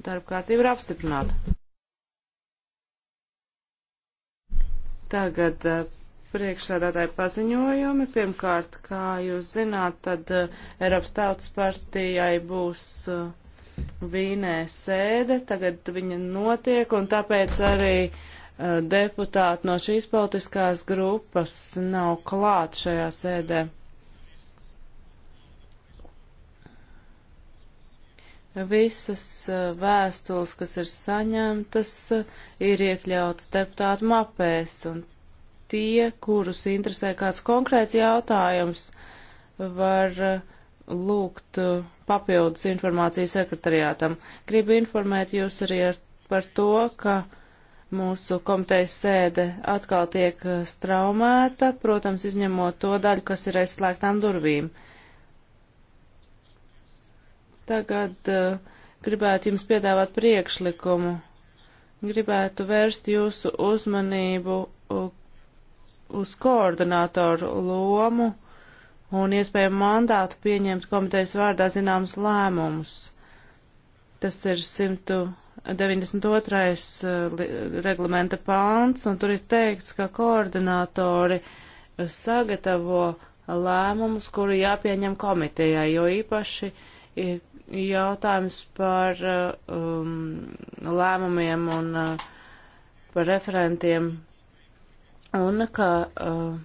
Darba kārtība ir apstiprināta. Tagad eh, priekšsēdētāji paziņojumi. Pirmkārt, kā jūs zināt, tad eh, Eiropas tautas partijai būs eh, Vīnē sēde. Tagad viņa notiek un tāpēc arī deputāti no šīs politiskās grupas nav klāt šajā sēdē. Visas eh, vēstules, kas ir saņemtas, eh, ir iekļautas deputātu mapēs, un tie, kurus interesē kāds konkrēts jautājums, var eh, lūgt papildus informāciju sekretariātam. Gribu informēt jūs arī ar, par to, ka mūsu komitejas sēde atkal tiek straumēta, protams, izņemot to daļu, kas ir aizslēgtām durvīm. Uh, Tagad uh, gribētu jums piedāvāt priekšlikumu. Gribētu vērst jūsu uzmanību eh, uz koordinātoru lomu un iespēju mandātu pieņemt komitejas vārdā zināmas lēmumus. Tas ir 192. Eh, reglamenta pāns, un tur ir teikts, ka koordinātori sagatavo lēmumus, kuri jāpieņem komitejai, jo īpaši jautājums par uh, um, lēmumiem un uh, par referentiem un ka uh,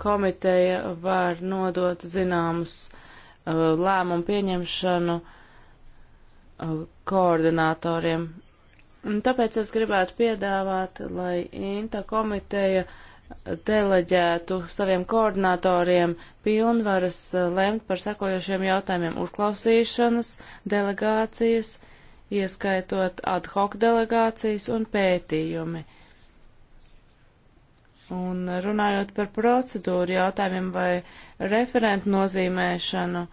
komiteja var nodot zināmus uh, lēmumu pieņemšanu uh, koordinatoriem. Un tāpēc es gribētu piedāvāt, lai INTA komiteja uh, deleģētu saviem koordinatoriem pilnvaras eh, lemt par sekojošiem jautājumiem uzklausīšanas, delegācijas, ieskaitot ad hoc delegācijas un pētījumi. Un runājot par procedūru jautājumiem vai referentu nozīmēšanu,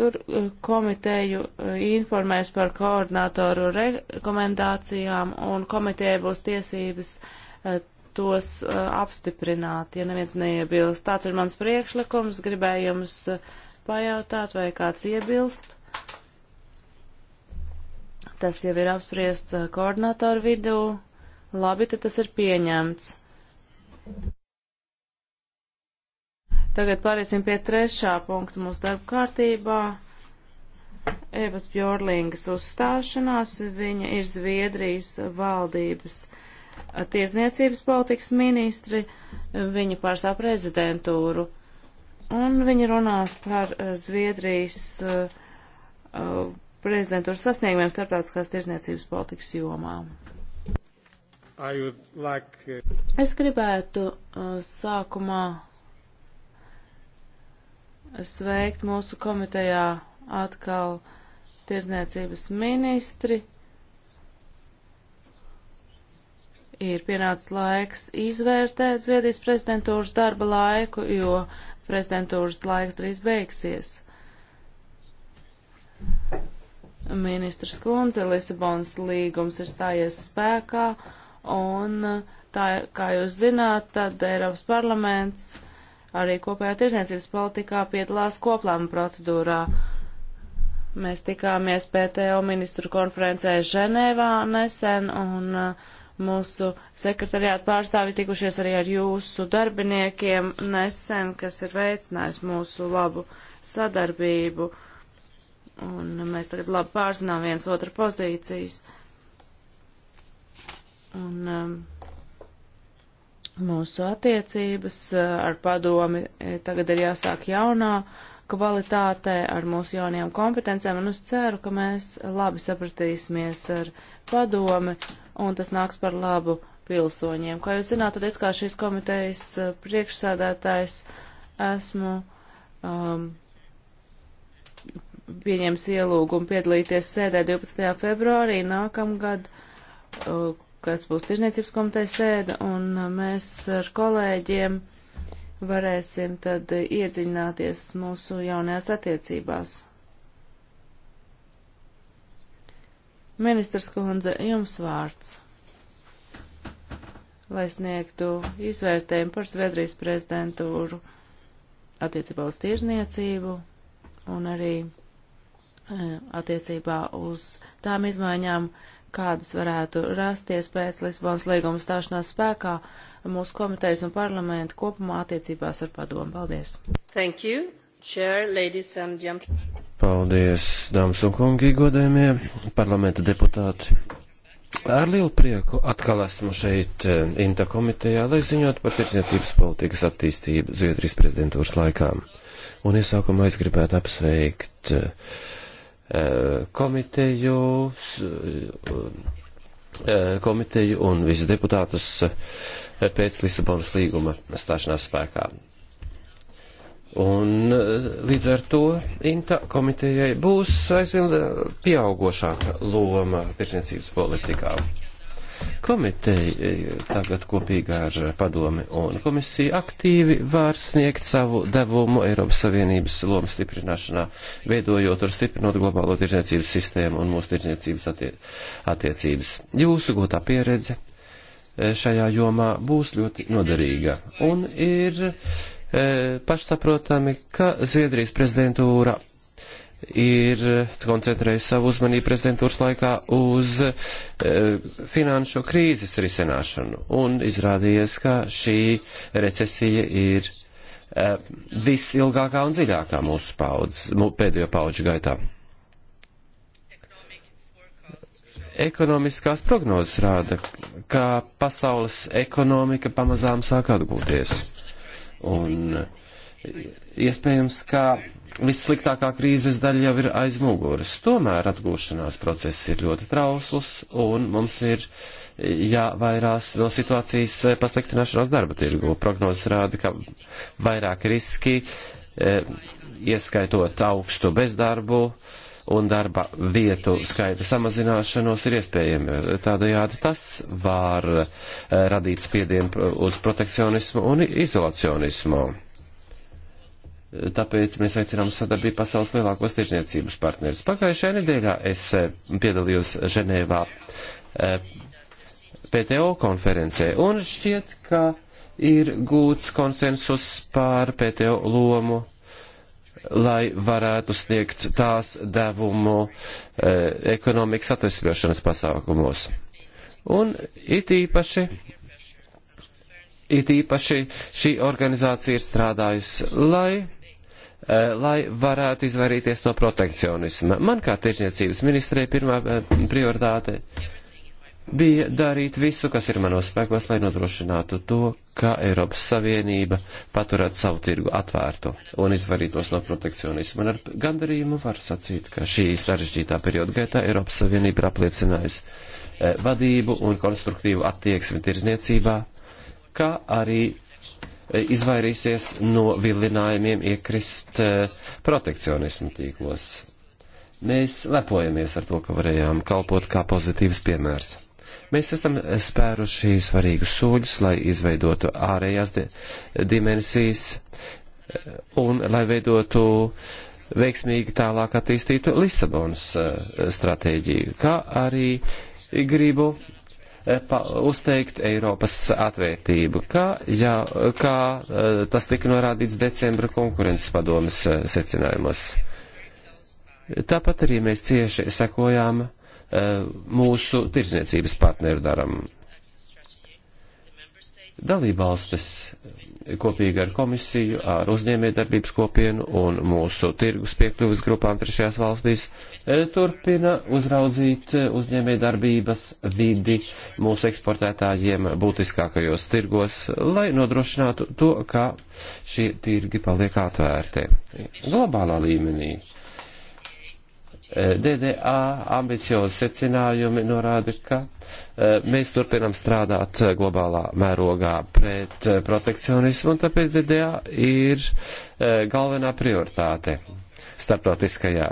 tur eh, komiteju eh, informēs par koordinatoru rekomendācijām un komiteja būs tiesības tos uh, apstiprināt, ja neviens neiebilst. Tāds ir mans priekšlikums, gribēju jums uh, pajautāt, vai kāds iebilst. Tas jau ir apspriests uh, koordinatoru vidū. Labi, tad tas ir pieņemts. Tagad pāriesim pie trešā punkta mūsu darba kārtībā. Evas Bjorlingas uzstāšanās, viņa ir Zviedrijas valdības tiesniecības politikas ministri, viņa pārstāv prezidentūru, un viņa runās par eh, Zviedrijas eh, eh, prezidentūras sasniegumiem starptautiskās tiesniecības politikas jomā. Like... Es gribētu sākumā sveikt mūsu komitejā atkal tiesniecības ministri ir pienācis laiks izvērtēt Zviedrijas prezidentūras darba laiku, jo prezidentūras laiks drīz beigsies. Ministrs kundze, Lisabonas līgums ir stājies spēkā, un tā, kā jūs zināt, tad Eiropas parlaments arī kopējā tirzniecības politikā piedalās koplēma procedūrā. Mēs tikāmies PTO ministru konferencē Ženēvā nesen, un uh, Mūsu sekretariāta pārstāvi tikušies arī ar jūsu darbiniekiem nesen, kas ir veicinājis mūsu labu sadarbību. Un mēs tagad labi pārzinām viens otru pozīcijas. Un um, mūsu attiecības uh, ar padomi eh, tagad ir jāsāk jaunā kvalitātē ar mūsu jaunajām kompetencijām, un es ceru, ka mēs labi sapratīsimies ar padomi un tas nāks par labu pilsoņiem. Kā jūs zināt, tad es kā šīs komitejas eh, priekšsēdētājs esmu um, pieņēmis ielūgumu piedalīties sēdē 12. februārī nākamgad, uh, kas būs tirzniecības komitejas sēde, un uh, mēs ar kolēģiem varēsim tad iedziļināties mūsu jaunajās attiecībās. Ministrs kundze, jums vārds, lai sniegtu izvērtējumu par Zviedrijas prezidentūru attiecībā uz tirzniecību un arī e, attiecībā uz tām izmaiņām, kādas varētu rasties pēc Lisbonas līguma stāšanās spēkā mūsu komitejas un parlamenta kopumā attiecībās ar padomu. Paldies! Thank you, Chair, ladies and gentlemen. Paldies, dāmas un kungi, godējumie parlamenta deputāti. Ar lielu prieku atkal esmu šeit eh, Inta komitejā, lai ziņot par tirsniecības politikas attīstību Zviedrijas prezidentūras laikā. Un iesākumā es gribētu apsveikt eh, komiteju, eh, komiteju un visus deputātus pēc Lisabonas līguma stāšanās spēkā. Un eh, līdz ar to INTA komitejai būs aizvien eh, pieaugošāka loma tirsniecības politikā. Komiteja eh, tagad kopīgi ar padomi un komisiju aktīvi var sniegt savu devumu Eiropas Savienības lomas stiprināšanā, veidojot un stiprinot globālo tirzniecības sistēmu un mūsu tirzniecības attie attiecības. Jūsu gūtā pieredze šajā jomā būs ļoti noderīga un ir E, pašsaprotami, ka Zviedrijas prezidentūra ir koncentrējis savu uzmanību prezidentūras laikā uz e, finanšu krīzes risināšanu. Un izrādījies, ka šī recesija ir e, visilgākā un dziļākā mūsu paudz, mū, pēdējo paudžu gaitā. Ekonomiskās prognozes rāda, ka pasaules ekonomika pamazām sāk atgūties Un iespējams, ka vissliktākā krīzes daļa jau ir aiz muguras. Tomēr atgūšanās process ir ļoti trausls, un mums ir jāvairās no situācijas pasliktināšanās darba tirgu. Prognozes rāda, ka vairāk riski, eh, ieskaitot augstu bezdarbu, un darba vietu skaita samazināšanos ir iespējami. Tādējādi tas var eh, radīt spiedienu uz protekcionismu un izolacionismu. Tāpēc mēs aicinām sadarbību pasaules lielākos tirzniecības partnerus. Pagājušajā nedēļā es eh, piedalījos Ženēvā eh, PTO konferencē un šķiet, ka ir gūts konsensus par PTO lomu lai varētu sniegt tās devumu e, ekonomikas atvesļošanas pasākumos. Un it īpaši, it īpaši šī organizācija ir strādājusi, lai, e, lai varētu izvairīties no protekcionisma. Man kā tiešniecības ministrei pirmā eh, prioritāte. E, bija darīt visu, kas ir manos spēkos, lai nodrošinātu to, ka Eiropas Savienība paturētu savu tirgu atvērtu un izvarītos no protekcionismu. Un ar gandarījumu var sacīt, ka šī sarežģītā perioda gaitā Eiropas Savienība ir apliecinājusi eh, vadību un konstruktīvu attieksmi tirzniecībā, kā arī eh, izvairīsies no vilinājumiem iekrist eh, protekcionismu tīklos. Mēs lepojamies ar to, ka varējām kalpot kā pozitīvs piemērs. Mēs esam spēruši svarīgus soļus, lai izveidotu ārējās di dimensijas un lai veidotu veiksmīgi tālāk attīstītu Lisabonas eh, stratēģiju, kā arī gribu eh, pa, uzteikt Eiropas atvērtību, kā, jā, kā eh, tas tika norādīts decembra konkurences padomas secinājumos. Tāpat arī mēs cieši sekojām uh, Eh, mūsu tirzniecības partneru daram. Dalībvalstis kopīgi ar komisiju, ar uzņēmējdarbības kopienu un mūsu tirgus piekļuvas grupām trešajās valstīs eh, turpina uzraudzīt eh, uzņēmējdarbības vidi mūsu eksportētājiem būtiskākajos tirgos, lai nodrošinātu to, ka šie tirgi paliek atvērti globālā līmenī DDA ambiciozi secinājumi norāda, ka e, mēs turpinām strādāt globālā mērogā pret e, protekcionismu, un tāpēc DDA ir e, galvenā prioritāte starptautiskajā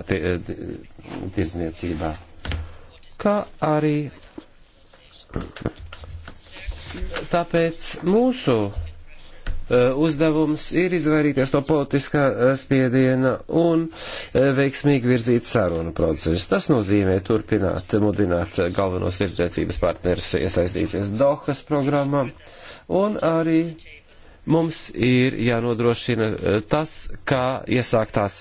tirzniecībā. Kā arī tāpēc mūsu Eh, uzdevums ir izvairīties no politiskā eh, spiediena un eh, veiksmīgi virzīt sarunu procesu. Tas nozīmē turpināt mudināt galvenos tirdzniecības partnerus iesaistīties Dohas programmā un arī mums ir jānodrošina tas, kā iesāktās,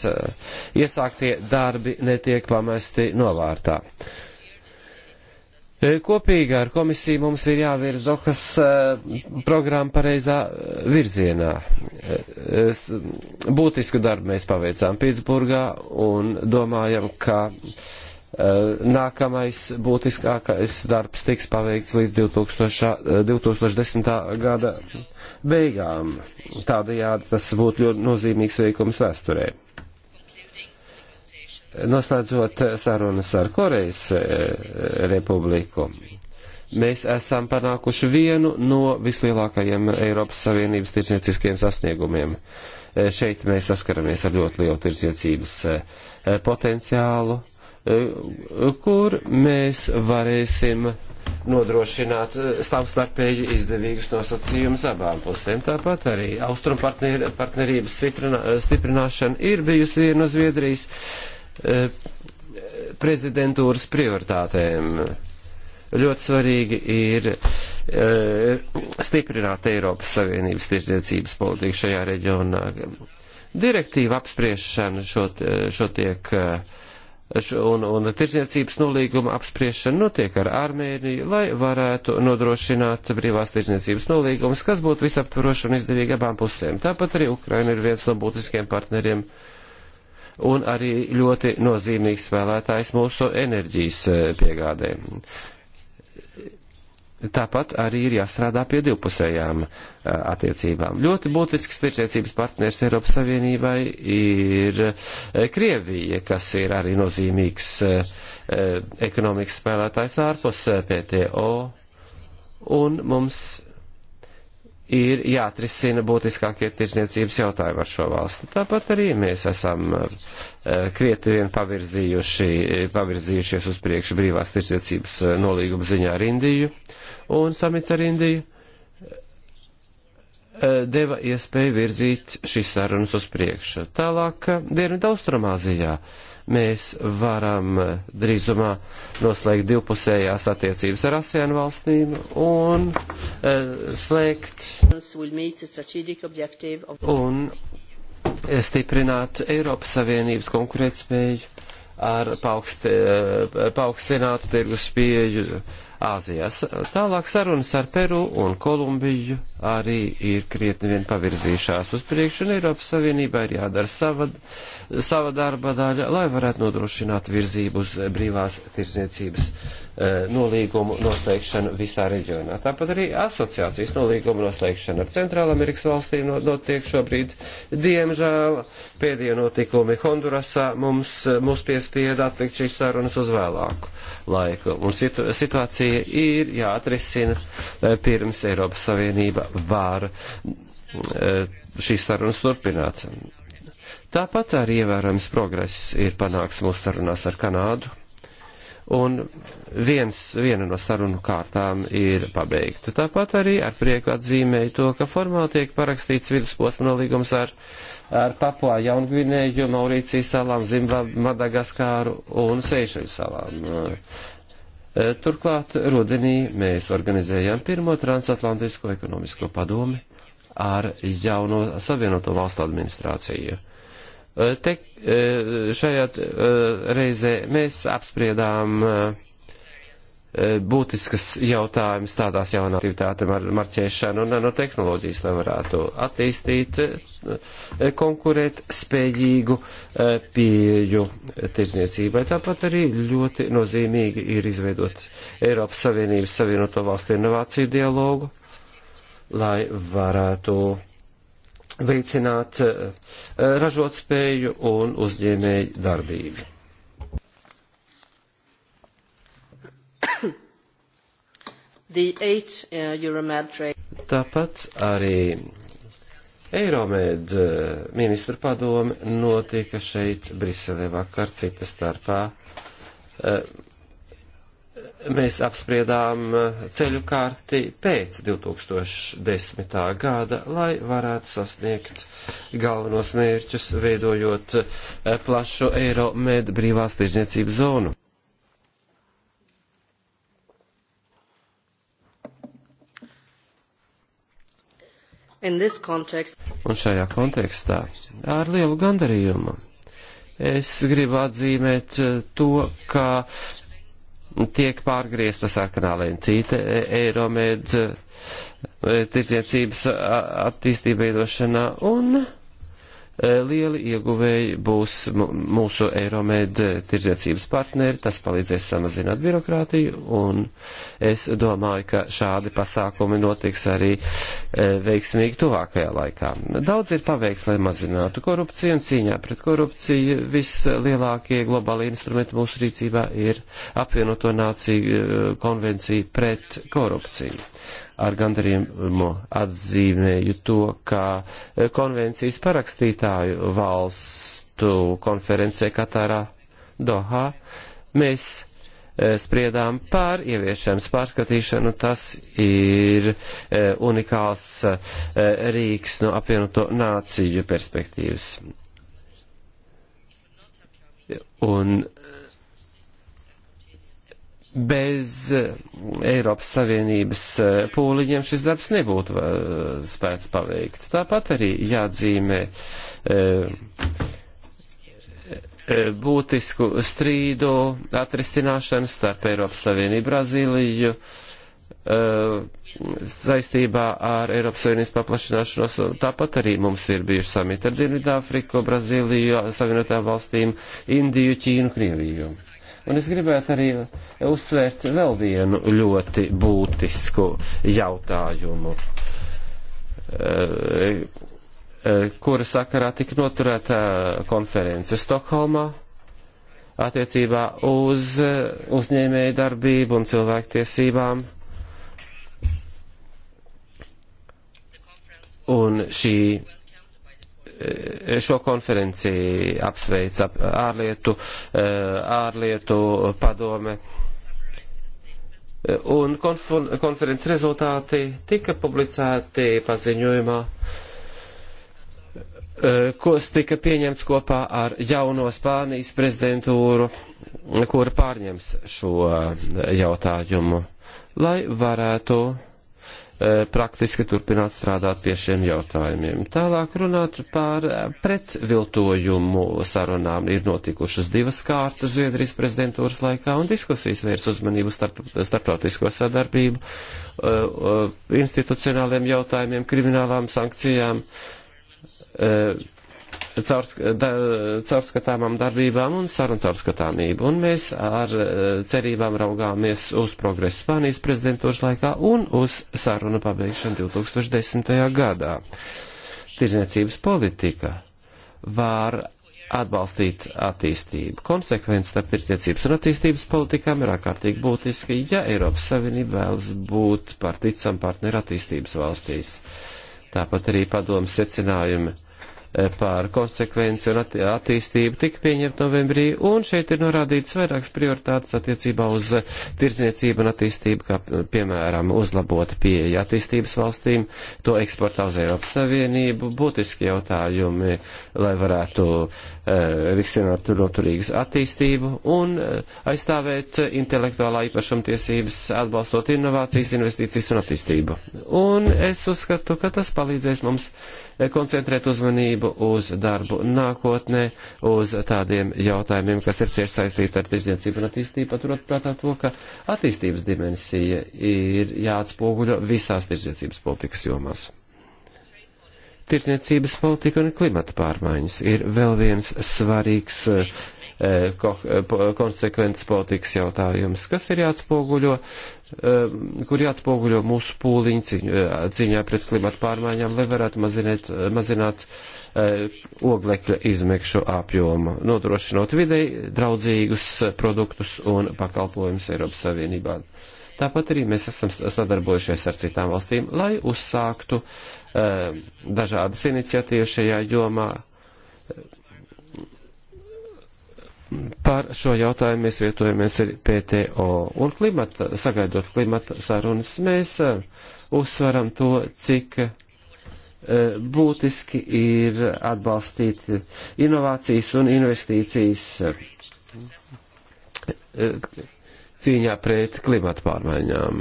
iesāktie darbi netiek pamesti novārtā. E, kopīgi ar komisiju mums ir jāvirz Dohas e, programma pareizā e, virzienā. Būtisku darbu mēs paveicām Pitsburgā un domājam, ka nākamais būtiskākais darbs tiks paveikts līdz 2000, 2010. gada beigām. Tādējādi tas būtu ļoti nozīmīgs veikums vēsturē noslēdzot sarunas ar Korejas e, republiku, mēs esam panākuši vienu no vislielākajiem Eiropas Savienības tirdzniecīskiem sasniegumiem. E, šeit mēs saskaramies ar ļoti lielu tirdzniecības e, potenciālu, kur mēs varēsim nodrošināt savstarpēji izdevīgus nosacījumus abām pusēm. Tāpat arī austrumu partnerības stiprināšana ir bijusi viena no Zviedrijas E, prezidentūras prioritātēm. Ļoti svarīgi ir e, stiprināt Eiropas Savienības tirdzniecības politiku šajā reģionā. Direktīva apspriešana šo, e, šo tiek un, un tirdzniecības nolīguma apspriešana notiek ar Armēniju, lai varētu nodrošināt brīvās tirdzniecības nolīgumus, kas būtu visaptvaroši un izdevīgi abām pusēm. Tāpat arī Ukraina ir viens no būtiskiem partneriem uh, un arī ļoti nozīmīgs spēlētājs mūsu enerģijas e, piegādē. Tāpat arī ir jāstrādā pie divpusējām e, attiecībām. Ļoti būtisks tirdzniecības partners Eiropas Savienībai ir e, Krievija, kas ir arī nozīmīgs ekonomikas spēlētājs ārpus PTO, un mums ir jāatrisina būtiskākie tirsniecības jautājumi ar šo valsti. Tāpat arī mēs esam eh, krieti vien pavirzījuši, pavirzījušies uz priekšu brīvās tirsniecības eh, nolīguma ziņā ar Indiju, un samits ar Indiju eh, deva iespēju virzīt šīs sarunas uz priekšu. Tālāk, Dienvidaustrumāzijā. Uh, mēs varam drīzumā noslēgt divpusējās attiecības ar ASEAN valstīm un e, slēgt un stiprināt Eiropas Savienības konkurētspēju ar paaugst, e, eh, paaugstinātu tirgus pieeju Āzijās. Tālāk sarunas ar Peru un Kolumbiju arī ir krietni vien pavirzījušās uz priekšu, un Eiropas Savienībā ir jādara sava, sava darba daļa, lai varētu nodrošināt virzību uz brīvās tirzniecības E, nolīgumu noslēgšanu visā reģionā. Tāpat arī asociācijas nolīgumu noslēgšana ar Centrālamerikas valstīm notiek šobrīd. Diemžēl pēdējie notikumi Hondurasā mums, e, mums piespieda atlikt šīs sarunas uz vēlāku laiku. Un situ, situācija ir jāatrisina e, pirms Eiropas Savienība var šīs sarunas turpināt. Tāpat arī ievērojams progress ir panāks mūsu sarunās ar Kanādu un viens, viena no sarunu kārtām ir pabeigta. Tāpat arī ar prieku atzīmēju to, ka formāli tiek parakstīts vidusposma nolīgums ar, ar Papua Jaungvinēju, Maurīciju salām, Zimbabvi, Madagaskāru un Seišeļu salām. E, turklāt rudenī mēs organizējām pirmo transatlantisko ekonomisko padomi ar jauno savienoto valstu administrāciju. Te, e, šajā e, reizē mēs apspriedām e, būtiskas jautājumas tādās jaunā aktivitātēm ar marķēšanu un nanotehnoloģijas, lai varētu attīstīt konkurēt spējīgu pieju tirzniecībai. Tāpat arī ļoti nozīmīgi ir izveidot Eiropas Savienības Savienoto Valstu inovāciju dialogu, lai varētu veicināt eh, ražotspēju un uzņēmēju darbību. Eight, uh, Tāpat arī Eiromed eh, ministra padome notika šeit Briselē vakar cita starpā. Uh, mēs apspriedām eh, ceļu kārti pēc 2010. gada, lai varētu sasniegt galvenos mērķus, veidojot eh, plašu eiro med brīvās tirzniecības zonu. Context... Un šajā kontekstā ar lielu gandarījumu es gribu atzīmēt eh, to, ka tiek pārgriezta sarkanā lentīte Eiromēdz eh, tirdzniecības attīstība iedošanā un Eh, lieli ieguvēji būs mūsu Eiromed tirdzniecības partneri, tas palīdzēs samazināt birokrātiju, un es domāju, ka šādi pasākumi notiks arī eh, veiksmīgi tuvākajā laikā. Daudz ir paveikts, lai mazinātu korupciju un cīņā pret korupciju. Vislielākie globāli instrumenti mūsu rīcībā ir apvienoto nāciju eh, konvencija pret korupciju ar gandarījumu atzīmēju to, ka e, konvencijas parakstītāju valstu konferencē Katārā Dohā mēs e, spriedām pār ieviešanas pārskatīšanu. Tas ir e, unikāls rīks no apvienoto nāciju perspektīvas. Un bez eh, Eiropas Savienības eh, pūliņiem šis darbs nebūtu eh, spēts paveikt. Tāpat arī jāatzīmē būtisku strīdu atrisināšanu starp Eiropas Savienību Brazīliju saistībā ar Eiropas Savienības paplašināšanos. Tāpat arī mums ir bijuši samiti ar Dienvidāfriku, Brazīliju, Savienotām valstīm, Indiju, Ķīnu, Krieviju. Un es gribētu arī uzsvērt vēl vienu ļoti būtisku jautājumu, eh, eh, kura sakarā tika noturēta konference Stokholmā attiecībā uz eh, uzņēmēju darbību un cilvēktiesībām. Un šī E, šo konferenci apsveic ap, ārlietu, e, ārlietu padome. E, un konferences rezultāti tika publicēti paziņojumā, kas tika pieņemts kopā ar jauno Spānijas prezidentūru, kur pārņems šo jautājumu, lai varētu E, praktiski turpināt strādāt pie šiem jautājumiem. Tālāk runāt par pretviltojumu sarunām ir notikušas divas kārtas Zviedrijas prezidentūras laikā un diskusijas vērs uzmanību starp, starptautisko sadarbību, e, e, institucionāliem jautājumiem, kriminālām sankcijām, caurskatāmām darbībām un sarunu caurskatāmību. Un mēs ar e, cerībām raugāmies uz progresu Spānijas prezidentūras laikā un uz sarunu pabeigšanu 2010. gadā. Tirzniecības politika var atbalstīt attīstību. Konsekvence starp tirdzniecības un attīstības politikām ir ārkārtīgi būtiska, ja Eiropas Savienība vēlas būt par ticam partneru attīstības valstīs. Tāpat arī padomu secinājumi pār konsekvenci un attīstību tika pieņemta novembrī, un šeit ir norādīts vairākas prioritātes attiecībā uz eh, tirdzniecību un attīstību, kā eh, piemēram uzlabota pieeja attīstības valstīm, to eksportā uz Eiropas Savienību, būtiski jautājumi, lai varētu e, risināt noturīgas attīstību un aizstāvēt intelektuālā īpašuma tiesības, atbalstot inovācijas, investīcijas un attīstību. Un es uzskatu, ka tas palīdzēs mums koncentrēt uzmanību uzmanību uz darbu nākotnē, uz tādiem jautājumiem, kas ir cieši saistīti ar tirdzniecību un attīstību, paturot prātā to, ka attīstības dimensija ir jāatspoguļo visās tirdzniecības politikas jomās. Tirdzniecības politika un klimata pārmaiņas ir vēl viens svarīgs eh, ko, eh, konsekvents politikas jautājums, kas ir jāatspoguļo eh, Um, kur jāatspoguļo mūsu pūliņi cīņā, uh, cīņā pret klimatu pārmaiņām, lai varētu uh, mazināt, mazināt uh, oglekļa izmekšu apjomu, nodrošinot videi draudzīgus produktus un pakalpojumus Eiropas Savienībā. Tāpat arī mēs esam sadarbojušies ar citām valstīm, lai uzsāktu dažādas iniciatīvas šajā jomā par šo jautājumu mēs vietojamies arī PTO. Un klimata, sagaidot klimata sarunas, mēs eh, uzsveram to, cik eh, būtiski ir atbalstīt inovācijas un investīcijas eh, cīņā pret klimata pārmaiņām.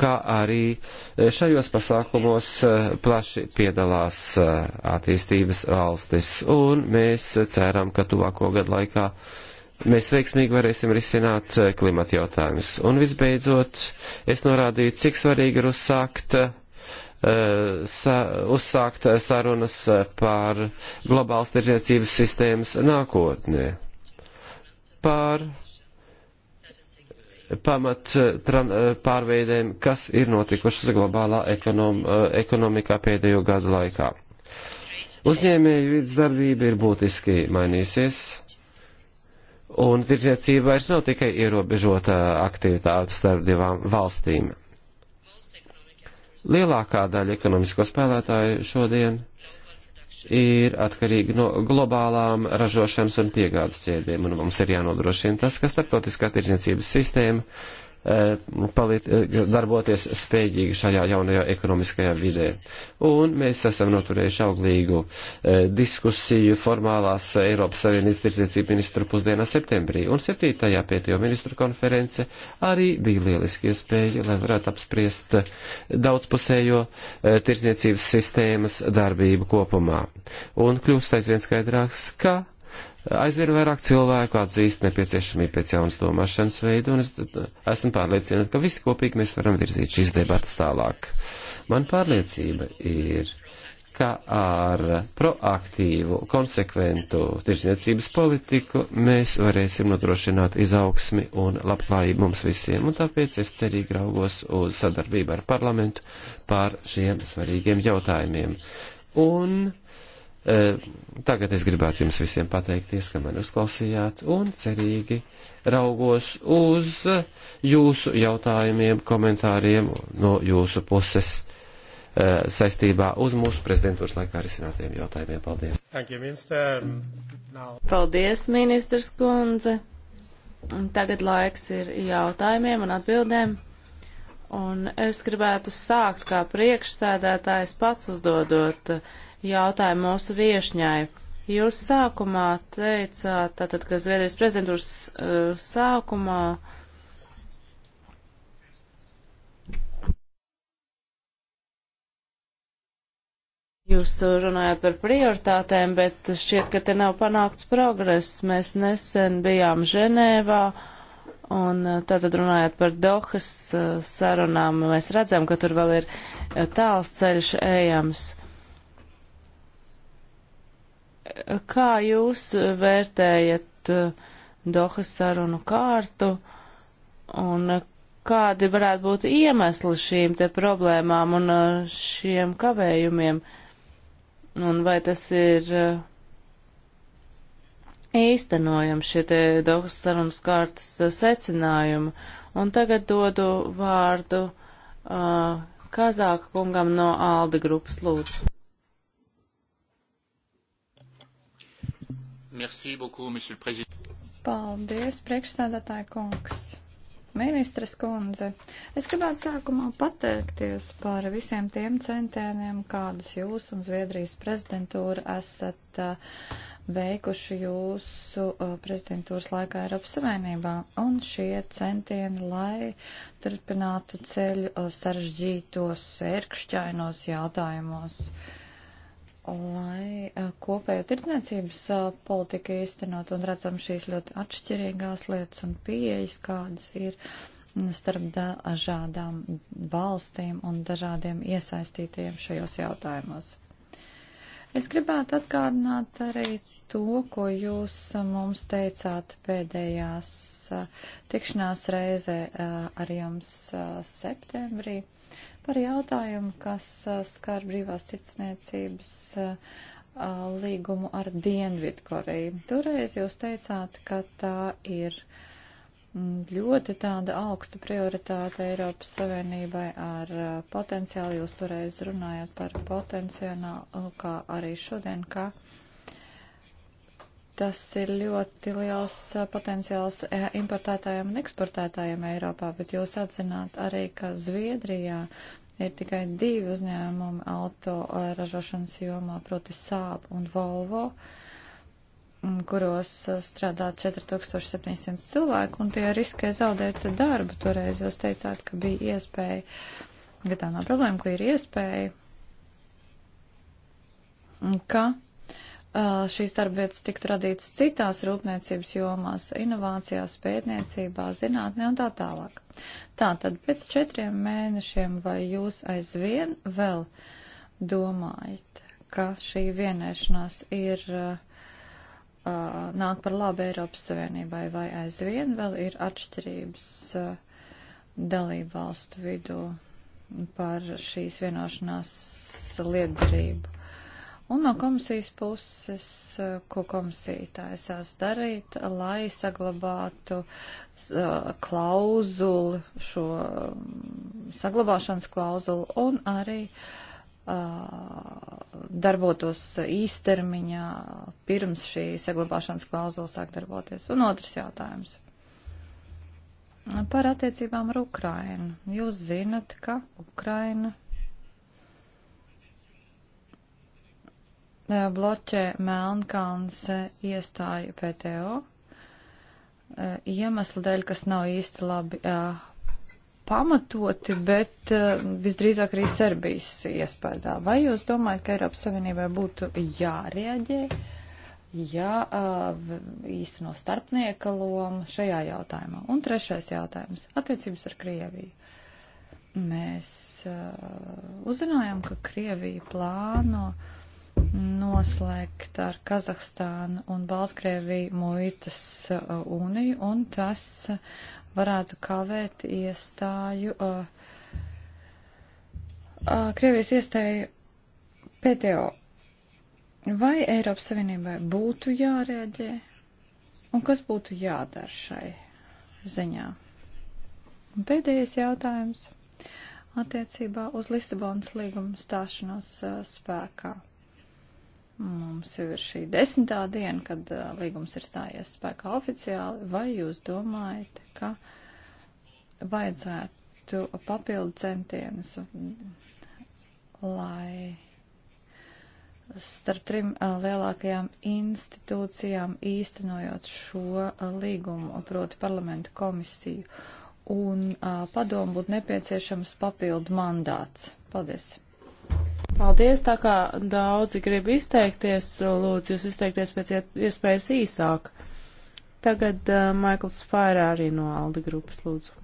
kā arī eh, šajos pasākumos eh, plaši piedalās eh, attīstības valstis. Un mēs ceram, ka tuvāko gadu laikā mēs veiksmīgi varēsim risināt klimata jautājumus. Un visbeidzot, es norādīju, cik svarīgi ir uzsākt sa, uzsākt sarunas par globālas tirdzniecības sistēmas nākotnē. Par pamat eh, eh, pārveidēm, kas ir notikušas globālā ekonom, eh, ekonomikā pēdējo gadu laikā. Uzņēmēju vidas darbība ir būtiski mainījusies, un tirdzniecība vairs nav tikai ierobežota aktivitāte starp divām valstīm. Lielākā daļa ekonomisko spēlētāju šodien ir atkarīgi no globālām ražošanas un piegādes ķēdēm, un mums ir jānodrošina tas, ka starptautiskā tirdzniecības sistēma Eh, palit, eh, darboties spējīgi šajā jaunajā ekonomiskajā vidē. Un mēs esam noturējuši auglīgu eh, diskusiju formālās Eiropas Savienības tirdzniecību ministru pusdienā septembrī. Un 7. pētījo ministru konference arī bija lieliski iespēja, lai varētu apspriest daudzpusējo tirdzniecības sistēmas darbību kopumā. Un kļūst aizvien skaidrāks, ka aizvien vairāk cilvēku atzīst nepieciešamību pēc jaunas domāšanas veidu, un es esmu pārliecināta, ka visi kopīgi mēs varam virzīt šīs debatas tālāk. Man pārliecība ir, ka ar proaktīvu, konsekventu tirzniecības politiku mēs varēsim nodrošināt izaugsmi un labklājību mums visiem, un tāpēc es cerīgi raugos uz sadarbību ar parlamentu pār šiem svarīgiem jautājumiem. Un E, tagad es gribētu jums visiem pateikties, ka mani uzklausījāt un cerīgi raugos uz jūsu jautājumiem, komentāriem no jūsu puses e, saistībā uz mūsu prezidentūras laikā risinātiem jautājumiem. Paldies! You, minister. Now... Paldies, ministrs Kundze! Un tagad laiks ir jautājumiem un atbildēm. Un es gribētu sākt kā priekšsēdētājs pats uzdodot uh, jautājumu mūsu viešņai. Jūs sākumā teicāt, tātad, ka Zviedrijas prezidentūras uh, sākumā Jūs runājat par prioritātēm, bet šķiet, ka te nav panākts progress. Mēs nesen bijām Ženēvā, un uh, tātad runājot par Dohas uh, sarunām, mēs redzam, ka tur vēl ir uh, tāls ceļš ejams. Uh, kā jūs vērtējat uh, Dohas sarunu kārtu un uh, kādi varētu būt iemesli šīm te problēmām un uh, šiem kavējumiem? Un vai tas ir īstenojami šie te Dohas sarunas kārtas secinājumi? Un tagad dodu vārdu uh, Kazāka kungam no Alde grupas lūdzu. Merci beaucoup, monsieur le président. Paldies, priekšsēdētāja kungs. Ministres kundze, es gribētu sākumā pateikties par visiem tiem centieniem, kādus jūs un Zviedrijas prezidentūra esat uh, veikuši jūsu uh, prezidentūras laikā Eiropas Savienībā. Un šie centieni, lai turpinātu ceļu uh, sarežģītos, ērkšķainos jautājumos. Uh, lai kopējo tirdzniecības politiku īstenot un redzam šīs ļoti atšķirīgās lietas un pieejas, kādas ir starp dažādām valstīm un dažādiem iesaistītiem šajos jautājumos. Es gribētu atgādināt arī to, ko jūs mums teicāt pēdējās tikšanās reizē ar jums septembrī par jautājumu, kas skar brīvās ticniecības līgumu ar Dienvidu Koreju. Toreiz jūs teicāt, ka tā ir ļoti tāda augsta prioritāte Eiropas Savienībai ar potenciālu. Jūs toreiz runājat par potenciālu, kā arī šodien, kā Tas ir ļoti liels eh, potenciāls eh, importētājiem un eksportētājiem Eiropā, bet jūs atzināt arī, ka Zviedrijā ir tikai divi uzņēmumi auto eh, ražošanas jomā, proti Saab un Volvo, mm, kuros strādā 4700 cilvēku, un tie riskē zaudēt darbu. Toreiz jūs teicāt, ka bija iespēja, ka tā nav problēma, ka ir iespēja, ka Uh, šīs darbvietas tiktu radītas citās rūpniecības jomās, inovācijās, pētniecībā, zinātnē un tā tālāk. Tātad pēc četriem mēnešiem vai jūs aizvien vēl domājat, ka šī vienēšanās ir uh, uh, nāk par labu Eiropas Savienībai vai aizvien vēl ir atšķirības uh, dalību valstu vidū par šīs vienošanās lietderību? Un no komisijas puses, eh, ko komisija taisās darīt, lai saglabātu eh, klauzuli, šo mm, saglabāšanas klauzuli un arī eh, darbotos īstermiņā pirms šī saglabāšanas klauzula sāk darboties. Un otrs jautājums. Par attiecībām ar Ukrainu. Jūs zinat, ka Ukraina Eh, bloķē Melnkalns eh, iestāju PTO eh, iemeslu dēļ, kas nav īsti labi pamatoti, bet visdrīzāk arī Serbijas iespējā. Vai jūs domājat, ka Eiropas Savienībai būtu jārēģē, jā, īsteno starpnieka loma šajā jautājumā? Un trešais jautājums - attiecības ar Krieviju. Mēs uzzinājām, ka Krievija plāno. Uh, noslēgt ar Kazahstānu un Baltkrieviju muitas uh, uniju, un tas varētu kavēt iestāju, uh, uh, Krievijas iestāju PTO. Vai Eiropas Savienībai būtu jārēģē? Un kas būtu jādara šai ziņā? Un pēdējais jautājums attiecībā uz Lisabonas līguma stāšanos uh, spēkā. Mums jau ir šī desmitā diena, kad uh, līgums ir stājies spēkā oficiāli. Vai jūs domājat, ka vajadzētu papildu centienus, lai starp trim uh, lielākajām institūcijām īstenojot šo uh, līgumu, proti parlamentu komisiju un padomu, būtu nepieciešams papildu mandāts? Paldies! Paldies, tā kā daudzi grib izteikties, lūdzu jūs izteikties pēc iespējas īsāk. Tagad uh, Maikls Fairā arī no Alda grupas, lūdzu.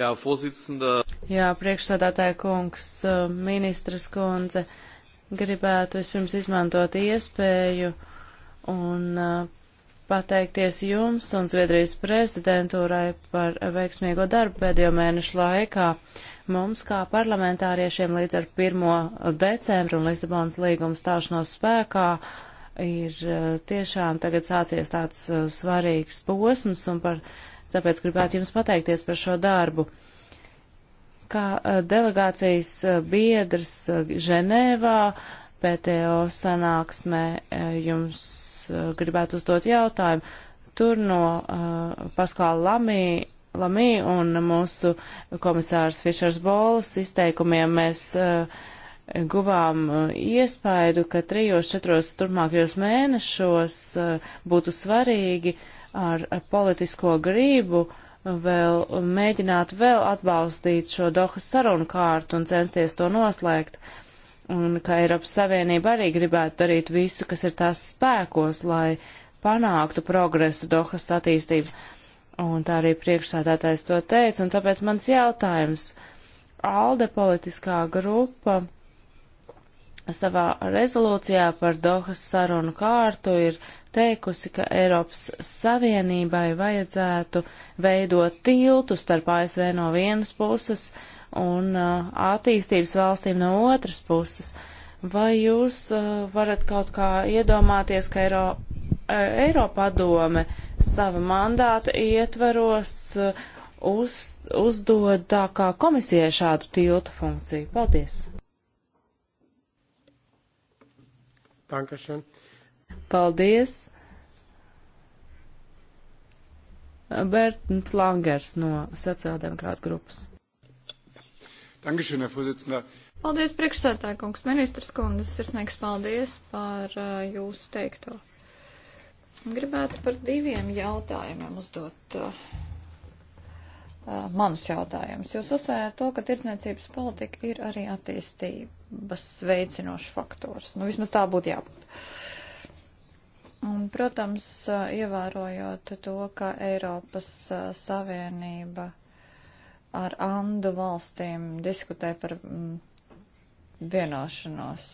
Jā, Fosicenda. Jā, priekšsādātāja kungs, uh, ministras kundze, gribētu vispirms izmantot iespēju un uh, pateikties jums un Zviedrijas prezidentūrai par veiksmīgo darbu pēdējo mēnešu laikā. Uh, Mums kā parlamentāriešiem līdz ar 1. decembru un Lisabonas līguma stāšanos spēkā ir eh, tiešām tagad sācies tāds eh, svarīgs posms un par, tāpēc gribētu jums pateikties par šo darbu. Kā eh, delegācijas biedrs Ženēvā PTO sanāksmē jums gribētu uzdot jautājumu. Tur no uh, Paskāla Lamī Lamī un mūsu komisārs Fišers Bolas izteikumiem mēs uh, guvām uh, iespaidu, ka trijos, četros turpmākajos mēnešos uh, būtu svarīgi ar politisko grību vēl mēģināt vēl atbalstīt šo Dohas sarunu kārtu un censties to noslēgt. Un ka Eiropas Savienība arī gribētu darīt visu, kas ir tās spēkos, lai panāktu progresu Dohas attīstību. Un tā arī priekšsādātājs to teica, un tāpēc mans jautājums. Alde politiskā grupa savā rezolūcijā par Dohas sarunu kārtu ir teikusi, ka Eiropas Savienībai vajadzētu veidot tiltu starp ASV no vienas puses un uh, attīstības valstīm no otras puses. Vai jūs uh, varat kaut kā iedomāties, ka Eiropa Eh, Eiropadome sava mandāta ietveros eh, uz, uzdod tā kā komisijai šādu tiltu funkciju. Paldies! Dankeschön. Paldies! Bertens Langers no sociāldemokrāta grupas. Dankeschön, Herr Vorsitzender. Paldies, priekšsētāja kungs, ministrs kundas, sirsnīgs paldies par uh, jūsu teikto. Gribētu par diviem jautājumiem uzdot uh, uh, manus jautājumus. Jūs uzsvērāt to, ka tirdzniecības politika ir arī attīstības veicinošs faktors. Nu, vismaz tā būtu jābūt. Un, protams, uh, ievērojot to, ka Eiropas uh, Savienība ar Andu valstīm diskutē par mm, vienošanos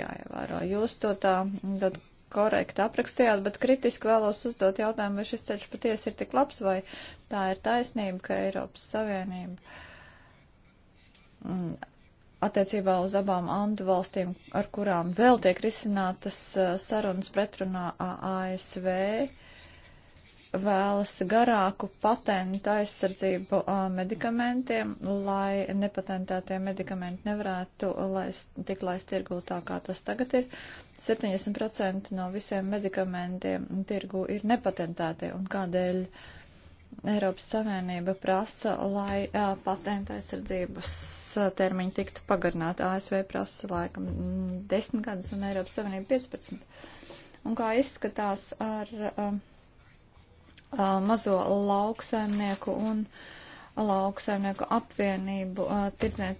jāievēro. Jūs to tā ļoti korekti aprakstījāt, bet kritiski vēlos uzdot jautājumu, vai šis ceļš patiesi ir tik labs, vai tā ir taisnība, ka Eiropas Savienība mm, attiecībā uz abām Andu valstīm, ar kurām vēl tiek risinātas eh, sarunas pretrunā ASV, uh, vēlas garāku patentu aizsardzību uh, medikamentiem, lai nepatentētie medikamenti nevarētu laist, tik laist tirgū tā, kā tas tagad ir. 70% no visiem medikamentiem tirgū ir nepatentētie, un kādēļ Eiropas Savienība prasa, lai uh, patenta aizsardzības termiņi tiktu pagarināti. ASV prasa laikam 10 gadus un Eiropas Savienība 15. Un kā izskatās ar. Uh, mazo lauksaimnieku un lauksaimnieku apvienību tirdzniecību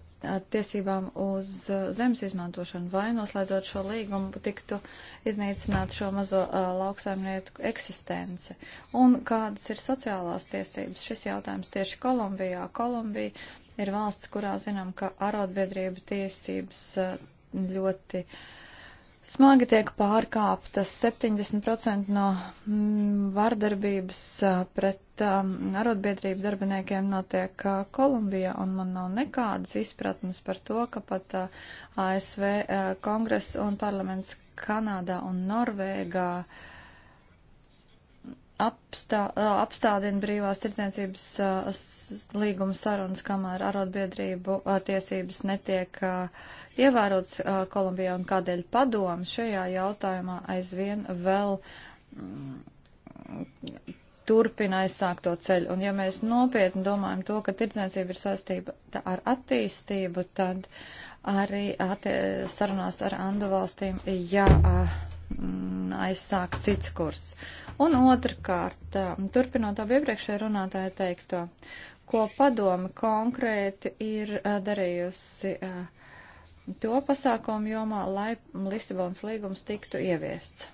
tiesībām uz zemes izmantošanu vai noslēdzot šo līgumu tiktu iznīcināt šo mazo uh, lauksaimnieku eksistenci. Un kādas ir sociālās tiesības? Šis jautājums tieši Kolumbijā. Kolumbija ir valsts, kurā zinām, ka arotbiedrību tiesības uh, ļoti uh, Smagi tiek pārkāptas 70% no mm, vardarbības pret arotbiedrību darbiniekiem notiek Kolumbijā, un man nav nekādas izpratnes par to, ka pat ASV kongress un parlaments Kanādā un Norvēgā uh, apstā, apstādina brīvās tirdzniecības uh, līguma sarunas, kamēr arotbiedrību uh, tiesības netiek uh, ievērotas uh, Kolumbijā un kādēļ padomu šajā jautājumā aizvien vēl mm, turpina aizsākt to ceļu. Un ja mēs nopietni domājam to, ka tirdzniecība ir saistība ar attīstību, tad arī attie, sarunās ar Andu valstīm jā. Uh, aizsākt cits kurs. Un otrkārt, um, turpinot abu iepriekšēju runātāju teikto, ko padomi konkrēti ir uh, darījusi uh, to pasākumu jomā, lai Lisabonas līgums tiktu ieviests.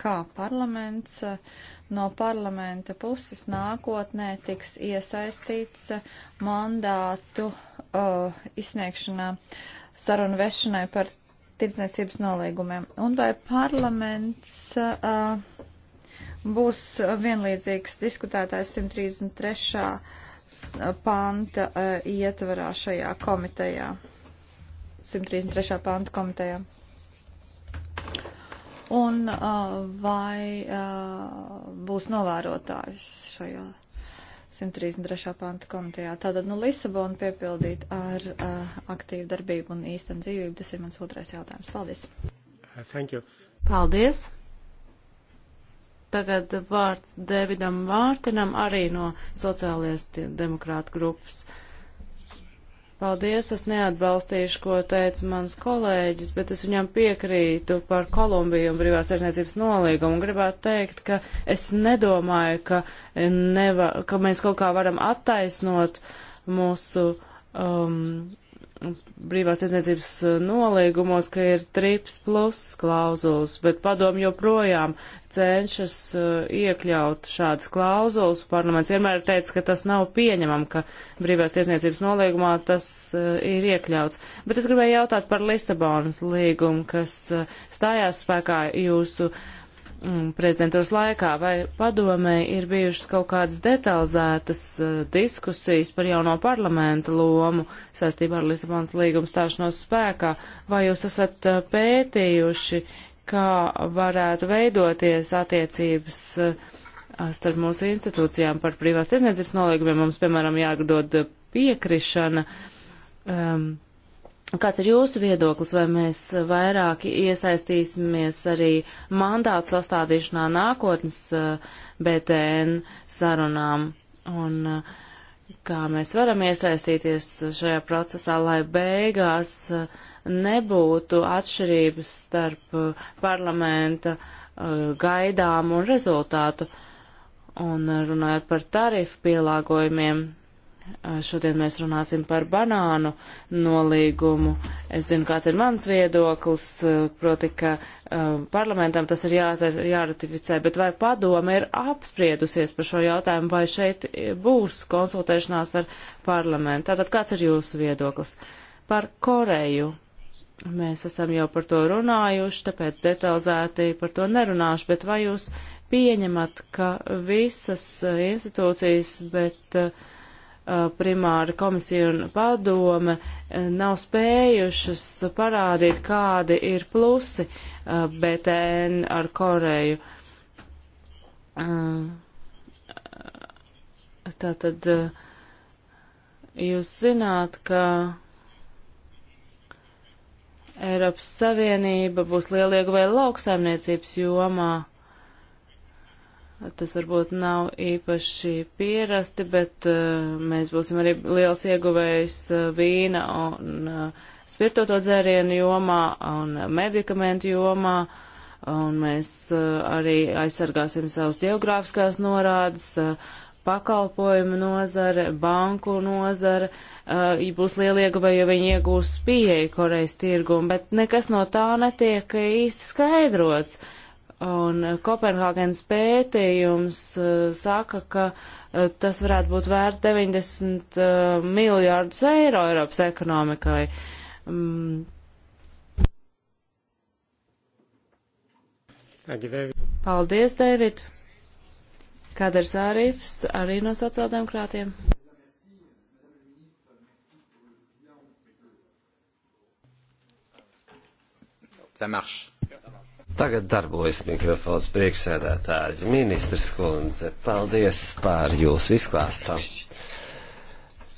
Kā parlaments uh, no parlamenta puses nākotnē tiks iesaistīts mandātu uh, izsniegšanā sarunu vešanai par tirdzniecības nolīgumiem. Un vai parlaments uh, būs vienlīdzīgs diskutētājs 133. panta eh, ietvarā šajā komitejā. 133. panta komitejā. Un eh, vai eh, būs novērotājs šajā 133. panta komitejā. Tātad, nu, Lisabonu piepildīt ar uh, aktīvu darbību un īstenu dzīvību, tas ir mans otrais jautājums. Paldies! Thank you! Paldies! Tagad vārds Davidam Vārtinam, arī no sociālies demokrāta grupas. Paldies, es neatbalstīšu, ko teica mans kolēģis, bet es viņam piekrītu par Kolumbiju un brīvās tirsniecības nolīgumu. Gribētu teikt, ka es nedomāju, ka, neva, ka mēs kaut kā varam attaisnot mūsu um, Nu, brīvās aizniecības uh, nolīgumos, ka ir trips plus klauzulas, bet padomu joprojām cenšas uh, iekļaut šādas klauzulas. Parlaments vienmēr ir teicis, ka tas nav pieņemam, ka brīvās tiesniecības nolīgumā tas uh, ir iekļauts. Bet es gribēju jautāt par Lisabonas līgumu, kas stājās spēkā jūsu uh, Mm, prezidentūras laikā, vai padomē ir bijušas kaut kādas detalizētas uh, diskusijas par jauno parlamenta lomu saistībā ar Lisabonas līgumu stāšanos spēkā, vai jūs esat uh, pētījuši, kā varētu veidoties attiecības uh, starp mūsu institūcijām par privās tiesniedzības nolīgumiem, mums, piemēram, jādod piekrišana. Um, Kāds ir jūsu viedoklis, vai mēs vairāk iesaistīsimies arī mandātu sastādīšanā nākotnes eh, BTN sarunām un eh, kā mēs varam iesaistīties šajā procesā, lai beigās eh, nebūtu atšķirības starp parlamenta gaidām un rezultātu? Un runājot par tarifu pielāgojumiem, Eh, šodien mēs runāsim par banānu nolīgumu. Es zinu, kāds ir mans viedoklis, eh, proti, ka um, parlamentam tas ir jā, jāratificē, bet vai padome ir apspriedusies par šo jautājumu, vai šeit būs konsultēšanās ar parlamentu? Tātad, kāds ir jūsu viedoklis? Par Koreju. Mēs esam jau par to runājuši, tāpēc detalizēti par to nerunāšu, bet vai jūs pieņemat, ka visas institūcijas, bet uh, Uh, primāra komisija un padome uh, nav spējušas parādīt, kādi ir plusi uh, BTN ar Koreju. Tātad jūs zināt, ka Eiropas Savienība būs lielieguvēja lauksaimniecības jomā. Tas varbūt nav īpaši pierasti, bet uh, mēs būsim arī liels ieguvējs uh, vīna un uh, spirtoto dzērienu jomā un medikamentu jomā. Un mēs uh, arī aizsargāsim savus geogrāfiskās norādes, uh, pakalpojumu nozare, banku nozare. Uh, būs liela ieguvēja, jo viņi iegūs pieeju Korejas tirgumu, bet nekas no tā netiek īsti skaidrots. Uh, Un Kopenhāgenes pētījums uh, saka, ka uh, tas varētu būt vērts 90 uh, eh, miljārdus eiro Eiropas ekonomikai. Mm. Paldies, David. Kāders Ārīfs arī no sociāldemokrātiem. Ça marche. Tagad darbojas mikrofons priekšsēdētājs. Ministrs kundze, paldies par jūsu izklāstu.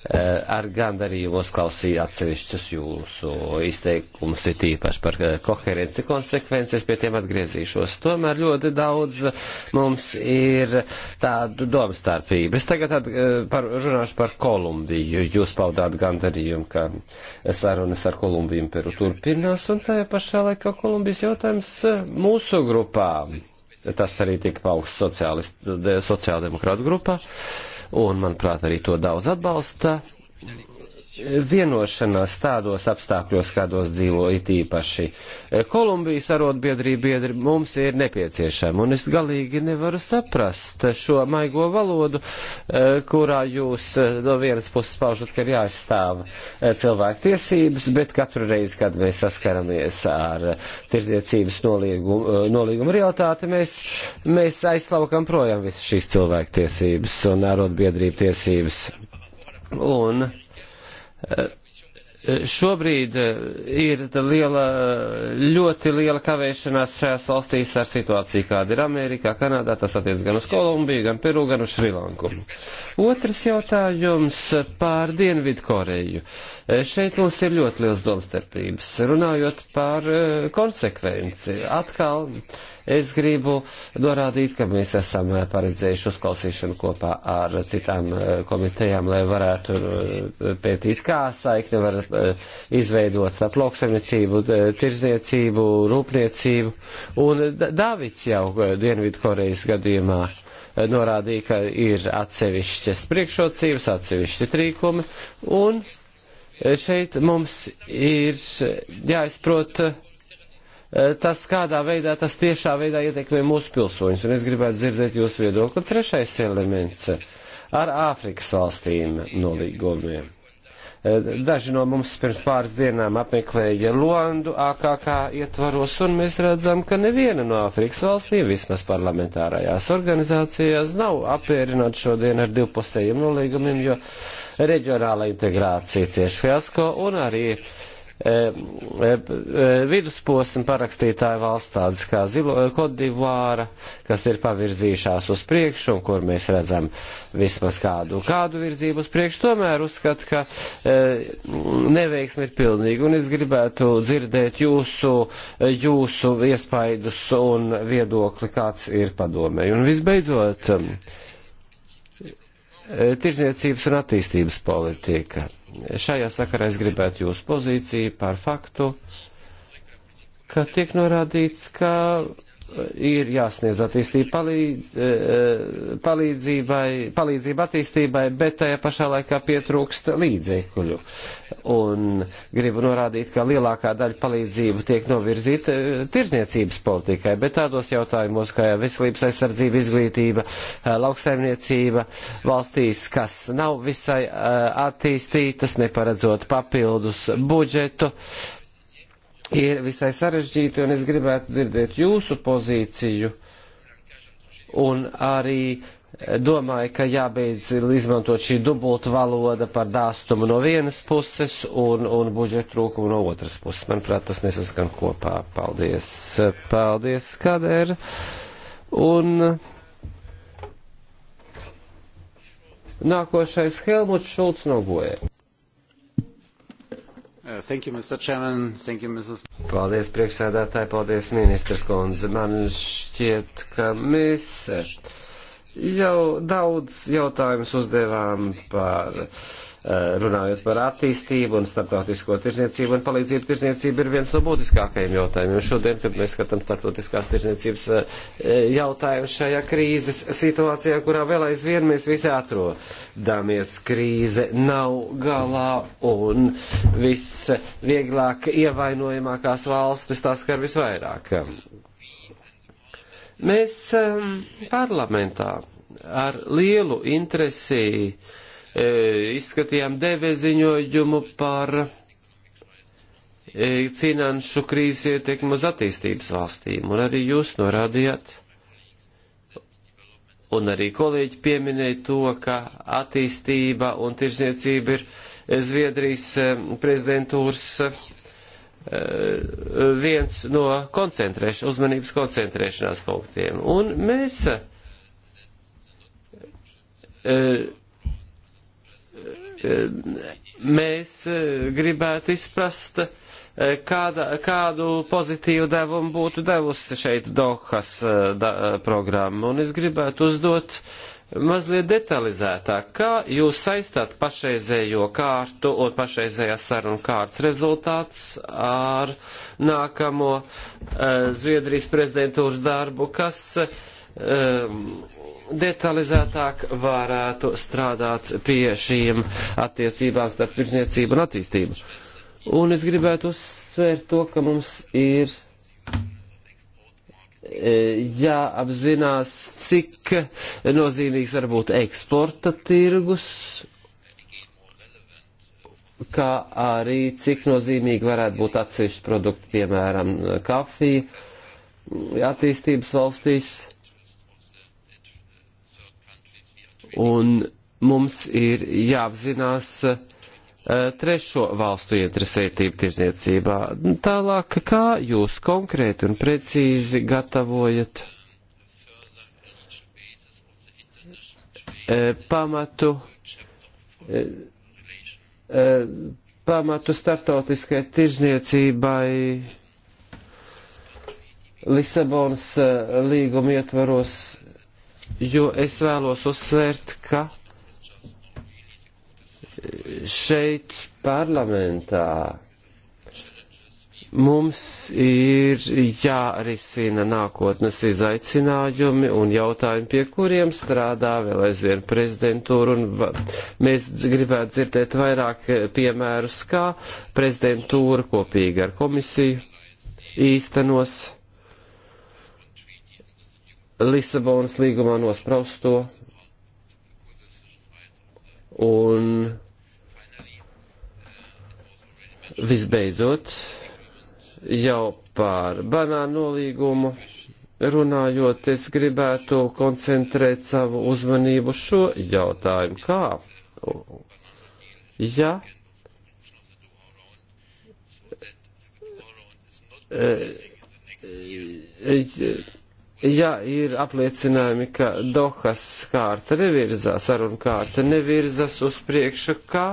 Eh, ar gandarījumu uzklausīju atsevišķus jūsu izteikumus, ir tīpaši par eh, koherenci konsekvences, pie tiem atgriezīšos. Tomēr ļoti daudz mums ir tādu domstarpību. Es tagad at, eh, par, runāšu par Kolumbiju. Jūs paudāt gandarījumu, ka sarunas ar Kolumbiju Peru turpinās, un tajā pašā laikā Kolumbijas jautājums mūsu grupā. Tas arī tika paugsts sociāldemokrātu grupā. Uh, un, manuprāt, arī to daudz atbalsta vienošanās tādos apstākļos, kādos dzīvo it īpaši. Kolumbijas arotbiedrība biedri mums ir nepieciešama, un es galīgi nevaru saprast šo maigo valodu, eh, kurā jūs eh, no vienas puses paužat, ka ir jāizstāv eh, cilvēku tiesības, bet katru reizi, kad mēs saskaramies ar tirdzniecības nolīgumu, nolīgumu realitāti, mēs, mēs aizslaukam projām visas šīs cilvēku tiesības un arotbiedrību tiesības. Un Eh, šobrīd eh, ir liela, ļoti liela kavēšanās šajās valstīs ar situāciju, kāda ir Amerikā, Kanādā, tas attiec gan uz Kolumbiju, gan Peru, gan uz Šrilanku. Otrs jautājums par Dienvidu Koreju. Eh, šeit mums ir ļoti liels domstarpības. Runājot par konsekvenci, atkal. Uh, Es gribu norādīt, ka mēs esam paredzējuši uzklausīšanu kopā ar citām eh, komitejām, lai varētu eh, pētīt, kā saikni var eh, izveidot starp lauksaimniecību, tirzniecību, rūpniecību. Un Davids jau Dienvidkorejas gadījumā norādīja, ka ir atsevišķas priekšrocības, atsevišķi trīkumi, un šeit mums ir jāizprot, Eh, tas kādā veidā, tas tiešā veidā ietekmē mūsu pilsoņus, un es gribētu dzirdēt jūsu viedokli. Trešais elements ar Āfrikas valstīm nolīgumiem. Eh, daži no mums pirms pāris dienām apmeklēja Luandu AKK ietvaros, un mēs redzam, ka neviena no Āfrikas valstīm, vismaz parlamentārajās organizācijās, nav apmierināta šodien ar divpusējiem nolīgumiem, jo reģionāla integrācija cieš fiasko un arī uh, E, e, e, vidusposma parakstītāja valstādes kā Kodivāra, kas ir pavirzījušās uz priekšu un kur mēs redzam vismaz kādu, kādu virzību uz priekšu, tomēr uzskat, ka e, neveiksmi ir pilnīgi un es gribētu dzirdēt jūsu, jūsu iespaidus un viedokli, kāds ir padomē. Un visbeidzot, e, tirzniecības un attīstības politika šajā sakarā es gribētu jūsu pozīciju par faktu, ka tiek norādīts, ka ir jāsniedz attīstība palīdz, e, e, palīdzībai, palīdzība attīstībai, bet tajā pašā laikā pietrūkst līdzekļu. Un gribu norādīt, ka lielākā daļa palīdzību tiek novirzīta e, tirzniecības politikai, bet tādos jautājumos, kā veselības aizsardzība, izglītība, lauksaimniecība valstīs, kas nav visai attīstītas, neparedzot papildus budžetu, ir visai sarežģīti, un es gribētu dzirdēt jūsu pozīciju, un arī eh, domāju, ka jābeidz izmantot šī dubulta valoda par dāstumu no vienas puses un, un budžeta trūkumu no otras puses. Manuprāt, tas nesaskan kopā. Paldies. Paldies, Kader. Un nākošais Helmuts Šulcs no Goja. Uh, thank you, Mr. Chairman. Thank you, Mrs. Paldies, priekšsēdētāji, paldies, ministra kundze. Man šķiet, ka mēs jau daudz jautājumus uzdevām par uh, Eh, runājot par attīstību un starptautisko tirzniecību un palīdzību tirzniecību ir viens no būtiskākajiem jautājumiem. Šodien, kad mēs skatām starptautiskās tirzniecības eh, jautājumu šajā krīzes situācijā, kurā vēl aizvien mēs visi atrodamies, krīze nav galā un viss vieglāk ievainojamākās valstis tās skar visvairāk. Mēs ehm, parlamentā ar lielu interesi uh, E, izskatījām deve ziņojumu par e, finanšu krīzes ietekmu uz attīstības valstīm, un arī jūs norādījāt, un arī kolēģi pieminēja to, ka attīstība un tirzniecība ir Zviedrijas e, prezidentūras viens no koncentrēšanās, uzmanības koncentrēšanās punktiem. Un mēs Ehm, mēs eh, gribētu izprast, eh, kāda, kādu pozitīvu devumu būtu devusi šeit Dohas eh, da, programma. Un es gribētu uzdot mazliet detalizētāk, kā jūs saistāt pašreizējo kārtu un pašreizējās sarunu kārtas rezultātus ar nākamo uh, Zviedrijas prezidentūras darbu, kas uh, detalizētāk varētu strādāt pie šīm attiecībām starp tirzniecību un attīstību. Un es gribētu uzsvērt to, ka mums ir e, jāapzinās, cik nozīmīgs var būt eksporta tirgus, kā arī cik nozīmīgi varētu būt atsevišķi produkti, piemēram, kafija attīstības valstīs Un mums ir jāapzinās eh, trešo valstu interesētību tirzniecībā. Tālāk, kā jūs konkrēti un precīzi gatavojat eh, pamatu, eh, pamatu startautiskai tirzniecībai Lisabonas līguma ietvaros jo es vēlos uzsvērt, ka šeit parlamentā mums ir jārisina nākotnes izaicinājumi un jautājumi, pie kuriem strādā vēl aizvien prezidentūra, un mēs gribētu dzirdēt vairāk piemērus, kā prezidentūra kopīgi ar komisiju īstenos Lisabonas līgumā nospraustu un visbeidzot jau par banānu nolīgumu runājot, es gribētu koncentrēt savu uzmanību šo jautājumu. Kā? Ja e, e, ja ir apliecinājumi, ka Dohas kārta nevirzās, saruna kārta nevirzas uz priekšu, kā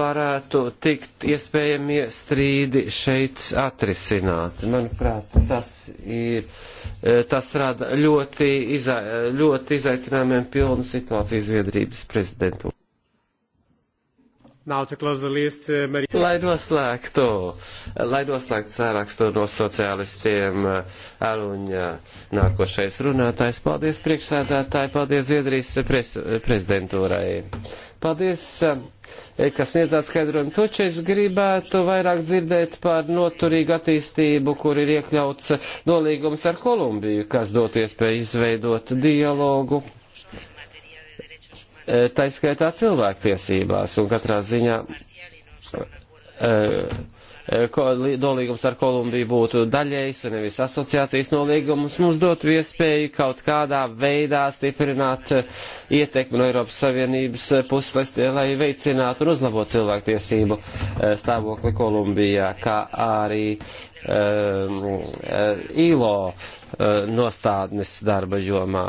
varētu tikt iespējamie strīdi šeit atrisināti. Manuprāt, tas ir, e, tas rada ļoti, izai, ļoti izaicinājumiem pilnu situāciju Zviedrības prezidentu. Now to close the list, uh, Marija. Lai noslēgtu, lai noslēgtu sārakstu no sociālistiem uh, Aluņa nākošais runātājs. Paldies priekšsēdētāji, paldies Zviedrijas pres, prezidentūrai. Paldies, uh, kas sniedzāt skaidrojumu. Taču es gribētu vairāk dzirdēt par noturīgu attīstību, kur ir iekļauts nolīgums ar Kolumbiju, kas dot iespēju izveidot dialogu Eh, taiskaitā cilvēktiesībās un katrā ziņā eh, Eh, nolīgums ar Kolumbiju būtu daļējs un nevis asociācijas nolīgums, mums dotu iespēju kaut kādā veidā stiprināt eh, ietekmi no Eiropas Savienības eh, puses, lai veicinātu un uzlabotu cilvēktiesību stāvokli Kolumbijā, kā arī um, ILO nostādnes darba jomā.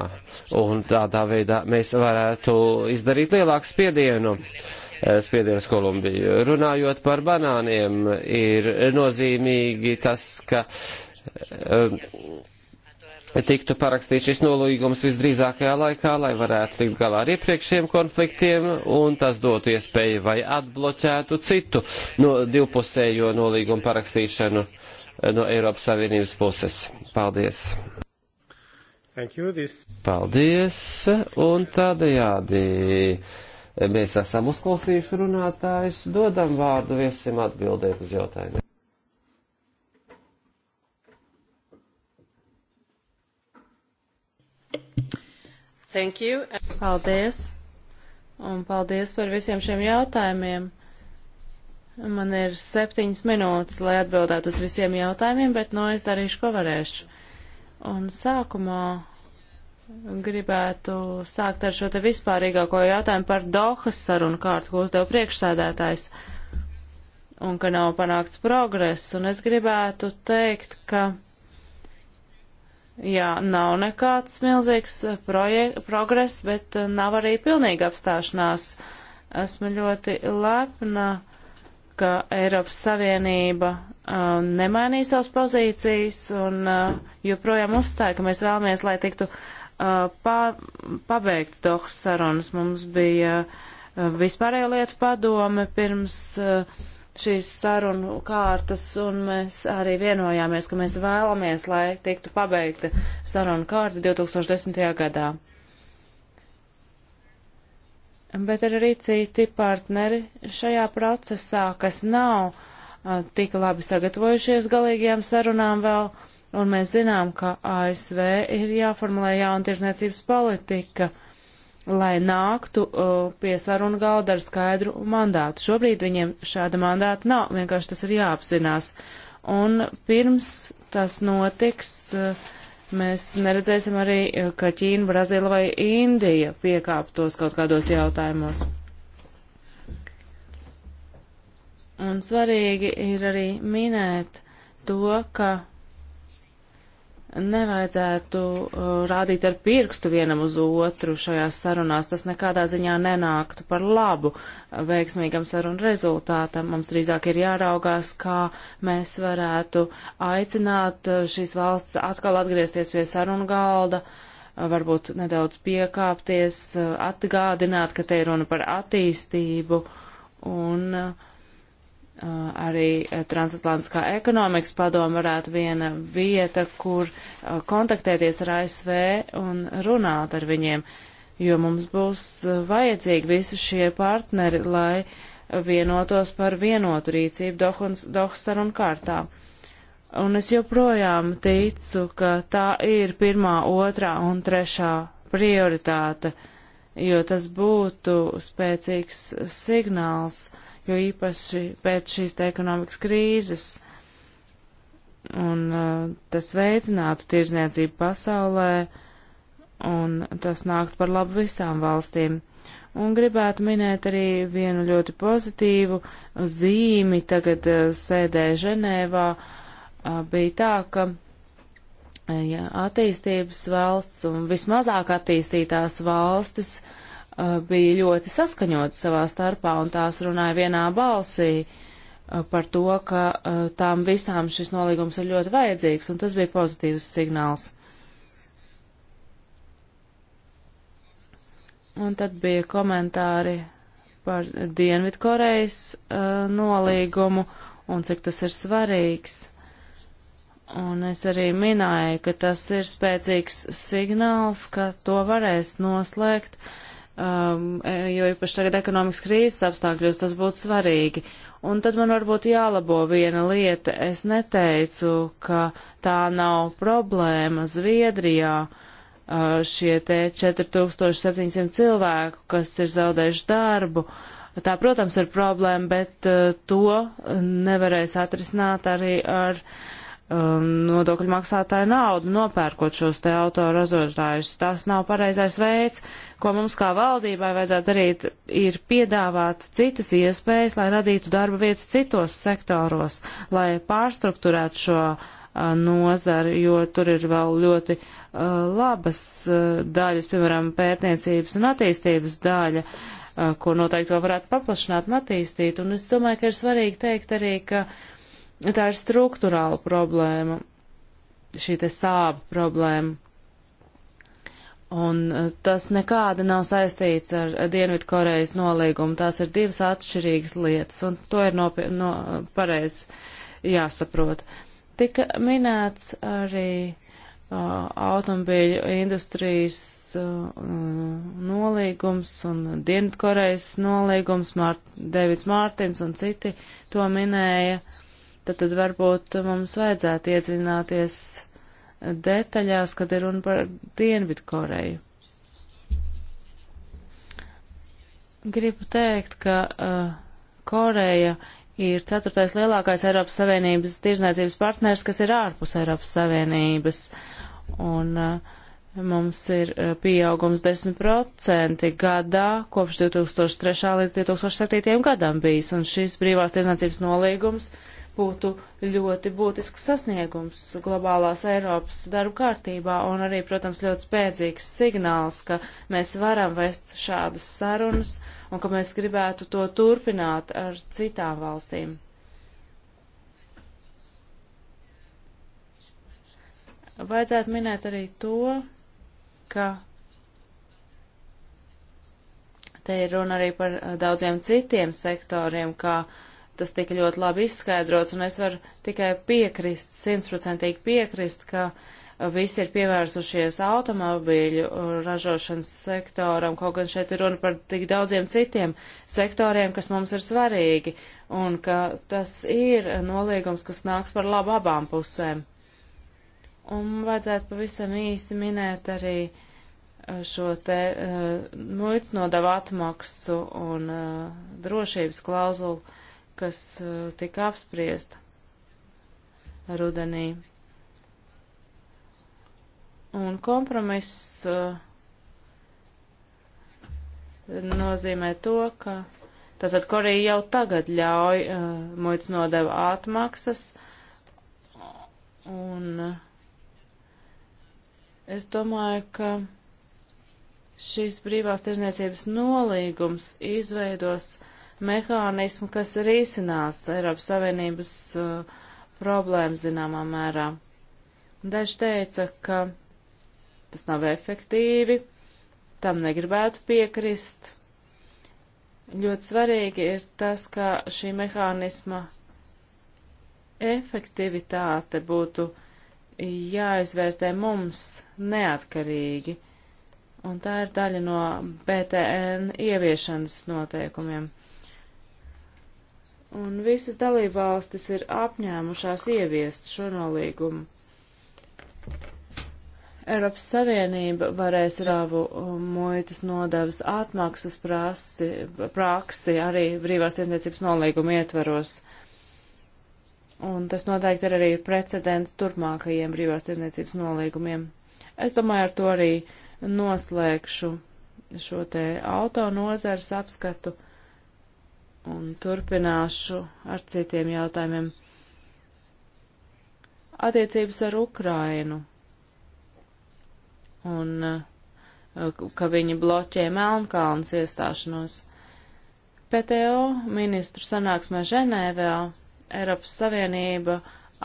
Un tādā veidā mēs varētu izdarīt lielāku spiedienu uh, Eh, spiediens Kolumbiju. Runājot par banāniem, ir nozīmīgi tas, ka eh, tiktu parakstīts šis nolīgums visdrīzākajā laikā, lai varētu tikt galā ar iepriekšējiem konfliktiem, un tas dotu iespēju vai atbloķētu citu no divpusējo nolīgumu parakstīšanu eh, no Eiropas Savienības puses. Paldies! This... Paldies! Un tādējādi Mēs esam uzklausījuši runātājus, dodam vārdu viesim atbildēt uz jautājumiem. Thank you. Paldies. Un paldies par visiem šiem jautājumiem. Man ir septiņas minūtes, lai atbildētu uz visiem jautājumiem, bet no nu, es darīšu, ko varēšu. Un sākumā gribētu sākt ar šo te vispārīgāko jautājumu par Dohas sarunu kārtu, ko uzdev priekšsēdētājs, un ka nav panākts progress. Un es gribētu teikt, ka, jā, nav nekāds milzīgs projek, progress, bet nav arī pilnīga apstāšanās. Esmu ļoti lepna ka Eiropas Savienība uh, nemainīja savas pozīcijas un uh, joprojām uzstāja, ka mēs vēlamies, lai tiktu Uh, pa, pabeigts Dohas sarunas. Mums bija uh, vispārēja lietu padome pirms uh, šīs sarunu kārtas, un mēs arī vienojāmies, ka mēs vēlamies, lai tiktu pabeigta sarunu kārta 2010. gadā. Bet ir arī citi partneri šajā procesā, kas nav uh, tik labi sagatavojušies galīgajām sarunām vēl. Uh, un mēs zinām, ka ASV ir jāformulē jauna tirsniecības politika, lai nāktu uh, pie sarunu galda ar skaidru mandātu. Šobrīd viņiem šāda mandāta nav, vienkārši tas ir jāapzinās. Un pirms tas notiks, uh, mēs neredzēsim arī, uh, ka Ķīna, Brazīla vai Indija piekāptos kaut kādos jautājumos. Un svarīgi ir arī minēt to, ka nevajadzētu uh, rādīt ar pirkstu vienam uz otru šajās sarunās. Tas nekādā ziņā nenāktu par labu veiksmīgam sarunu rezultātam. Mums drīzāk ir jāraugās, kā mēs varētu aicināt uh, šīs valsts atkal atgriezties pie sarunu galda, uh, varbūt nedaudz piekāpties, atgādināt, ka te ir runa par attīstību un uh, arī transatlantiskā ekonomikas padoma varētu viena vieta, kur kontaktēties ar ASV un runāt ar viņiem, jo mums būs vajadzīgi visi šie partneri, lai vienotos par vienotu rīcību Dohsar un kārtā. Un es joprojām ticu, ka tā ir pirmā, otrā un trešā prioritāte, jo tas būtu spēcīgs signāls uh, jo īpaši pēc šīs te ekonomikas krīzes. Un uh, tas veicinātu tirzniecību pasaulē, un tas nāktu par labu visām valstīm. Un gribētu minēt arī vienu ļoti pozitīvu zīmi tagad uh, sēdē Ženēvā. Uh, bija tā, ka uh, ja, attīstības valsts un vismazāk attīstītās valstis uh, Uh, bija ļoti saskaņotas savā starpā un tās runāja vienā balsī uh, par to, ka uh, tām visām šis nolīgums ir ļoti vajadzīgs, un tas bija pozitīvs signāls. Un tad bija komentāri par Dienvidkorejas nolīgumu un cik tas ir svarīgs. Un es arī minēju, ka tas ir spēcīgs signāls, ka to varēs noslēgt uh, um, e, jo īpaši tagad ekonomikas krīzes apstākļos tas būtu svarīgi. Un tad man varbūt jālabo viena lieta. Es neteicu, ka tā nav problēma Zviedrijā. Uh, šie te 4700 cilvēku, kas ir zaudējuši darbu, tā, protams, ir problēma, bet uh, to nevarēs atrisināt arī ar uh, Um, nodokļu maksātāju naudu, nopērkot šos te autoražotājus. Tas nav pareizais veids, ko mums kā valdībai vajadzētu darīt, ir piedāvāt citas iespējas, lai radītu darba vietas citos sektoros, lai pārstruktūrētu šo uh, nozari, jo tur ir vēl ļoti uh, labas uh, daļas, piemēram, pētniecības un attīstības daļa, uh, ko noteikti vēl varētu paplašināt un attīstīt. Un es domāju, ka ir svarīgi teikt arī, ka uh, Tā ir struktūrāla problēma, šī te sāba problēma. Un eh, tas nekāda nav saistīts ar Dienvidkorejas nolīgumu. Tās ir divas atšķirīgas lietas, un to ir nopietni no, pareizi jāsaprot. Tika minēts arī uh, automobīļu industrijas uh, nolīgums un Dienvidkorejas nolīgums, Mār Devits Mārtins un citi to minēja. Uh, tad, tad varbūt mums vajadzētu iedzināties detaļās, kad ir runa par Dienvidu Koreju. Gribu teikt, ka uh, Koreja ir ceturtais lielākais Eiropas Savienības tirzniecības partners, kas ir ārpus Eiropas Savienības. Un uh, mums ir uh, pieaugums 10% gadā kopš 2003. līdz 2007. gadam bijis, un šis brīvās tirzniecības nolīgums uh, būtu ļoti būtisks sasniegums globālās Eiropas darba kārtībā un arī, protams, ļoti spēcīgs signāls, ka mēs varam vest šādas sarunas un ka mēs gribētu to turpināt ar citām valstīm. Vajadzētu minēt arī to, ka te ir runa arī par daudziem citiem sektoriem, kā uh, tas tika ļoti labi izskaidrots, un es varu tikai piekrist, simtprocentīgi piekrist, ka uh, visi ir pievērsušies automobīļu uh, ražošanas sektoram, kaut gan šeit ir runa par tik daudziem citiem sektoriem, kas mums ir svarīgi, un ka tas ir nolīgums, kas nāks par labu abām pusēm. Un vajadzētu pavisam īsi minēt arī uh, šo te uh, muitas nodavu atmaksu un uh, drošības klauzulu. Uh, kas eh, tika apspriesta rudenī. Un kompromiss eh, nozīmē to, ka tātad Koreja jau tagad ļauj uh, muitas nodeva atmaksas, un uh, es domāju, ka šīs brīvās tirzniecības nolīgums izveidos uh, mehānismu, kas risinās Eiropas Savienības uh, problēmu zināmā mērā. Daži teica, ka tas nav efektīvi, tam negribētu piekrist. Ļoti svarīgi ir tas, ka šī mehānisma efektivitāte būtu jāizvērtē mums neatkarīgi, un tā ir daļa no BTN ieviešanas noteikumiem un visas dalībvalstis ir apņēmušās ieviest šo nolīgumu. Eiropas Savienība varēs ravu muitas nodevas atmaksas prasi, praksi arī brīvās iesniecības nolīguma ietvaros. Un tas noteikti ir arī precedents turpmākajiem brīvās tiesniecības nolīgumiem. Es domāju, ar to arī noslēgšu šo te auto nozars apskatu un turpināšu ar citiem jautājumiem. Attiecības ar Ukrainu un uh, ka viņi bloķē Melnkalnas iestāšanos. PTO ministru sanāksmē Ženēvē Eiropas Savienība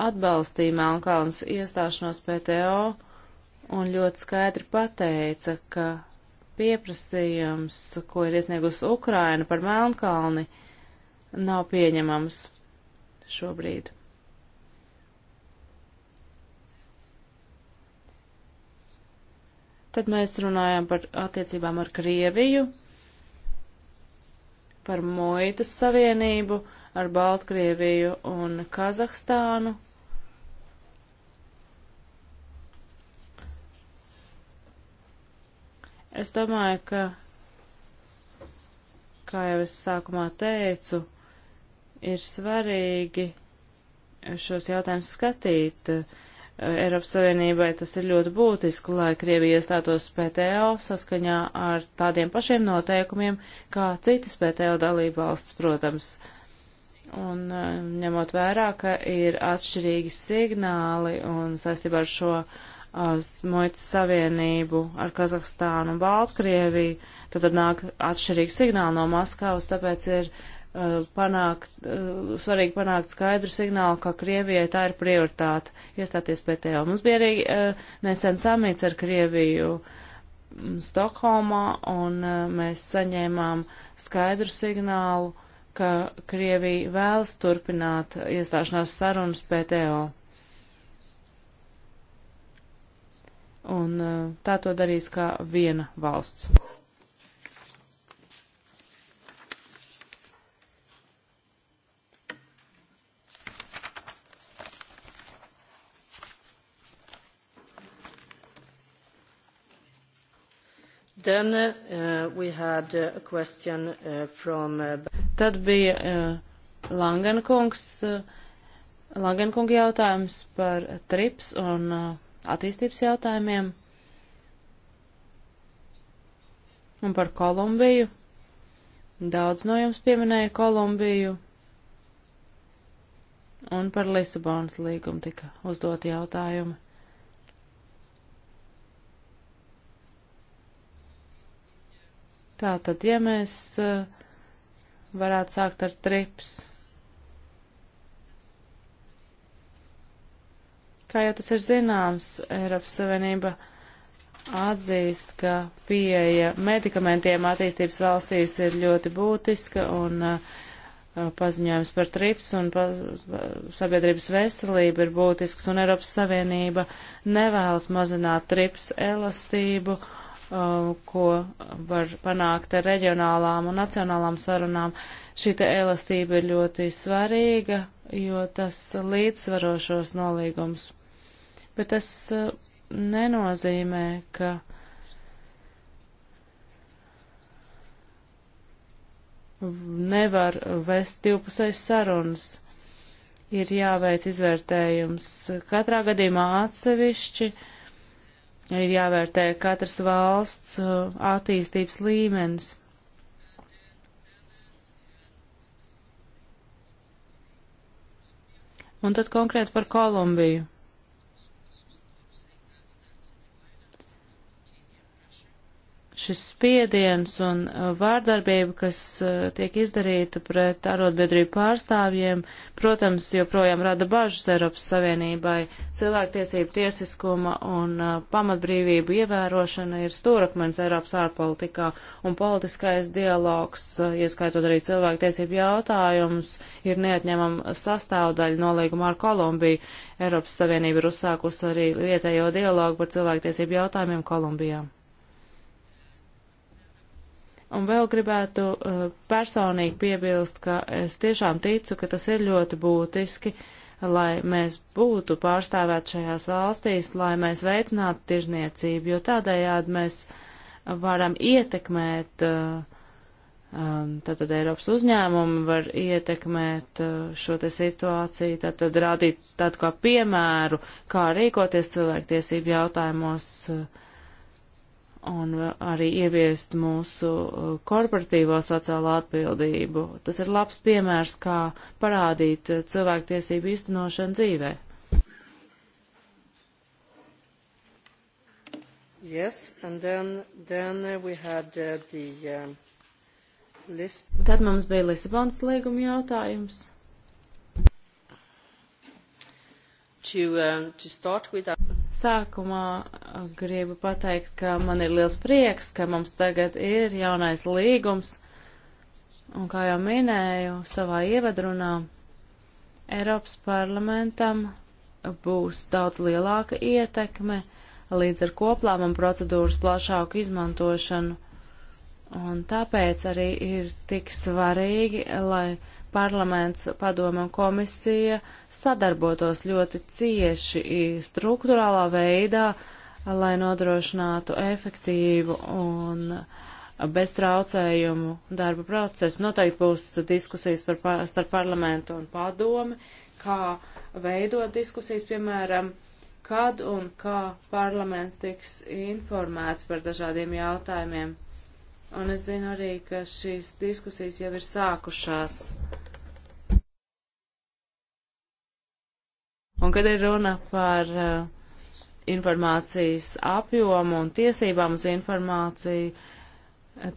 atbalstīja Melnkalnas iestāšanos PTO un ļoti skaidri pateica, ka pieprasījums, ko ir iesniegusi Ukraina par Melnkalni, uh, nav pieņemams šobrīd. Tad mēs runājam par attiecībām ar Krieviju, par muitas savienību ar Baltkrieviju un Kazahstānu. Es domāju, ka, kā jau es sākumā teicu, ir svarīgi šos jautājumus skatīt. Eiropas Savienībai tas ir ļoti būtiski, lai Krievija iestātos PTO saskaņā ar tādiem pašiem noteikumiem, kā citas PTO dalība valsts, protams. Un um, ņemot vērā, ka ir atšķirīgi signāli un saistībā ar šo uh, muitas savienību ar Kazahstānu un Baltkrieviju, tad, tad nāk atšķirīgi signāli no Maskavas, tāpēc ir Eh, panākt, eh, svarīgi panākt skaidru signālu, ka Krievijai tā ir prioritāte iestāties PTO. Mums bija arī eh, nesen samīts ar Krieviju mm, Stokholmā, un mēs saņēmām skaidru signālu, ka Krievija vēlas turpināt iestāšanās sarunas PTO. Un tā to darīs kā viena valsts. Then uh, we had uh, a question uh, from... Uh, Tad bija uh, Langana kungs, uh, Langana kunga jautājums par trips un uh, attīstības jautājumiem un par Kolumbiju. Daudz no jums pieminēja Kolumbiju un par Lisabonas līgumu tika uzdot jautājumi. Tā tad, ja mēs eh, varētu sākt ar trips. Kā jau tas ir zināms, Eiropas Savienība atzīst, ka pieeja medikamentiem attīstības valstīs ir ļoti būtiska un uh, paziņojums par trips un pa, sabiedrības veselību ir būtisks un Eiropas Savienība nevēlas mazināt trips elastību Uh, ko var panākt ar reģionālām un nacionālām sarunām. Šī elastība ir ļoti svarīga, jo tas līdzsvaro šos nolīgumus. Bet tas uh, nenozīmē, ka nevar vest divpusējas sarunas. Ir jāveic izvērtējums katrā gadījumā atsevišķi, uh, ir jāvērtē katras valsts uh, attīstības līmenis. Un tad konkrēti par Kolumbiju. šis spiediens un uh, vārdarbība, kas uh, tiek izdarīta pret arotbiedrību pārstāvjiem, protams, joprojām rada bažas Eiropas Savienībai. Cilvēktiesību tiesiskuma un uh, pamatbrīvību ievērošana ir stūrakmens Eiropas ārpolitikā, un politiskais dialogs, ieskaitot arī cilvēktiesību jautājumus, ir neatņemama sastāvdaļa nolīguma ar Kolumbiju. Eiropas Savienība ir uzsākusi arī vietējo dialogu par cilvēktiesību jautājumiem Kolumbijā. Un vēl gribētu eh, personīgi piebilst, ka es tiešām ticu, ka tas ir ļoti būtiski, lai mēs būtu pārstāvēt šajās valstīs, lai mēs veicinātu tirzniecību, jo tādējādi mēs varam ietekmēt, eh, um, tātad Eiropas uzņēmumi var ietekmēt eh, šo te situāciju, tātad rādīt tādu kā piemēru, kā rīkoties cilvēktiesību jautājumos. Uh, un arī ieviest mūsu uh, korporatīvo sociālo atbildību. Tas ir labs piemērs, kā parādīt uh, cilvēktiesību īstenošanu dzīvē. Yes, and then, then uh, we had uh, the uh, um, Lisp Tad mums bija Lisabonas līguma jautājums. To, um, to start with... Sākumā gribu pateikt, ka man ir liels prieks, ka mums tagad ir jaunais līgums, un kā jau minēju savā ievadrunā, Eiropas parlamentam būs daudz lielāka ietekme līdz ar koplāmam procedūras plašāku izmantošanu. Un tāpēc arī ir tik svarīgi, lai parlaments, padoma un komisija sadarbotos ļoti cieši struktūrālā veidā, lai nodrošinātu efektīvu un bez traucējumu darba procesu. Noteikti būs diskusijas par, starp parlamentu un padomi, kā veidot diskusijas, piemēram, kad un kā parlaments tiks informēts par dažādiem jautājumiem. Un es zinu arī, ka šīs diskusijas jau ir sākušās. Un, kad ir runa par uh, informācijas apjomu un tiesībām uz informāciju,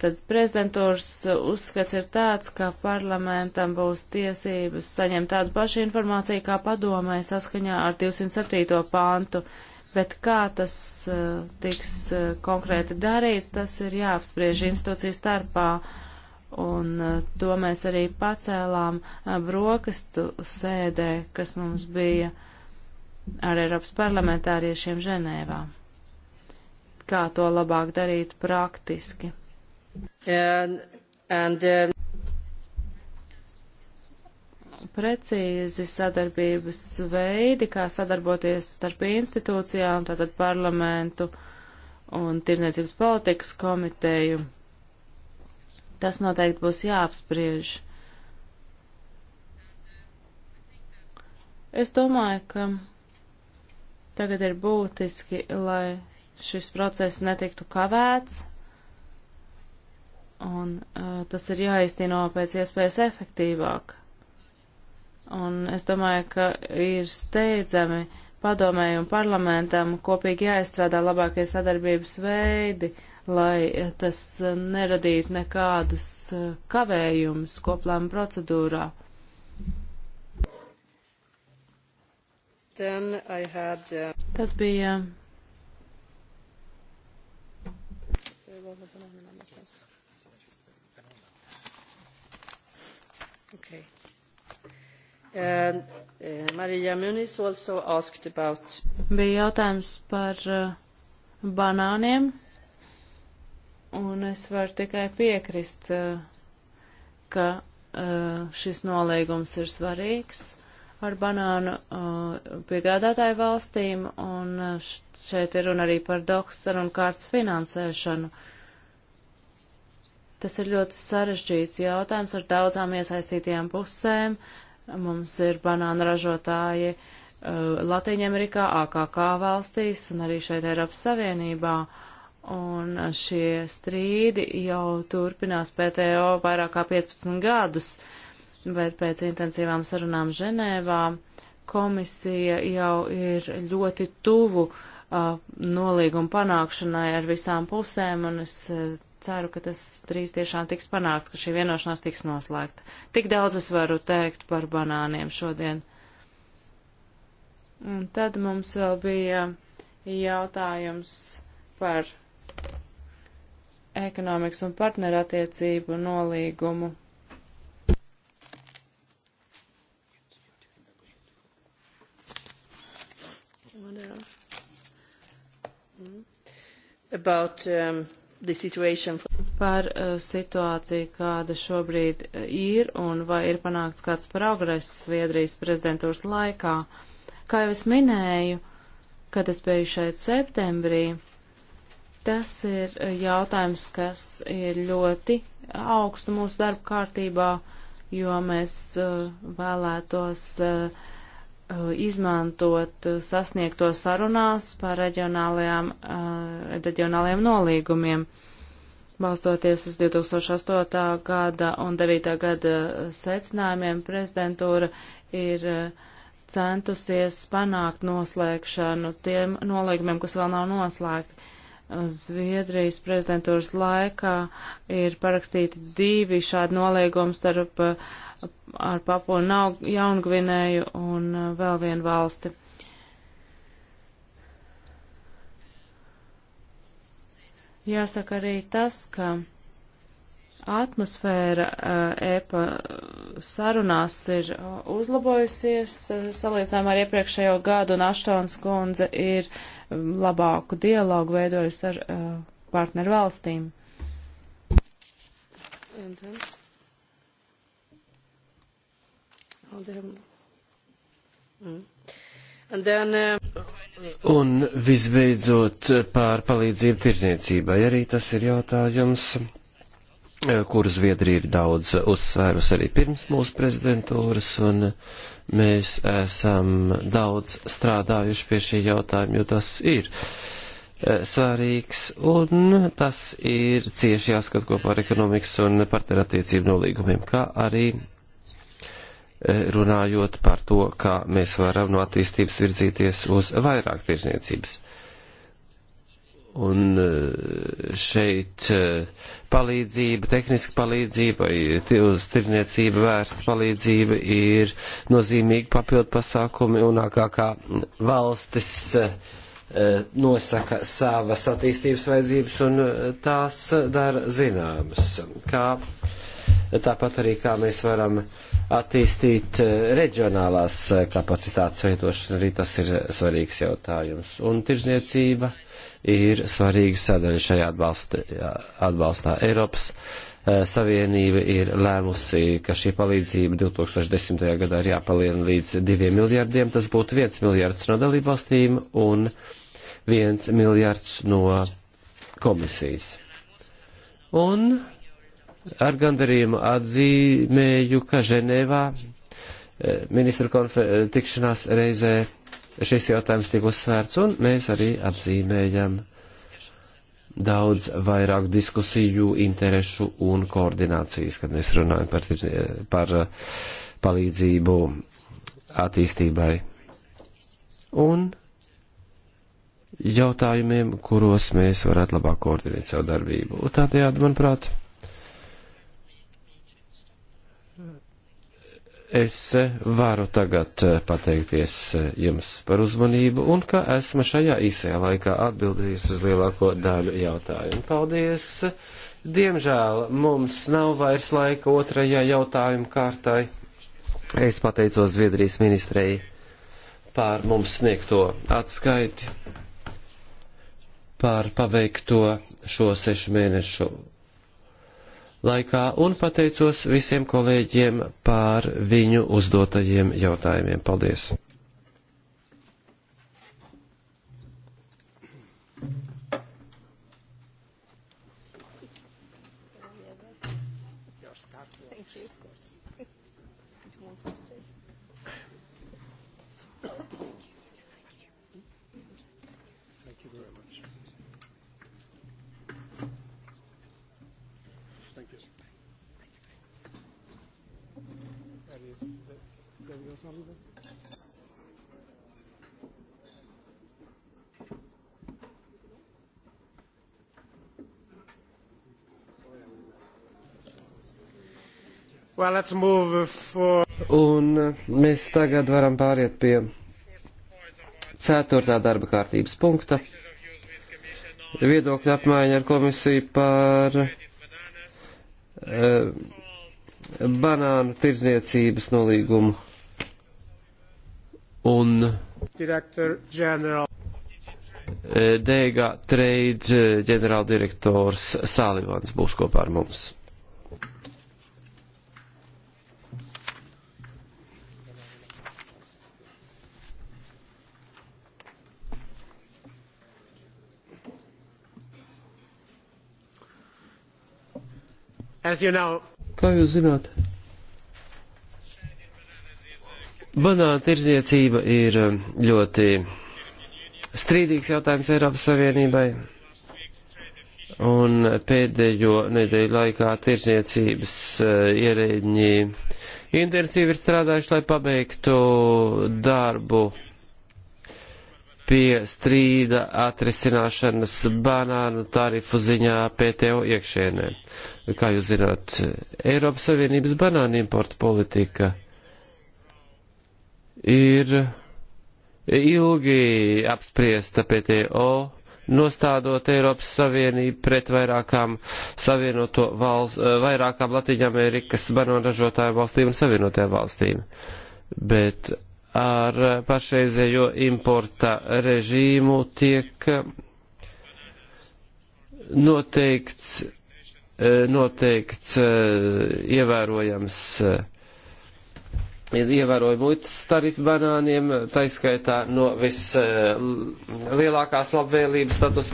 tad prezidentūras uzskats ir tāds, ka parlamentam būs tiesības saņemt tādu pašu informāciju kā padomē saskaņā ar 207. pāntu, bet kā tas uh, tiks uh, konkrēti darīts, tas ir jāapspriež institūciju starpā. Un uh, to mēs arī pacēlām brokastu sēdē, kas mums bija uh, ar Eiropas parlamentāriešiem Ženēvā. Kā to labāk darīt praktiski? And, and, um... Precīzi sadarbības veidi, kā sadarboties starp institūcijām, tātad parlamentu un tirdzniecības politikas komiteju. Tas noteikti būs jāapspriež. Es domāju, ka Tagad ir būtiski, lai šis process netiktu kavēts, un uh, tas ir jāiztīno pēc iespējas efektīvāk. Un es domāju, ka ir steidzami padomēju un parlamentam kopīgi jāizstrādā labākie sadarbības veidi, lai tas neradītu nekādus kavējumus koplēmu procedūrā. Had, uh... Tad bija. Okay. And, uh, Marija Munis also asked about. Bija jautājums par uh, banāniem, un es varu tikai piekrist, uh, ka uh, šis nolīgums ir svarīgs ar banānu uh, piegādātāju valstīm, un uh, šeit ir runa arī par doks sarunu kārtas finansēšanu. Tas ir ļoti sarežģīts jautājums ar daudzām iesaistītajām pusēm. Mums ir banāna ražotāji uh, Latīņamerikā, AKK valstīs un arī šeit Eiropas Savienībā. Un uh, šie strīdi jau turpinās PTO vairāk kā 15 gadus. Uh, bet pēc intensīvām sarunām Ženēvā komisija jau ir ļoti tuvu uh, nolīguma panākšanai ar visām pusēm, un es uh, ceru, ka tas drīz tiešām tiks panākts, ka šī vienošanās tiks noslēgta. Tik daudz es varu teikt par banāniem šodien. Un tad mums vēl bija jautājums par ekonomikas un partnerattiecību nolīgumu. about um, the situation. Par uh, situāciju, kāda šobrīd uh, ir un vai ir panākts kāds progress Sviedrijas prezidentūras laikā. Kā jau es minēju, kad es biju šeit septembrī, tas ir uh, jautājums, kas ir ļoti augstu mūsu darba kārtībā, jo mēs uh, vēlētos uh, Uh, izmantot uh, sasniegto sarunās par reģionālajām, uh, reģionālajiem nolīgumiem, balstoties uz 2008. gada un 9. gada secinājumiem, prezidentūra ir centusies panākt noslēgšanu tiem nolīgumiem, kas vēl nav noslēgti. Zviedrijas prezidentūras laikā ir parakstīti divi šādi noliegumi starp uh, ar Papu Jaungvinēju un uh, vēl vienu valsti. Jāsaka arī tas, ka atmosfēra EPA eh, e sarunās ir eh, uzlabojusies eh, salīdzinājumā ar iepriekšējo gadu, un Aštons kundze ir mm, labāku dialogu veidojusi ar partneru valstīm. Uh, un visbeidzot pār palīdzību tirzniecībai arī tas ir jautājums Eh, kuru Zviedrija ir daudz uzsvērus arī pirms mūsu prezidentūras, un mēs esam daudz strādājuši pie šī jautājuma, jo tas ir eh, svarīgs, un tas ir cieši jāskat kopā ar ekonomikas un partnerattiecību nolīgumiem, kā arī eh, runājot par to, kā mēs varam no attīstības virzīties uz vairāk tirzniecības. Un eh, šeit eh, palīdzība, tehniska palīdzība, uz tirniecību vērsta palīdzība ir nozīmīgi papildu pasākumi un ākākā valstis eh, nosaka savas attīstības vajadzības un tās dara zināmas. Kā, tāpat arī kā mēs varam attīstīt reģionālās kapacitātes veidošanu, arī tas ir svarīgs jautājums. Un tirzniecība ir svarīga sadaļa šajā atbalsta, atbalstā. Eiropas eh, Savienība ir lēmusi, ka šī palīdzība 2010. gadā ir jāpalielina līdz 2 miljardiem. Tas būtu 1 miljards no dalībvalstīm un 1 miljards no komisijas. Un ar gandarījumu atzīmēju, ka Ženēvā eh, ministru tikšanās reizē šis jautājums tiek uzsvērts, un mēs arī atzīmējam daudz vairāk diskusiju, interešu un koordinācijas, kad mēs runājam par, par eh, palīdzību attīstībai. Un jautājumiem, kuros mēs varētu labāk koordinēt savu darbību. Un tādējādi, manuprāt, es varu tagad eh, pateikties eh, jums par uzmanību un ka esmu šajā īsajā laikā atbildējusi uz lielāko daļu jautājumu. Paldies! Diemžēl mums nav vairs laika otrajā jautājuma kārtai. Es pateicos Zviedrijas ministrei par mums sniegto atskaiti, par paveikto šo sešu mēnešu laikā un pateicos visiem kolēģiem par viņu uzdotajiem jautājumiem. Paldies! Well, let's move for... Un mēs tagad varam pāriet pie ceturtā darba kārtības punkta. Viedokļa apmaiņa ar komisiju par uh, banānu tirdzniecības nolīgumu un DG eh, Trade eh, ģenerāldirektors Sālivans būs kopā ar mums. You know. Kā jūs zināt? Banāna tirdzniecība ir um, ļoti strīdīgs jautājums Eiropas Savienībai. Un pēdējo nedēļu laikā tirdzniecības uh, ierēģi intensīvi ir strādājuši, lai pabeigtu darbu pie strīda atrisināšanas banānu tarifu ziņā PTO iekšēnē. Kā jūs zināt, Eiropas Savienības banānu importa politika ir ilgi apspriesta PTO, nostādot Eiropas Savienību pret vairākām savienoto valsts, vairākām Latīņamerikas banānu ražotāju valstīm un savienotajām valstīm. Bet ar pašreizējo importa režīmu tiek eh, noteikts, eh, noteikts eh, ievērojams ievēroja muitas tarifu banāniem, taiskaitā no vislielākās labvēlības status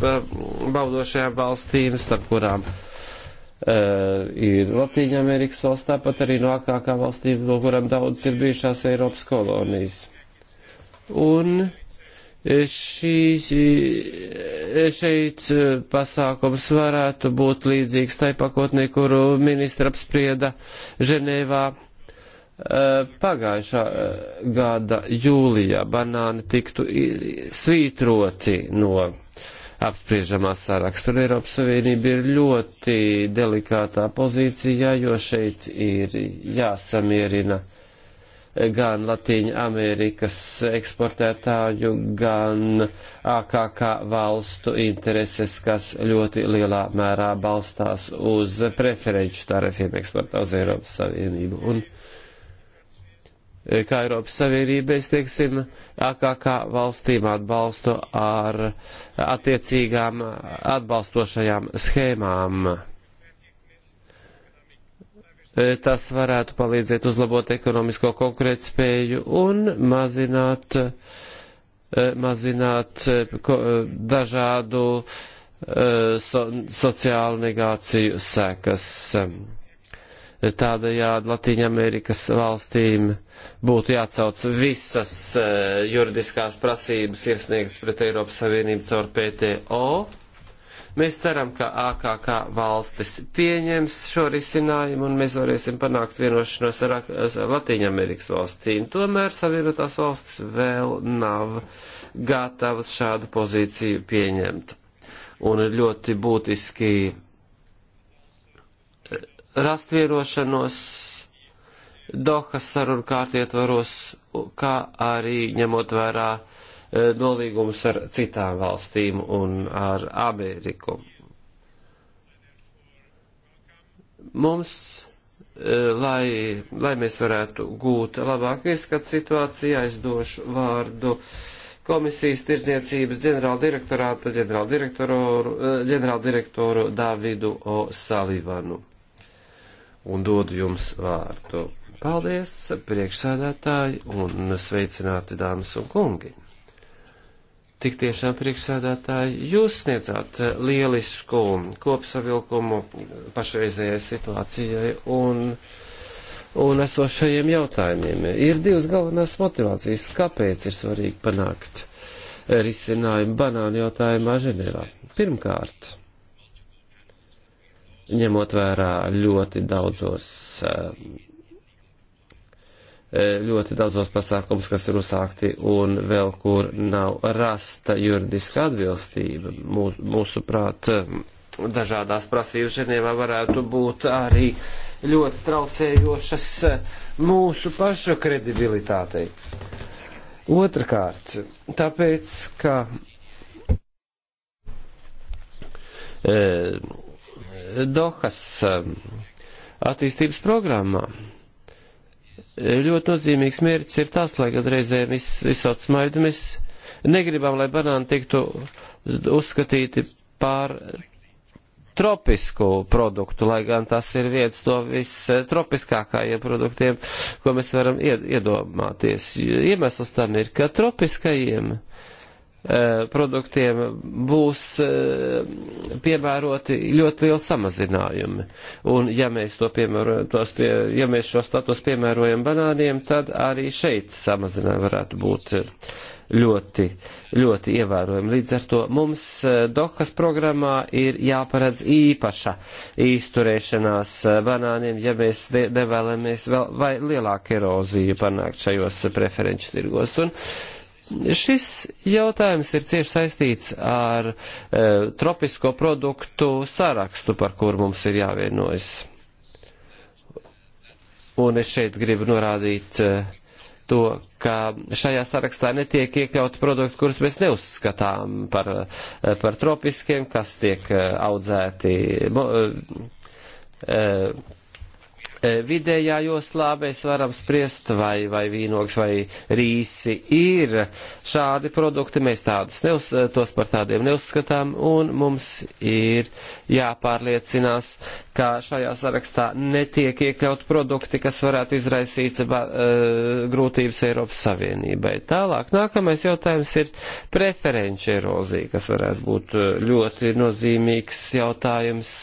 baudošajām valstīm, starp kurām uh, uh, ir Latīņa Amerikas valsts, tāpat arī no ākākā valstīm, no kurām daudz ir bijušās Eiropas kolonijas. Un eh, šīs, eh, šeit pasākums varētu būt līdzīgs tai pakotnē, kuru ministra apsprieda Ženēvā pagājušā gada jūlijā banāni tiktu svītroti no apspriežamā saraksta. Un Eiropas Savienība ir ļoti delikātā pozīcijā, jo šeit ir jāsamierina gan Latīņa Amerikas eksportētāju, gan AKK valstu intereses, kas ļoti lielā mērā balstās uz preferenču tarifiem eksportā uz Eiropas Savienību. Un, uh, Eh, kā Eiropas Savienība, mēs teiksim, eh, AKK valstīm atbalstu ar attiecīgām atbalstošajām schēmām. Eh, tas varētu palīdzēt uzlabot ekonomisko konkurētspēju un mazināt, mazināt dažādu so, sociālu negāciju sekas. Tādējādi Latīņamerikas valstīm būtu jācauc visas eh, juridiskās prasības iesniegtas pret Eiropas Savienību caur PTO. Mēs ceram, ka AKK valstis pieņems šo risinājumu un mēs varēsim panākt vienošanos ar, ar Latīņamerikas valstīm. Tomēr Savienotās valstis vēl nav gatavas šādu pozīciju pieņemt. Un ir ļoti būtiski eh, rast vienošanos Dohas sarunu kārtietvaros, kā arī ņemot vērā e, nolīgumus ar citām valstīm un ar Ameriku. Mums e, lai, lai mēs varētu gūt labāku ieskatu situācijā, es došu vārdu komisijas tirdzniecības ģenerāldirektorāta ģenerāldirektoru, e, ģenerāldirektoru Davidu O. Salivanu. Un dodu jums vārdu. Paldies, priekšsēdētāji un sveicināti dāmas un kungi. Tik tiešām priekšsēdētāji, jūs sniedzāt lielisku kopsavilkumu pašreizējai situācijai un, un esošajiem jautājumiem. Ir divas galvenās motivācijas, kāpēc ir svarīgi panākt risinājumu banānu jautājumā Ženevā. Pirmkārt, ņemot vērā ļoti daudzos uh, Eh, ļoti daudzos pasākums, kas ir uzsākti un vēl kur nav rasta juridiska atbilstība. Mūs, mūsuprāt, eh, dažādās prasības Ženēvā varētu būt arī ļoti traucējošas eh, mūsu pašu kredibilitātei. Otrakārt, tāpēc, ka e, Dohas attīstības programmā ļoti nozīmīgs mērķis ir tas, lai gan reizēm izsauc smaidu, mēs negribam, lai banāni tiktu uzskatīti par tropisku produktu, lai gan tas ir viens no vistropiskākajiem produktiem, ko mēs varam iedomāties. Iemesls tam ir, ka tropiskajiem uh, Eh, produktiem būs eh, piemēroti ļoti lieli samazinājumi. Un ja mēs, to piemēro, tos pie, ja mēs šo status piemērojam banāniem, tad arī šeit samazinājumi varētu būt ļoti, ļoti ievērojami. Līdz ar to mums eh, Dohas programmā ir jāparedz īpaša izturēšanās banāniem, ja mēs nevēlamies vēl vai lielāku eroziju panākt šajos preferenču tirgos. Un, uh, Šis jautājums ir cieši saistīts ar e, tropisko produktu sarakstu, par kur mums ir jāvienojas. Un es šeit gribu norādīt e, to, ka šajā sarakstā netiek iekļauti produkti, kurus mēs neuzskatām par, e, par tropiskiem, kas tiek e, audzēti. Mo, e, e, E, vidējā joslā mēs varam spriest, vai, vai vīnogs vai rīsi ir šādi produkti. Mēs tādus neuz, tos par tādiem neuzskatām, un mums ir jāpārliecinās, ka šajā sarakstā netiek iekļaut produkti, kas varētu izraisīt ba, uh, grūtības Eiropas Savienībai. Tālāk nākamais jautājums ir preferenču erozija, kas varētu būt ļoti nozīmīgs jautājums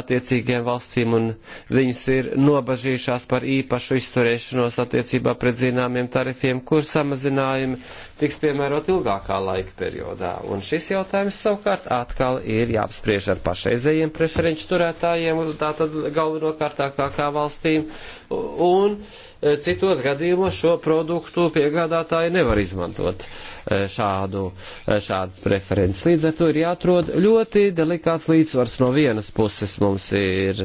attiecīgiem valstīm, un viņas ir no nobažījušās par īpašu izturēšanos attiecībā pret zināmiem tarifiem, kur samazinājumi tiks piemērot ilgākā laika periodā. Un šis jautājums savukārt atkal ir jāapspriež ar pašreizējiem preferenču turētājiem, tātad galvenokārtākā valstīm, un e, citos gadījumos šo produktu piegādātāji nevar izmantot e, šādu, e, šādas preferences. Līdz ar to ir jāatrod ļoti delikāts līdzsvars. No vienas puses mums ir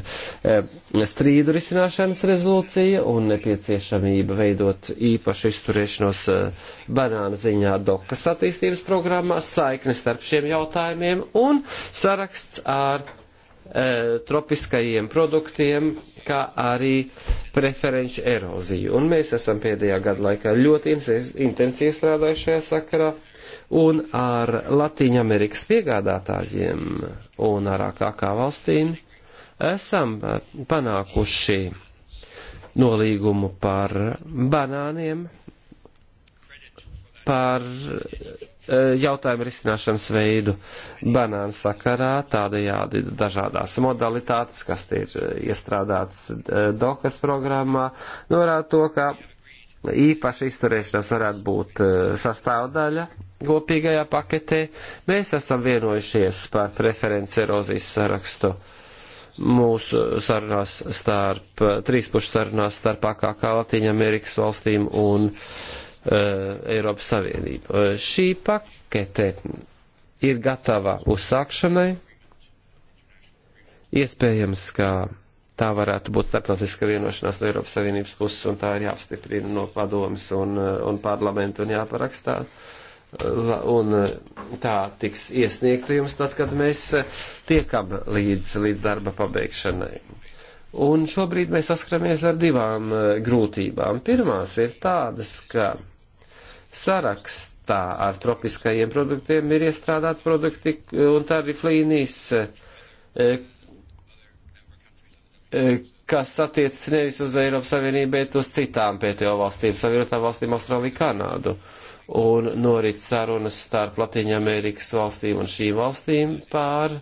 strīdu risināšanas rezolūcija un nepieciešamība veidot īpašu izturēšanos banāna ziņā dokas attīstības programmā, saiknes starp šiem jautājumiem un saraksts ar E, tropiskajiem produktiem, kā arī preferenču eroziju. Un mēs esam pēdējā gada laikā ļoti intensīvi strādājuši šajā sakarā un ar Latīņu Amerikas piegādātājiem un ar AKK valstīm esam e, panākuši nolīgumu par banāniem, par Eh, jautājumu risināšanas veidu banānu sakarā, tādajādi dažādās modalitātes, kas ir eh, iestrādāts eh, DOKAS programmā, norāda to, ka īpaši izturēšanās varētu būt sastāvdaļa kopīgajā paketē. Mēs esam vienojušies par preferenci erozijas sarakstu mūsu sarunās starp, trīspušu sarunās starp AKK Latīņa Amerikas valstīm un uh, Eh, Eiropas Savienību. Eh, šī pakete ir gatava uzsākšanai. Iespējams, ka tā varētu būt starptautiska vienošanās no Eiropas Savienības puses, un tā ir jāapstiprina no padomas un, eh, un parlamenta un jāparakstā. Un tā tiks iesniegta jums tad, kad mēs tiekam līdz, līdz darba pabeigšanai. Un šobrīd mēs saskaramies ar divām grūtībām. Pirmās ir tādas, ka sarakstā ar tropiskajiem produktiem ir iestrādāt produkti un tarifu līnijas, e, e, kas attiecas nevis uz Eiropas Savienību, bet uz citām PTO valstīm, Savienotām valstīm, Austrāliju, Kanādu. Un norit sarunas starp Latīņu Amerikas valstīm un šīm valstīm pār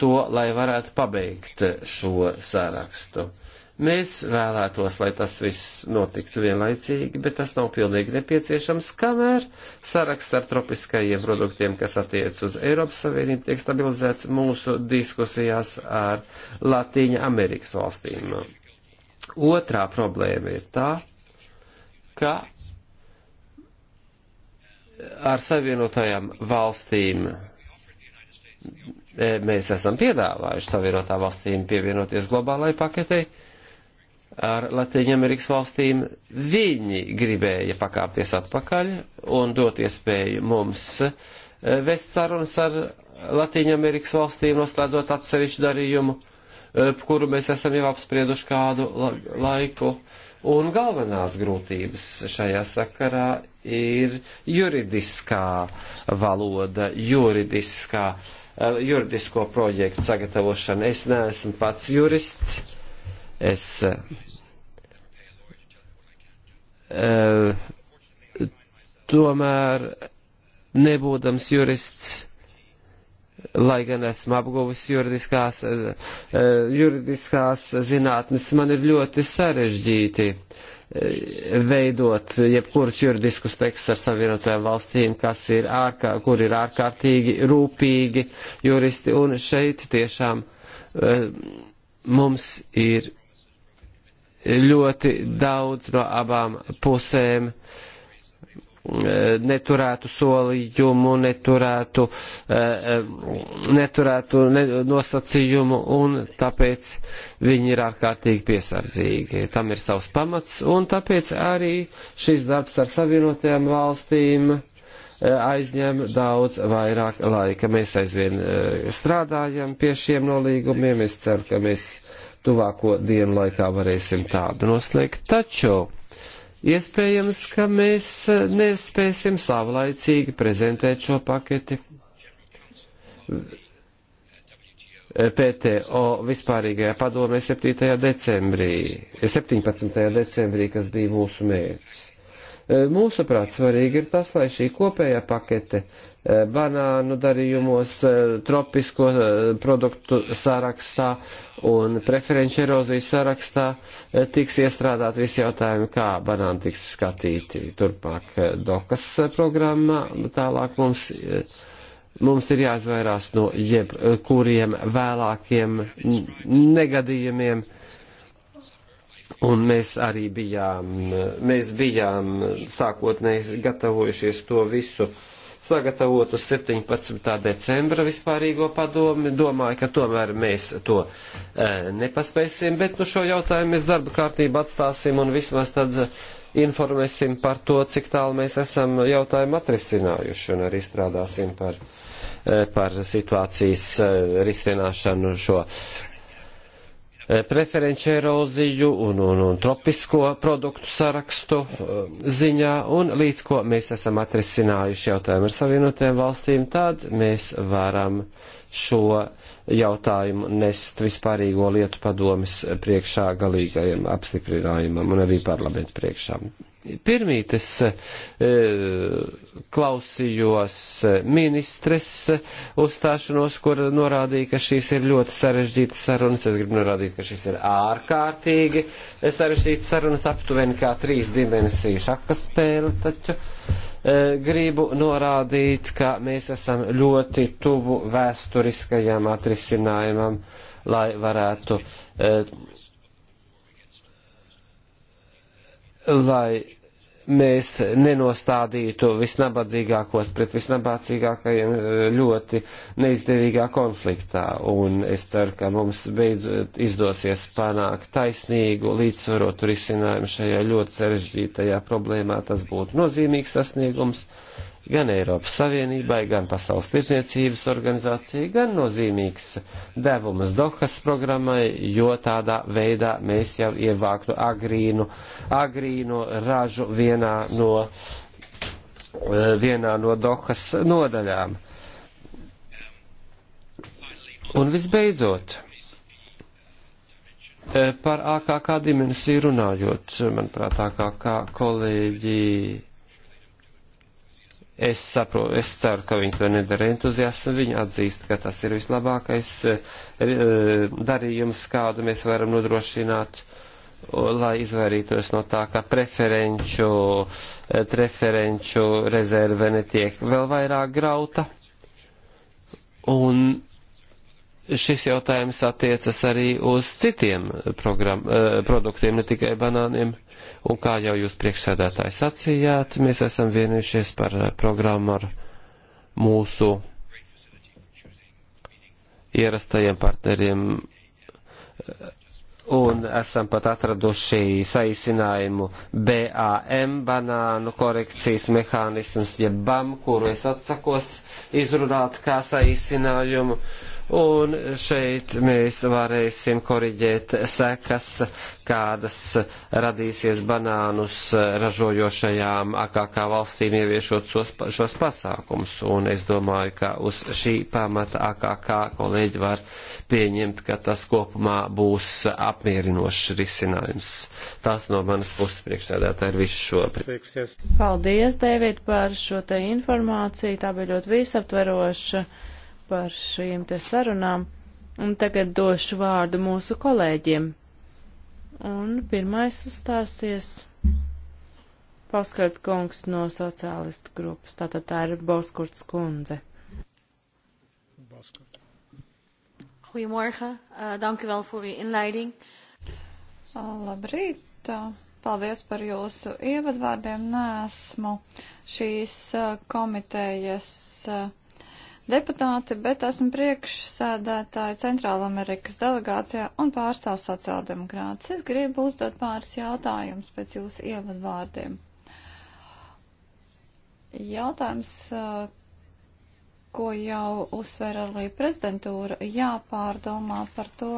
to, lai varētu pabeigt šo sarakstu. Mēs vēlētos, lai tas viss notiktu vienlaicīgi, bet tas nav pilnīgi nepieciešams, kamēr saraksts ar tropiskajiem produktiem, kas attiec uz Eiropas Savienību, tiek stabilizēts mūsu diskusijās ar Latīņa Amerikas valstīm. Otrā problēma ir tā, ka ar savienotajām valstīm e, mēs esam piedāvājuši savienotā valstīm pievienoties globālai paketei ar Latviju Amerikas valstīm, viņi gribēja pakāpties atpakaļ un dot iespēju mums eh, vest sarunas ar Latviju Amerikas valstīm, noslēdzot atsevišķu darījumu, eh, kuru mēs esam jau apsprieduši kādu laiku. Un galvenās grūtības šajā sakarā ir juridiskā valoda, juridiskā, eh, juridisko projektu sagatavošana. Es neesmu pats jurists Es eh, tomēr nebūdams jurists, lai gan esmu apguvis juridiskās, eh, eh, juridiskās zinātnes, man ir ļoti sarežģīti veidot jebkurus juridiskus tekstus ar savienotajām valstīm, kas ir ārkā, kur ir ārkārtīgi rūpīgi juristi, un šeit tiešām mums ir ļoti daudz no abām pusēm eh, neturētu solījumu, neturētu, eh, neturētu nosacījumu, un tāpēc viņi ir ārkārtīgi piesardzīgi. Tam ir savs pamats, un tāpēc arī šis darbs ar savienotajām valstīm eh, aizņem daudz vairāk laika. Mēs aizvien strādājam pie šiem nolīgumiem, es ceru, ka mēs tuvāko dienu laikā varēsim tādu noslēgt. Taču iespējams, ka mēs nespēsim savlaicīgi prezentēt šo paketi. PTO vispārīgajā padomē 7. decembrī, 17. decembrī, kas bija mūsu mērķis. Mūsuprāt, svarīgi ir tas, lai šī kopējā pakete Eh, banānu darījumos, eh, tropisko eh, produktu sarakstā un preferenču erozijas sarakstā tiks iestrādāt visi jautājumi, kā banāni tiks skatīti turpmāk dokas programmā. Tālāk mums, mums ir jāizvairās no jebkuriem vēlākiem negadījumiem. Un mēs arī bijām, mēs bijām sākotnēji gatavojušies to visu uh, sagatavot uz 17. decembra vispārīgo padomi. Domāju, ka tomēr mēs to e, nepaspēsim, bet nu šo jautājumu mēs darba kārtību atstāsim un vismaz tad informēsim par to, cik tālu mēs esam jautājumu atrisinājuši un arī strādāsim par e, par situācijas e, risināšanu šo Eh, preferenču eroziju un, un, un tropisko produktu sarakstu eh, ziņā, un līdz ko mēs esam atrisinājuši jautājumu ar savienotajām valstīm, tad mēs varam šo jautājumu nest vispārīgo lietu padomis priekšā galīgajam apstiprinājumam un arī parlamentu priekšā pirmīt es e, klausījos ministres uzstāšanos, kur norādīja, ka šīs ir ļoti sarežģītas sarunas. Es gribu norādīt, ka šīs ir ārkārtīgi sarežģītas sarunas, aptuveni kā trīs dimensiju šakas spēle, taču e, gribu norādīt, ka mēs esam ļoti tuvu vēsturiskajam atrisinājumam, lai varētu e, lai mēs nenostādītu visnabadzīgākos pret visnabadzīgākajiem eh, ļoti neizdevīgā konfliktā. Un es ceru, ka mums beidzot izdosies panākt taisnīgu, līdzsvarotu risinājumu šajā ļoti sarežģītajā problēmā. Tas būtu nozīmīgs sasniegums gan Eiropas Savienībai, gan Pasaules tirdzniecības organizācijai, gan nozīmīgs devums Dohas programmai, jo tādā veidā mēs jau ievāktu agrīnu, agrīnu ražu vienā no, eh, vienā no Dohas nodaļām. Un visbeidzot, eh, par AKK dimensiju runājot, manuprāt, AKK kolēģi Es, saprotu, es ceru, ka viņi to nedara entuziasti. Viņi atzīst, ka tas ir vislabākais eh, eh, darījums, kādu mēs varam nodrošināt, lai izvairītos no tā, ka preferenču, eh, preferenču rezerve netiek vēl vairāk grauta. Un šis jautājums attiecas arī uz citiem program, produktiem, ne tikai banāniem. Uh, Un kā jau jūs priekšsēdētāji sacījāt, mēs esam vienojušies par eh, programmu ar mūsu ierastajiem partneriem eh, un esam pat atraduši saīsinājumu BAM, banānu korekcijas mehānisms, jeb BAM, kuru es atsakos izrunāt kā saīsinājumu. Uh, un šeit mēs varēsim koriģēt sekas, kādas radīsies banānus ražojošajām AKK valstīm ieviešot šos, šos pasākums. Un es domāju, ka uz šī pamata AKK kolēģi var pieņemt, ka tas kopumā būs apmierinošs risinājums. Tas no manas puses priekšsēdētāji ir viss šobrīd. Paldies, Dēvid, par šo te informāciju. Tā bija ļoti visaptveroša par šīm te sarunām, un tagad došu vārdu mūsu kolēģiem. Un pirmais uzstāsies Paskart kungs no sociālistu grupas, tātad tā ir Boskurts kundze. Boskurt. Goedemorgen, uh, dank u wel voor uw inleiding. Eh, labrīt, eh, paldies par jūsu ievadvārdiem. Nē, esmu šīs komitejas uh, deputāti, bet esmu priekšsēdētāja Centrāla Amerikas delegācijā un pārstāv sociāldemokrātus. Es gribu uzdot pāris jautājumus pēc jūsu ievadvārdiem. Jautājums, eh, ko jau uzsver arī prezidentūra, jāpārdomā par to,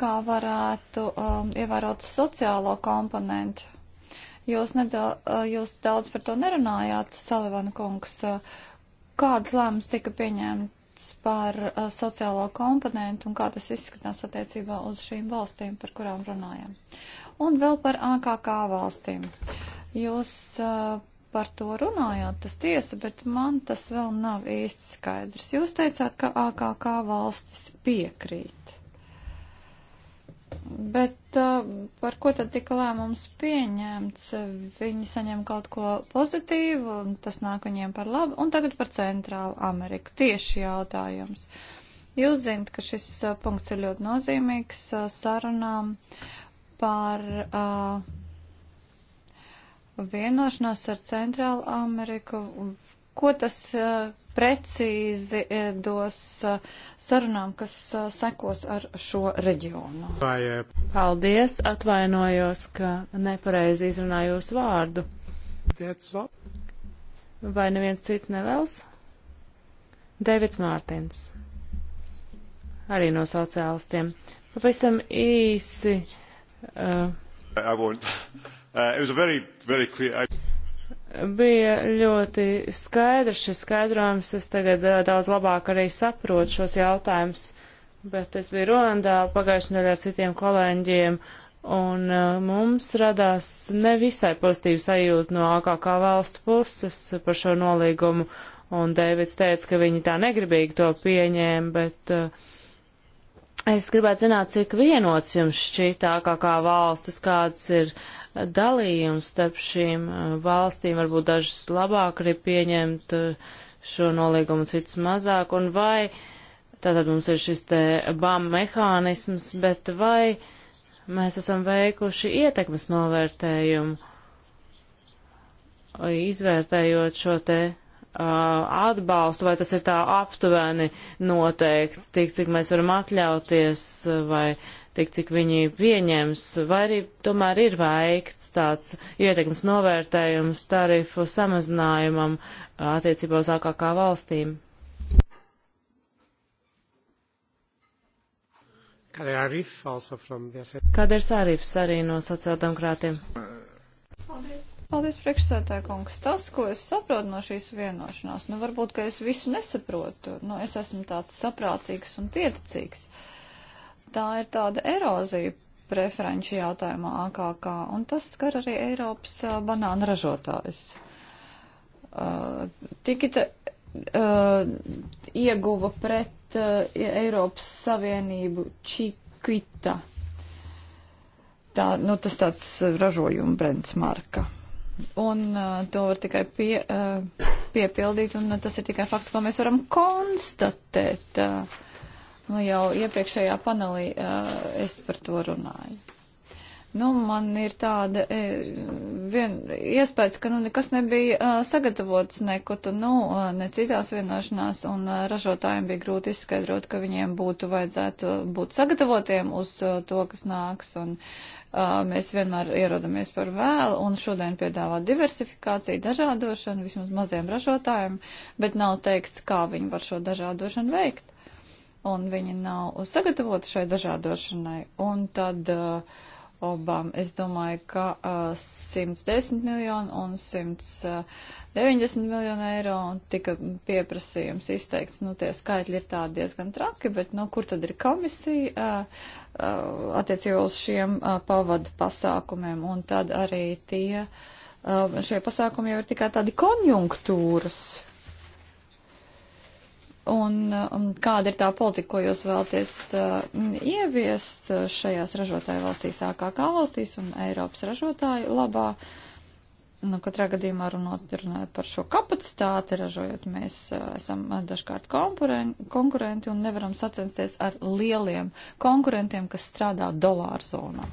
kā varētu um, ievērot sociālo komponentu. Jūs, nedo, eh, jūs daudz par to nerunājāt, Salivana kungs. Uh, kādas lēmas tika pieņemts par uh, sociālo komponentu un kā tas izskatās attiecībā uz šīm valstīm, par kurām runājam. Un vēl par AKK valstīm. Jūs uh, par to runājāt, tas tiesa, bet man tas vēl nav īsti skaidrs. Jūs teicāt, ka AKK valstis piekrīt. Bet uh, par ko tad tika lēmums pieņemts? Viņi saņem kaut ko pozitīvu, un tas nāk viņiem par labu, un tagad par Centrālu Ameriku. Tieši jautājums. Jūs zinat, ka šis uh, punkts ir ļoti nozīmīgs uh, sarunām par uh, vienošanos ar Centrālu Ameriku. Ko tas uh, precīzi eh, dos eh, sarunām, kas eh, sekos ar šo reģionu. Paldies, atvainojos, ka nepareizi izrunāju jūsu vārdu. Vai neviens cits nevēlas? Deivids Mārtins. Arī no sociālistiem. Pavisam īsi. Uh, I won't. Uh, it was a very, very clear. I bija ļoti skaidrs šis skaidrojums. Es tagad daudz labāk arī saprotu šos jautājumus, bet es biju Rolandā pagājušajā nedēļā ar citiem kolēģiem, un mums radās nevisai pozitīva sajūta no AKK valstu puses par šo nolīgumu, un Deivids teica, ka viņi tā negribīgi to pieņēma, bet uh, es gribētu zināt, cik vienots jums šķita AKK valstis, kādas ir uh, dalījums starp šīm uh, valstīm, varbūt dažas labāk arī pieņemt uh, šo nolīgumu, citas mazāk, un vai tātad mums ir šis te BAM mehānisms, bet vai mēs esam veikuši ietekmes novērtējumu, izvērtējot šo te uh, atbalstu, vai tas ir tā aptuveni noteikts, tik cik mēs varam atļauties, vai uh, tik cik viņi pieņems, vai arī tomēr ir veikts tāds ietekmes novērtējums tarifu samazinājumam attiecībā uz AKK valstīm? Kader Sārifs arī no sociāldemokrātiem. Paldies, Paldies priekšsētāja kungs. Tas, ko es saprotu no šīs vienošanās, nu varbūt, ka es visu nesaprotu. Nu, es esmu tāds saprātīgs un pieticīgs. Uh, Tā ir tāda erozija preferenču jautājumā AKK, un tas skar arī Eiropas uh, banāna ražotājus. Uh, tikita uh, ieguva pret uh, Eiropas Savienību čikita. Tā, nu, tas tāds ražojuma brends marka. Un uh, to var tikai pie, uh, piepildīt, un uh, tas ir tikai fakts, ko mēs varam konstatēt. Uh, Nu, jau iepriekšējā panelī uh, es par to runāju. Nu, man ir tāda vien, iespējas, ka nu, nekas nebija uh, sagatavots nekotu, nu, ne citās vienošanās, un uh, ražotājiem bija grūti izskaidrot, ka viņiem būtu vajadzētu būt sagatavotiem uz uh, to, kas nāks, un uh, mēs vienmēr ierodamies par vēlu, un šodien piedāvā diversifikāciju, dažādošanu, vismaz maziem ražotājiem, bet nav teikts, kā viņi var šo dažādošanu veikt un viņi nav sagatavoti šai dažādošanai. Un tad uh, obām es domāju, ka uh, 110 miljonu un 190 uh, miljonu eiro tika pieprasījums izteikts. Nu, tie skaitļi ir tādi diezgan traki, bet nu, kur tad ir komisija uh, uh, attiecībā uz šiem uh, pavadu pasākumiem? Un tad arī tie, uh, šie pasākumi jau ir tikai tādi konjunktūras. Uh, un, un kāda ir tā politika, ko jūs vēlaties uh, ieviest uh, šajās ražotāju valstīs, AKK valstīs un Eiropas ražotāju labā? Nu, katrā gadījumā runot, runājot par šo kapacitāti, ražojot, mēs uh, esam uh, dažkārt konkurenti un nevaram sacensties ar lieliem konkurentiem, kas strādā dolāru zonā.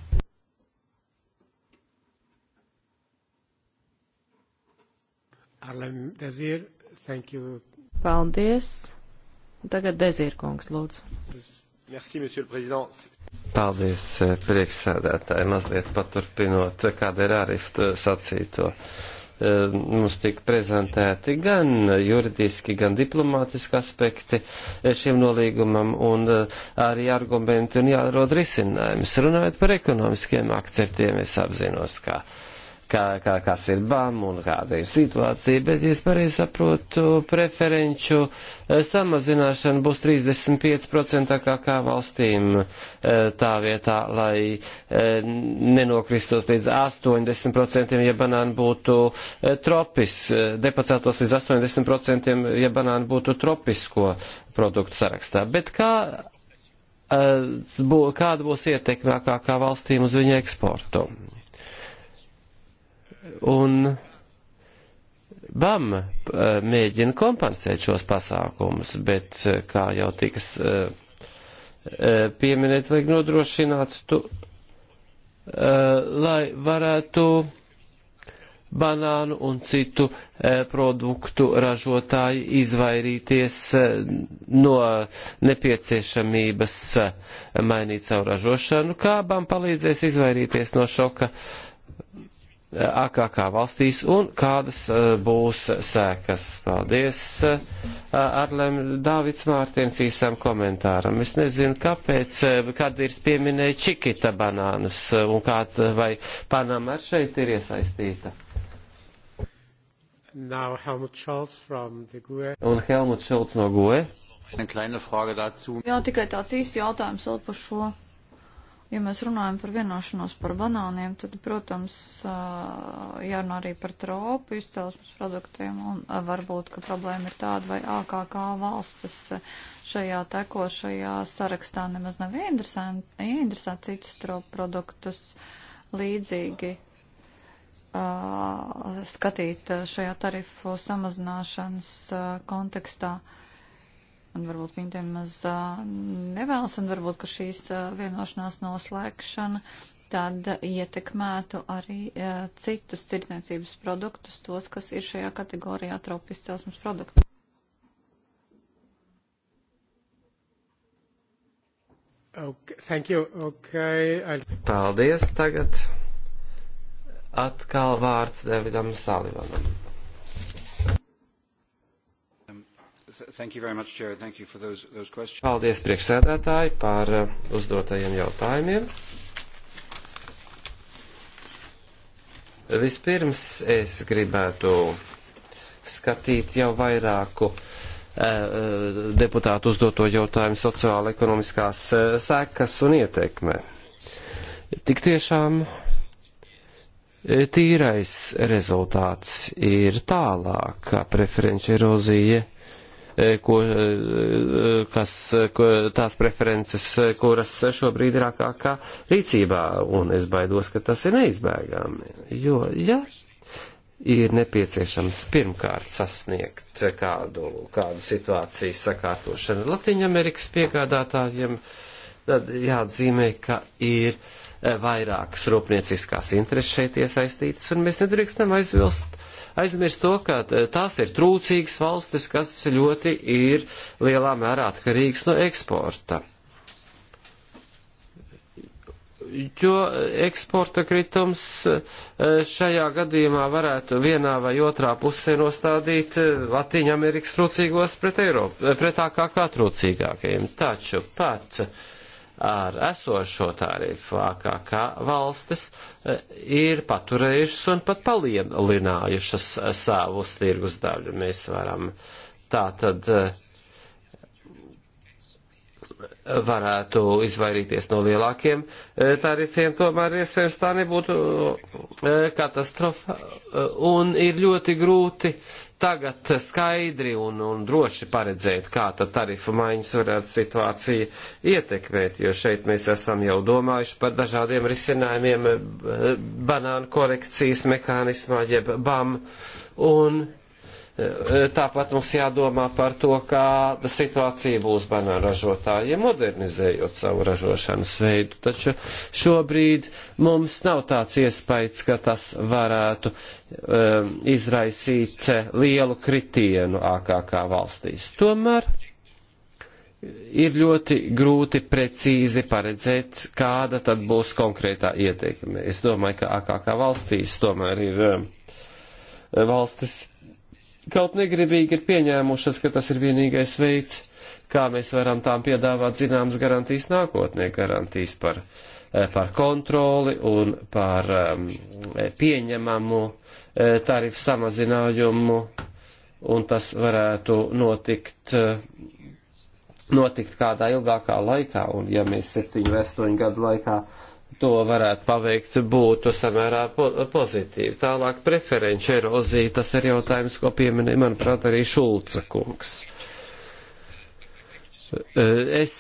Arlem Dezir, thank you. Paldies. Tagad Dezirkungs, lūdzu. Merci, monsieur le président. Paldies, eh, priekšsēdētāji. Mazliet paturpinot, eh, kāda ir arī sacīto. Eh, mums tika prezentēti gan juridiski, gan diplomātiski aspekti šiem nolīgumam un arī argumenti un jārod risinājums. Runājot par ekonomiskiem akceptiem, es apzinos, ka. Kā kā, kā, kas ir BAM un kāda ir situācija, bet, ja es pareizi saprotu, preferenču eh, samazināšana būs 35% kā, kā valstīm eh, tā vietā, lai eh, nenokristos līdz 80%, ja banāni būtu tropis, depacētos līdz 80%, ja banāni būtu tropisko produktu sarakstā. Bet kā kāda būs ietekme kā, kā valstīm uz viņu eksportu? Un BAM eh, mēģina kompensēt šos pasākumus, bet, eh, kā jau tikas eh, pieminēt, vajag nodrošināt, tu, lai varētu banānu un citu produktu ražotāji izvairīties no nepieciešamības mainīt savu ražošanu, kā BAM palīdzēs izvairīties no šoka uh, Eh, AKK valstīs un kādas eh, būs sēkas. Paldies, eh, Arlēm Dāvids Mārtiens īsam komentāram. Es nezinu, kāpēc, kad ir pieminēja čikita banānus un kād vai Panama ar šeit ir iesaistīta. Now Helmut Scholz from the GUE. Un Helmut Scholz no GUE. Jā, tikai tāds īsts jautājums vēl par šo Ja mēs runājam par vienošanos par banāniem, tad, protams, jārunā arī par tropu izcelsmes produktiem, un varbūt, ka problēma ir tāda, vai AKK valstis šajā tekošajā sarakstā nemaz nav ieinteresēta citus tropu produktus līdzīgi uh, skatīt šajā tarifu samazināšanas uh, kontekstā. Uh, Un varbūt viņi tam maz nevēlas, un varbūt, ka šīs vienošanās noslēgšana tad ietekmētu arī citus tirdzniecības produktus, tos, kas ir šajā kategorijā tropu izcelsmes produktu. Okay, thank you. Okay. I... Paldies tagad. Atkal vārds Davidam Salivanam. Thank you very much, Chair. Thank you for those, those questions. Paldies priekšsēdētāji par uh, uzdotajiem jautājumiem. Vispirms es gribētu skatīt jau vairāku eh, deputātu uzdoto jautājumu sociāla ekonomiskās eh, sekas un ietekmē. Tik tiešām tīrais rezultāts ir tālāk, kā preferenci erozija Eh, ko, eh, kas, eh, ko, tās preferences, kuras šobrīd ir ārkārtā rīcībā, un es baidos, ka tas ir neizbēgami. Jo, ja ir nepieciešams pirmkārt sasniegt kādu, kādu situāciju sakārtošanu Latvijas piegādātājiem, tad jāatzīmē, ka ir vairākas rūpnieciskās intereses šeit iesaistītas, un mēs nedrīkstam aizvilst aizmirst to, ka eh, tās ir trūcīgas valstis, kas ļoti ir lielā mērā atkarīgas no eksporta. Jo eksporta kritums eh, šajā gadījumā varētu vienā vai otrā pusē nostādīt eh, Latīņamerikas trūcīgos pret, Eiropu, pret AKK trūcīgākajiem. Taču pats ar esošo tarifu AKK valstis e, ir paturējušas un pat palielinājušas e, savus tirgus daļu. Mēs varam tā tad uh, e, varētu izvairīties no lielākiem e, tarifiem, tomēr iespējams tā nebūtu e, katastrofa e, un ir ļoti grūti tagad skaidri un, un droši paredzēt, kā tad tarifu maiņas varētu situāciju ietekmēt, jo šeit mēs esam jau domājuši par dažādiem risinājumiem banānu korekcijas mehānismā jeb BAM un Eh, tāpat mums jādomā par to, kā situācija būs banāražotājiem, modernizējot savu ražošanas veidu. Taču šobrīd mums nav tāds iespējas, ka tas varētu um, izraisīt lielu kritienu ākākā kā valstīs. Tomēr ir ļoti grūti precīzi paredzēt, kāda tad būs konkrētā ieteikme. Es domāju, ka AKK valstīs tomēr ir eh, valstis, kaut negribīgi ir pieņēmušas, ka tas ir vienīgais veids, kā mēs varam tām piedāvāt zināmas garantijas nākotnē, garantijas par, eh, par kontroli un par ehm, pieņemamu eh, tarifu samazinājumu, un tas varētu notikt eh, notikt kādā ilgākā laikā, un ja mēs septiņu vai astoņu gadu laikā uh, to varētu paveikt, būtu samērā po pozitīvi. Tālāk preferenču erozija, tas ir jautājums, ko pieminēja, manuprāt, arī Šulca kungs. E, es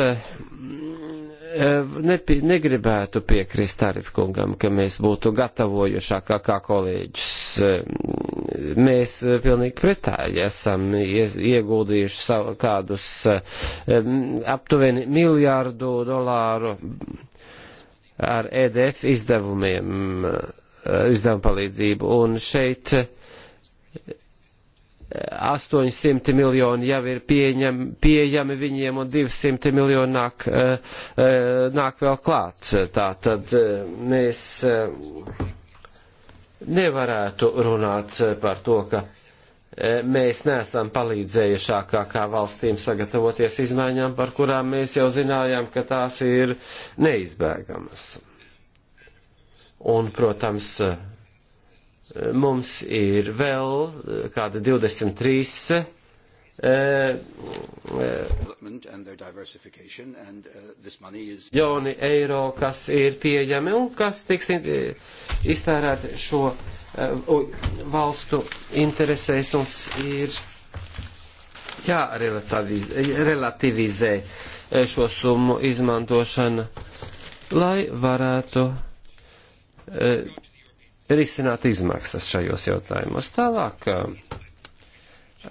e, nepi, negribētu piekrist Tarifkungam, ka mēs būtu gatavojušākā kā kolēģis. E, mēs pilnīgi pretāji esam ieguldījuši savu, kādus aptuveni miljārdu dolāru ar EDF izdevumiem, eh, izdevumu palīdzību. Un šeit 800 eh, miljoni jau ir pieņem, pieejami viņiem un 200 miljoni nāk, eh, nāk vēl klāt. Tā tad mēs nevarētu runāt par to, ka E, mēs neesam palīdzējušākākā valstīm sagatavoties izmaiņām, par kurām mēs jau zinājām, ka tās ir neizbēgamas. Un, protams, e, mums ir vēl kādi 23 Uh, jauni eiro, kas ir pieejami un kas tiks eh, iztērēt šo eh, valstu interesēs mums ir jārelativizē eh, šo summu izmantošana, lai varētu risināt izmaksas šajos jautājumos. Tālāk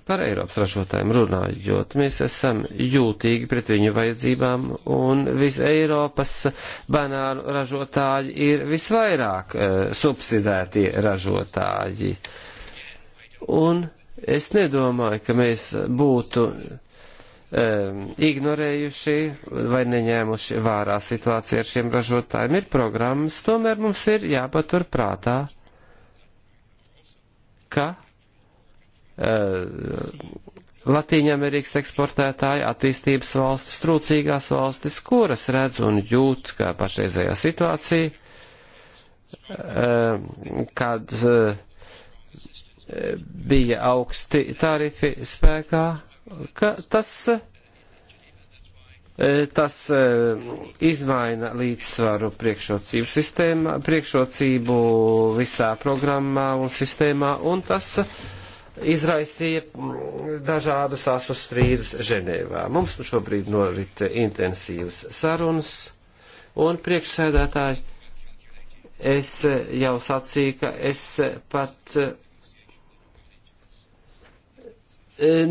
par Eiropas ražotājiem runājot, mēs esam jūtīgi pret viņu vajadzībām, un visi Eiropas banānu ražotāji ir visvairāk uh, subsidētie ražotāji. Un es nedomāju, ka mēs būtu um, ignorējuši vai neņēmuši vērā situāciju ar šiem ražotājiem. Ir programmas, tomēr mums ir jāpatur prātā, ka Eh, Latīņamerikas eksportētāji, attīstības valstis, trūcīgās valstis, kuras redz un jūt, kā pašreizējā situācija, eh, kad eh, bija augsti tarifi spēkā, ka tas, tas izmaina līdzsvaru priekšrocību sistēmā, priekšrocību visā programmā un sistēmā, un tas izraisīja dažādus asus strīdus Ženēvā. Mums nu šobrīd norit intensīvas sarunas, un priekšsēdētāji, es jau sacīju, ka es pat e,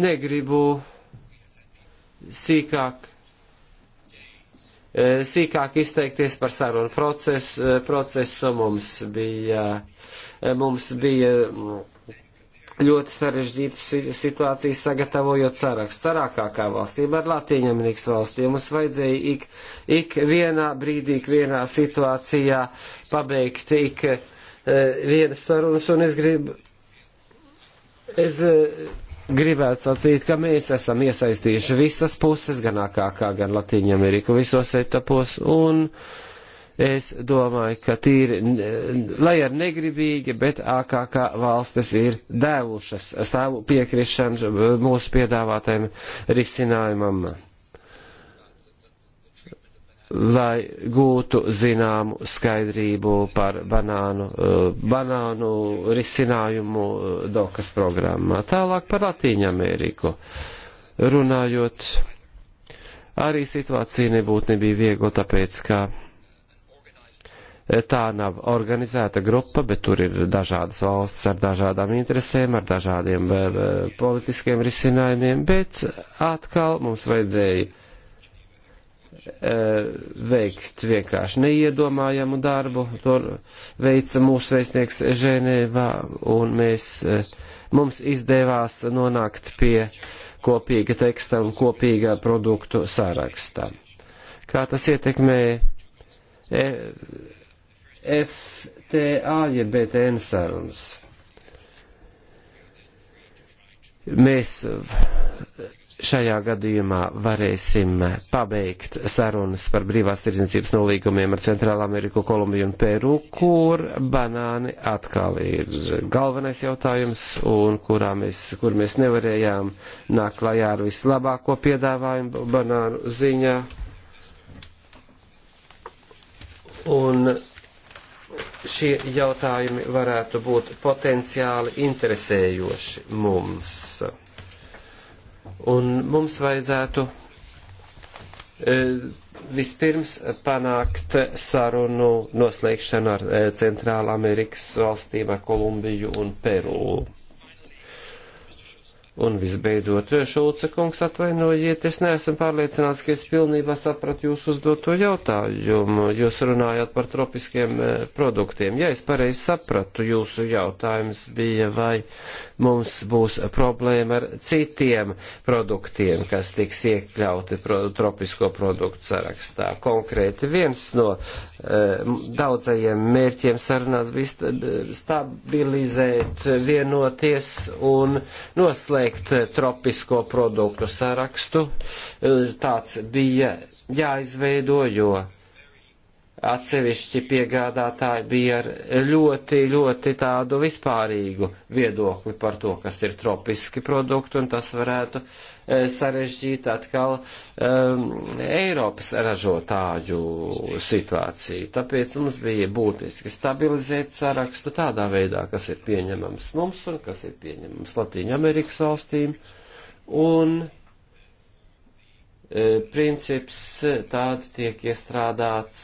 negribu sīkāk e, sīkāk izteikties par sarunu procesu. E, procesu mums bija, mums bija ļoti sarežģītas situācijas sagatavojot sarakstu. Sarākākā valstīm ar Latīņamerikas valstīm mums vajadzēja ik, ik vienā brīdī, ik vienā situācijā pabeigt ik uh, vienas sarunas, un es gribu, es uh, gribētu sacīt, ka mēs esam iesaistījuši visas puses, gan AKK, gan Latīņameriku visos etapos, un uh, Es domāju, ka tīri, lai ar negribīgi, bet AKK valstis ir devušas savu piekrišanu mūsu piedāvātajam risinājumam, lai gūtu zināmu skaidrību par banānu, e, banānu risinājumu e, Dokas programmā. Tālāk par Latīņu Ameriku. Runājot, arī situācija nebūtu nebija viegla, tāpēc, ka. Kā Eh, tā nav organizēta grupa, bet tur ir dažādas valstis ar dažādām interesēm, ar dažādiem uh, politiskiem risinājumiem, bet atkal mums vajadzēja eh, veikt vienkārši neiedomājamu darbu. To veica mūsu vēstnieks Ženēvā, un mēs, mums izdevās nonākt pie kopīga teksta un kopīgā produktu sārakstā. Kā tas ietekmē e, FTA jeb BTN sarunas. Mēs šajā gadījumā varēsim pabeigt sarunas par brīvās tirdzniecības nolīgumiem ar Centrālā Ameriku, Kolumbiju un Peru, kur banāni atkal ir galvenais jautājums un kurā mēs, kur mēs nevarējām nākt klajā ar vislabāko piedāvājumu banānu ziņā. Un šie jautājumi varētu būt potenciāli interesējoši mums. Un mums vajadzētu e, vispirms panākt sarunu noslēgšanu ar e, Centrāla Amerikas valstīm, ar Kolumbiju un Peru. Un visbeidzot, Šulce kungs atvainojiet, es neesmu pārliecināts, ka es pilnībā sapratu jūsu uzdoto jautājumu. Jūs runājāt par tropiskiem eh, produktiem. Ja es pareizi sapratu, jūsu jautājums bija, vai mums būs problēma ar citiem produktiem, kas tiks iekļauti pro, tropisko produktu sarakstā. Konkrēti viens no uh, daudzajiem mērķiem sarunās bija stabilizēt, vienoties un noslēgt slēgt eh, tropisko produktu sarakstu. Eh, tāds bija jāizveido, jo atsevišķi piegādātāji bija ar ļoti, ļoti tādu vispārīgu viedokli par to, kas ir tropiski produkti, un tas varētu uh, E, sarežģīta atkal um, Eiropas ražotāju situāciju. Tāpēc mums bija būtiski stabilizēt sarakstu tādā veidā, kas ir pieņemams mums un kas ir pieņemams Latīņu Amerikas valstīm. Un e, princips tāds tiek iestrādāts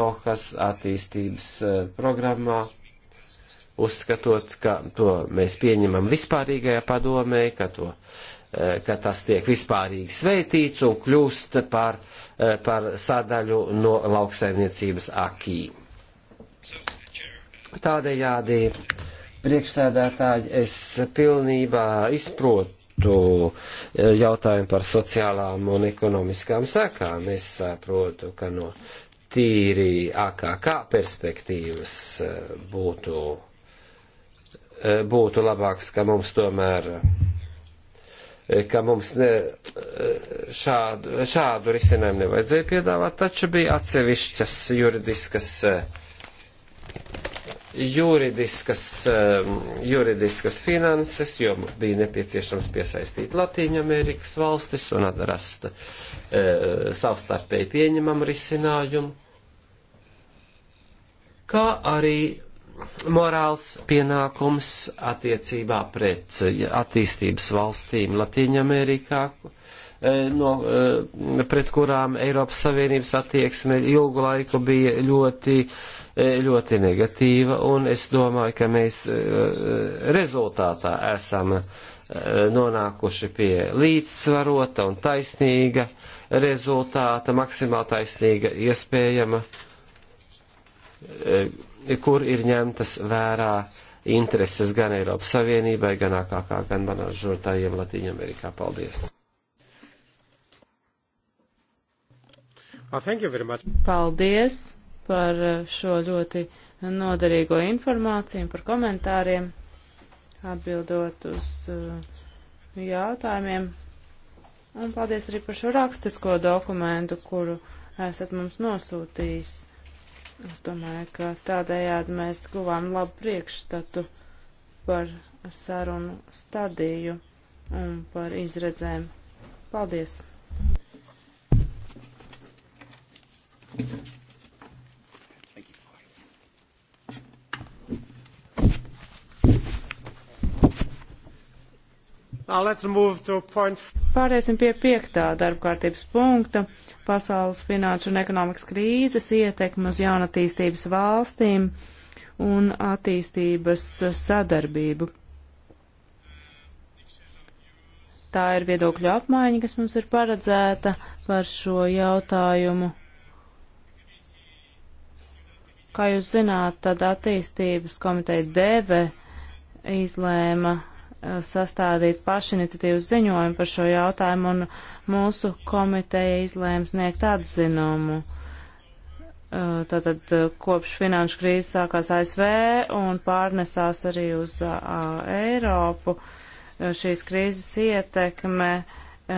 Dohas attīstības e, programmā, uzskatot, ka to mēs pieņemam vispārīgajā padomē, ka to Eh, ka tas tiek vispārīgi sveitīts un kļūst par, eh, par sadaļu no lauksaimniecības akī. Tādējādi, priekšsēdētāji, es pilnībā izprotu būtu eh, jautājumi par sociālām un ekonomiskām sekām. Es saprotu, ka no tīri AKK perspektīvas būtu, būtu labāks, ka mums tomēr E, ka mums ne, e, šādu, šādu risinājumu nevajadzēja piedāvāt, taču bija atsevišķas juridiskas, e, juridiskas, juridiskas finanses, jo bija nepieciešams piesaistīt Latīņamerikas valstis un atrast e, savstarpēji pieņemam risinājumu, kā arī morāls pienākums attiecībā pret attīstības valstīm Latīņamerikā, e, no, e, pret kurām Eiropas Savienības attieksme ilgu laiku bija ļoti, e, ļoti negatīva, un es domāju, ka mēs rezultātā esam nonākuši pie līdzsvarota un taisnīga rezultāta, maksimāli taisnīga iespējama kur ir ņemtas vērā intereses gan Eiropas Savienībai, gan AKK, gan manažotājiem Latīņa Amerikā. Paldies! Paldies par šo ļoti noderīgo informāciju, par komentāriem, atbildot uz uh, jautājumiem. Un paldies arī par šo rakstisko dokumentu, kuru esat mums nosūtījis. Es domāju, ka tādējādi mēs guvām labu priekšstatu par sarunu stadiju un par izredzēm. Paldies! Pāriesim pie piektā darba kārtības punkta - pasaules finanšu un ekonomikas krīzes ietekme uz jaunatīstības valstīm un attīstības sadarbību. Tā ir viedokļu apmaiņa, kas mums ir paredzēta par šo jautājumu. Kā jūs zināt, tad attīstības komiteja deve izlēma sastādīt pašiniciatīvas ziņojumu par šo jautājumu, un mūsu komiteja izlēma sniegt atzinumu. Uh, tātad uh, kopš finanšu krīzes sākās ASV un pārnesās arī uz uh, Eiropu. Šīs krīzes ietekme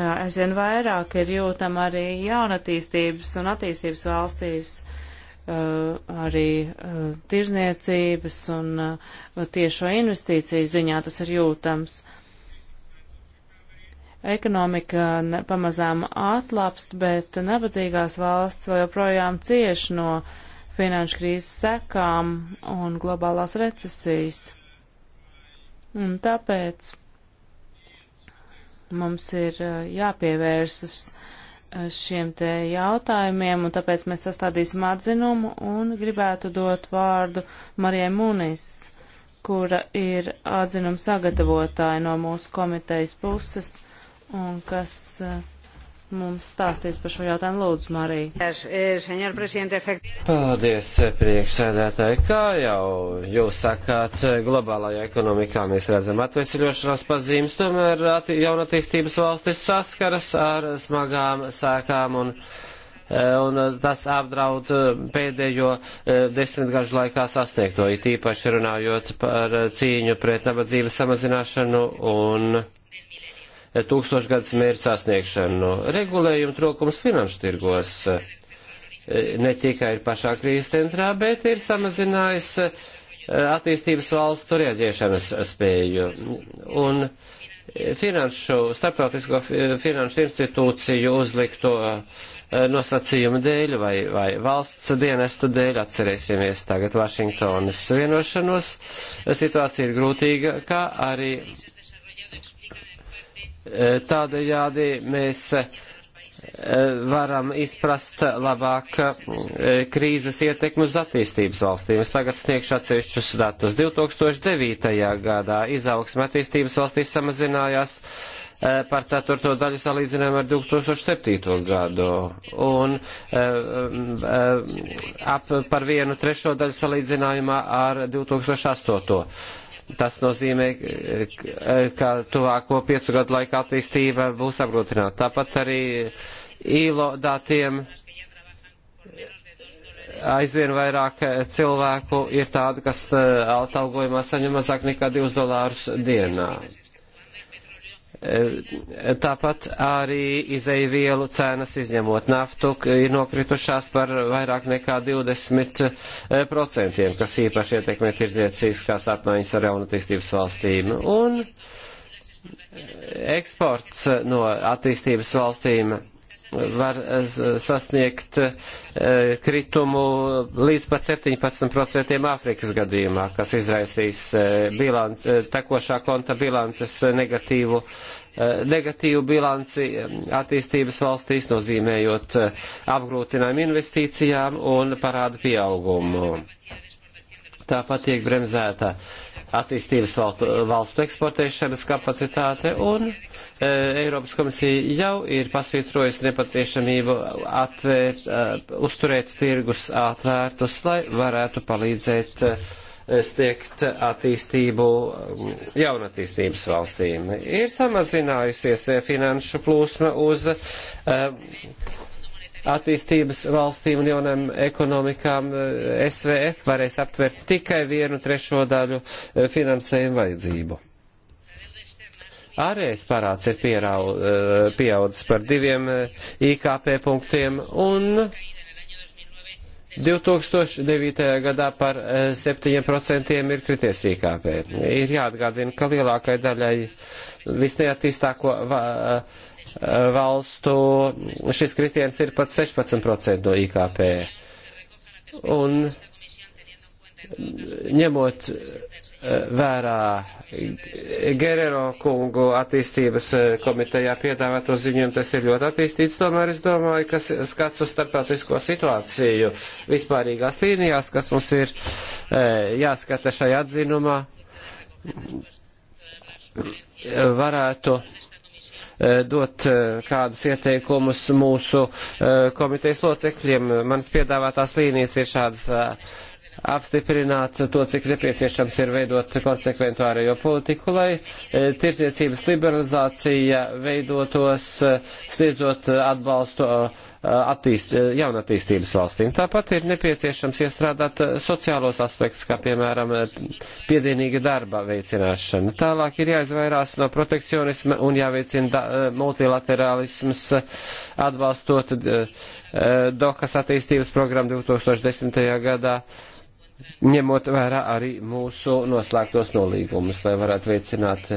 aizvien vairāk ir jūtama arī jaunatīstības un attīstības valstīs. Uh, Uh, arī uh, tirzniecības un uh, tiešo investīciju ziņā tas ir jūtams. Ekonomika pamazām atlapst, bet nabadzīgās valsts vēl joprojām cieš no finanšu krīzes sekām un globālās recesijas. Un tāpēc mums ir jāpievēršas uh, šiem te jautājumiem, un tāpēc mēs sastādīsim atzinumu un gribētu dot vārdu Marijai Munis, kura ir atzinuma sagatavotāja no mūsu komitejas puses un kas uh, mums stāstīs par šo jautājumu. Lūdzu, Marija. Eh, Paldies, eh, priekšsēdētāji. Kā jau jūs sakāt, eh, globālajā ekonomikā mēs redzam atvesļošanās pazīmes, tomēr jaunatīstības valstis saskaras ar smagām sēkām un. Un tas apdraud pēdējo desmitgažu laikā sasniegto, it īpaši runājot par cīņu pret nabadzības samazināšanu un tūkstošgadus mērķu sasniegšanu. Regulējuma trūkums finanšu tirgos e, ne tikai ir pašā krīzes centrā, bet ir samazinājis e, attīstības valstu rieģiešanas spēju. Un finanšu, starptautisko finanšu institūciju uzlikto e, nosacījumu dēļ vai, vai valsts dienestu dēļ atcerēsimies tagad Vašingtonas vienošanos. Situācija ir grūtīga, kā arī Eh, tādējādi mēs eh, varam izprast labāk eh, krīzes ietekmi uz attīstības valstīm. Es tagad sniegšu atsevišķus datus. 2009. gadā izaugsme attīstības valstīs samazinājās par ceturto daļu salīdzinājumu ar 2007. gadu un ap par vienu trešo daļu salīdzinājumā ar 2008. Tas nozīmē, ka tuvāko piecu gadu laikā attīstība būs apgrūtināta. Tāpat arī īlo datiem aizvien vairāk cilvēku ir tādi, kas uh, atalgojumā saņem mazāk nekā 2 dolārus dienā. Eh, tāpat arī izeivielu cenas, izņemot naftu, ir nokritušās par vairāk nekā 20%, eh, kas īpaši ietekmē tirdzniecīskās apmaiņas ar jaunatīstības valstīm. Un eh, eksports no attīstības valstīm var eh, sasniegt eh, kritumu līdz pat 17% Āfrikas gadījumā, kas izraisīs eh, bilans, tekošā konta bilances negatīvu, negatīvu bilanci attīstības valstīs, nozīmējot apgrūtinājumu investīcijām un parādu pieaugumu. Tāpat tiek bremzēta uh, attīstības valstu eksportēšanas kapacitāte, un e, Eiropas komisija jau ir pasvītrojusi nepieciešamību atvērt, e, uzturēt tirgus atvērtus, lai varētu palīdzēt e, sniegt attīstību e, jaunatīstības valstīm. Ir samazinājusies e, finanšu plūsma uz uh, attīstības valstīm un jaunām ekonomikām eh, SVF varēs aptvert tikai vienu trešo daļu eh, finansējumu vajadzību. Ārējais parāds ir pierau, eh, pieaudzis par diviem IKP punktiem un 2009. gadā par 7% ir krities IKP. Ir jāatgādina, ka lielākai daļai visneattīstāko va, valstu šis kritiens ir pat 16% no IKP. Un ņemot eh, vērā Gerero kungu attīstības eh, komitejā piedāvāto ziņojumu, tas ir ļoti attīstīts, tomēr es domāju, ka skats uz starptautisko situāciju vispārīgās līnijās, kas mums ir eh, jāskata šajā atzinumā, varētu Eh, dot eh, kādus ieteikumus mūsu eh, komitejas locekļiem. Manas piedāvātās līnijas ir šādas apstiprināt to, cik nepieciešams ir veidot konsekventu ārējo politiku, lai e, tirdzniecības liberalizācija veidotos, e, sniedzot atbalstu e, attīst, jaunatīstības valstīm. Tāpat ir nepieciešams iestrādāt sociālos aspektus, kā piemēram piedienīga darba veicināšana. Tālāk ir jāizvairās no protekcionisma un jāveicina da, multilaterālisms atbalstot Dohas attīstības programmu 2010. gadā ņemot vērā arī mūsu noslēgtos nolīgumus, lai varētu veicināt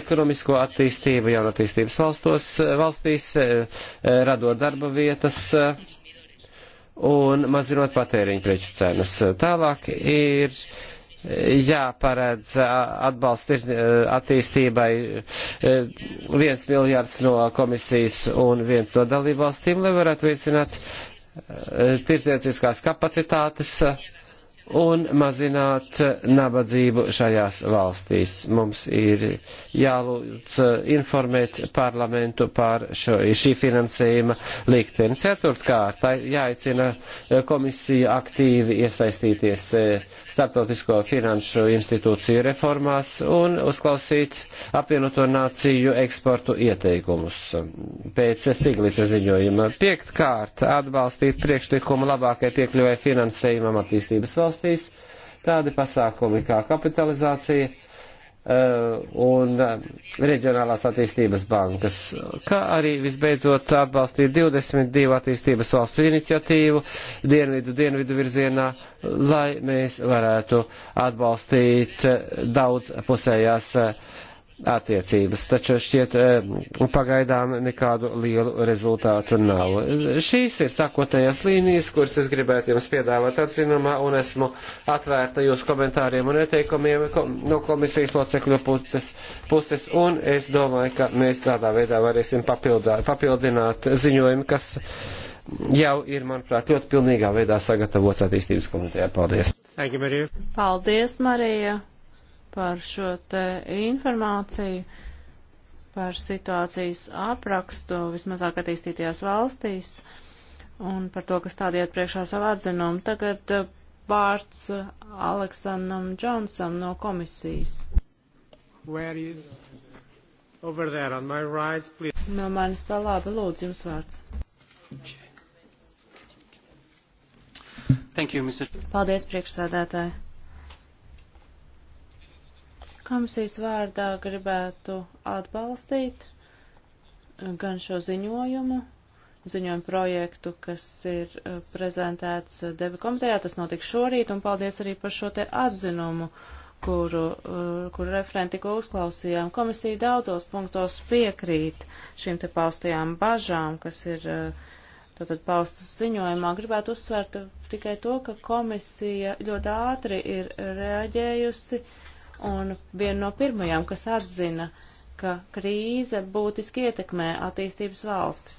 ekonomisko attīstību jaunatīstības valstos, valstīs, eh, radot darba vietas eh, un mazinot patēriņu preču cenas. Tālāk ir eh, jāparedz atbalsts attīstībai viens miljards no komisijas un viens no dalībvalstīm, lai varētu veicināt tirdzniecīskās kapacitātes un mazināt nabadzību šajās valstīs. Mums ir jālūdz eh, informēt parlamentu par šo, šī finansējuma likteni. Ceturtkārt, jāicina eh, komisija aktīvi iesaistīties eh, starptautisko finanšu institūciju reformās un uzklausīt apvienoto nāciju eksportu ieteikumus. Pēc Stiglica ziņojuma. Piektkārt, atbalstīt priekšlikumu labākai piekļuvai finansējumam attīstības valsts valstīs, tādi pasākumi kā kapitalizācija eh, un eh, reģionālās attīstības bankas, kā arī visbeidzot atbalstīt 22 attīstības valstu iniciatīvu dienvidu, dienvidu virzienā, lai mēs varētu atbalstīt eh, daudz pusējās uh, attiecības, taču šķiet eh, pagaidām nekādu lielu rezultātu nav. Šīs ir sakotējās līnijas, kuras es gribētu jums piedāvāt atzinumā, un esmu atvērta jūsu komentāriem un ieteikumiem no komisijas locekļu puses, puses, un es domāju, ka mēs tādā veidā varēsim papildāt, papildināt ziņojumu, kas jau ir, manuprāt, ļoti pilnīgā veidā sagatavots attīstības komitejā. Paldies! Paldies, Marija! par šo te informāciju, par situācijas aprakstu vismazāk attīstītajās valstīs un par to, kas tādiet priekšā savu atzinumu. Tagad eh, vārds eh, Aleksandram Džonsam no komisijas. Where is over there on my right, please? No manis pa labi, lūdzu, jums vārds. Thank you, Mr. Paldies, priekšsēdētāji. Komisijas vārdā gribētu atbalstīt gan šo ziņojumu, ziņojumu projektu, kas ir uh, prezentēts deva komitejā. Tas notiks šorīt, un paldies arī par šo te atzinumu, kuru, uh, kuru referenti tikko uzklausījām. Komisija daudzos punktos piekrīt šīm te paustajām bažām, kas ir uh, tātad paustas ziņojumā. Gribētu uzsvērt tikai to, ka komisija ļoti ātri ir reaģējusi. Uh, un viena no pirmajām, kas atzina, ka krīze būtiski ietekmē attīstības valstis.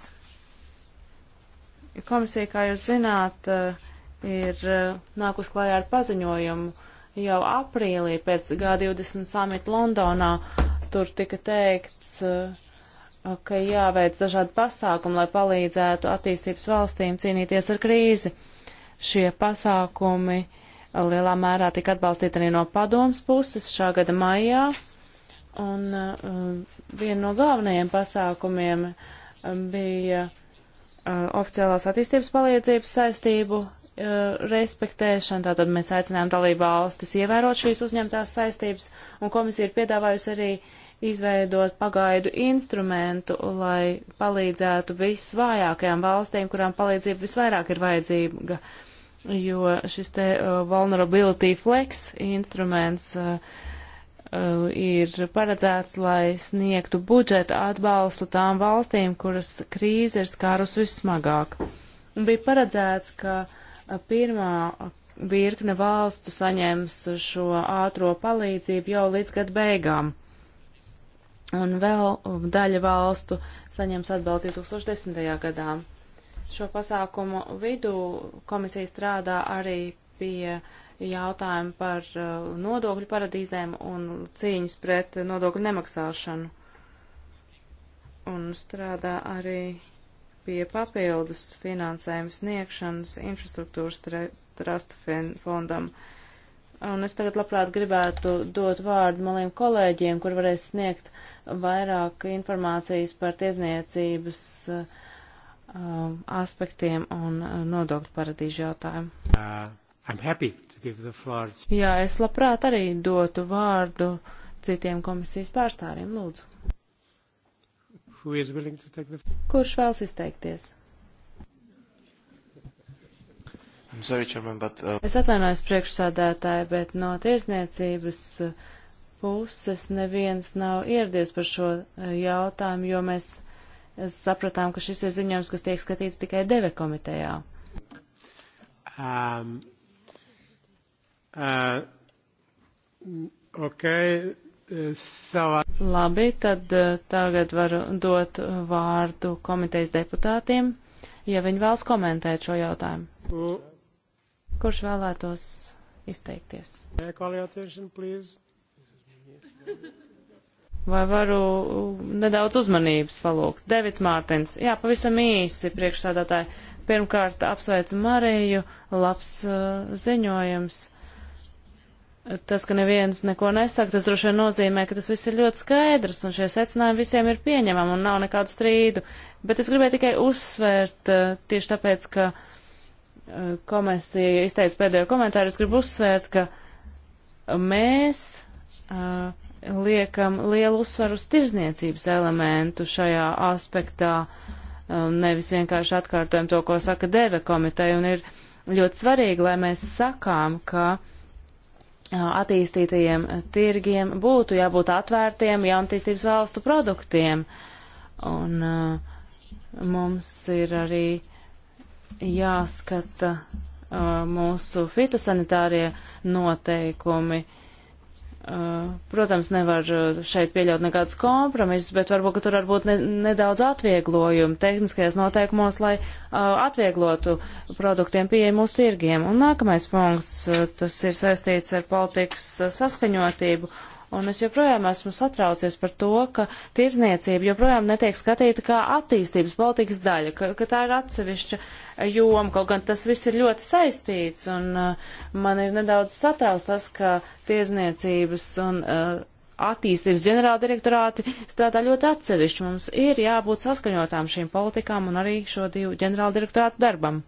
Komisija, kā jūs zināt, eh, ir eh, nākus klājā ar paziņojumu jau aprīlī pēc G20 samita Londonā. Tur tika teikts, eh, ka jāveic dažādi pasākumi, lai palīdzētu attīstības valstīm cīnīties ar krīzi. Šie pasākumi uh, lielā mērā tika atbalstīta arī no padomas puses šā gada maijā. Un uh, viena no galvenajiem pasākumiem uh, bija uh, oficiālās attīstības palīdzības saistību uh, respektēšana. Tātad mēs aicinājām dalību valstis ievērot šīs uzņemtās saistības, un komisija ir piedāvājusi arī izveidot pagaidu instrumentu, lai palīdzētu visvājākajām valstīm, kurām palīdzība visvairāk ir vajadzīga. Uh, jo šis te uh, vulnerability flex instruments uh, uh, ir paredzēts, lai sniegtu budžeta atbalstu tām valstīm, kuras krīze ir skārus vissmagāk. Bija paredzēts, ka pirmā virkne valstu saņems šo ātro palīdzību jau līdz gada beigām. Un vēl daļa valstu saņems atbalstu 2010. gadā. Šo pasākumu vidū komisija strādā arī pie jautājuma par uh, nodokļu paradīzēm un cīņas pret nodokļu nemaksāšanu. Un strādā arī pie papildus finansējuma sniegšanas infrastruktūras trustu fondam. Un es tagad labprāt gribētu dot vārdu maliem kolēģiem, kur varēs sniegt vairāk informācijas par tiesniecības uh, Uh, aspektiem un uh, nodokļu paradīžu jautājumu. Uh, Jā, es labprāt arī dotu vārdu citiem komisijas pārstāvjiem, lūdzu. The... Kurš vēlas izteikties? Sorry, Chairman, but, uh... Es atvainojos priekšsādātāji, bet no tiesniecības uh, puses neviens nav ieradies par šo jautājumu, jo mēs sapratām, ka šis ir ziņojums, kas tiek skatīts tikai deve komitejā. Um, uh, okay. Savā. Labi, tad uh, tagad varu dot vārdu komitejas deputātiem, ja viņi vēlas komentēt šo jautājumu. U. Kurš vēlētos izteikties? Please. Vai varu uh, nedaudz uzmanības palūgt? Devits Mārtins. Jā, pavisam īsi priekšsādātāji. Pirmkārt, apsveicu Mariju. Labs uh, ziņojums. Tas, ka neviens neko nesaka, tas droši vien nozīmē, ka tas viss ir ļoti skaidrs un šie secinājumi visiem ir pieņemami un nav nekādu strīdu. Bet es gribēju tikai uzsvērt, uh, tieši tāpēc, ka uh, komisija izteica pēdējo komentāru, es gribu uzsvērt, ka mēs liekam lielu uzsvaru uz tirzniecības elementu šajā aspektā, um, nevis vienkārši atkārtojam to, ko saka Deve komiteja, un ir ļoti svarīgi, lai mēs sakām, ka uh, attīstītajiem tirgiem būtu jābūt atvērtiem jaunatīstības valstu produktiem. Un uh, mums ir arī jāskata uh, mūsu fitosanitārie noteikumi uh, Eh, protams, nevar eh, šeit pieļaut nekādus kompromisus, bet varbūt, ka tur varbūt ne, nedaudz atvieglojumu tehniskajās noteikumos, lai eh, atvieglotu produktiem pieejamu uz tirgiem. Un nākamais punkts, tas ir saistīts ar politikas saskaņotību. Un es joprojām esmu satraucies par to, ka tirzniecība joprojām netiek skatīta kā attīstības politikas daļa, ka, ka tā ir atsevišķa uh, jomu, kaut gan tas viss ir ļoti saistīts, un uh, man ir nedaudz satrauc tas, ka tiesniecības un uh, attīstības ģenerāldirektorāti strādā ļoti atsevišķi. Mums ir jābūt saskaņotām šīm politikām un arī šo divu ģenerāldirektorātu darbam.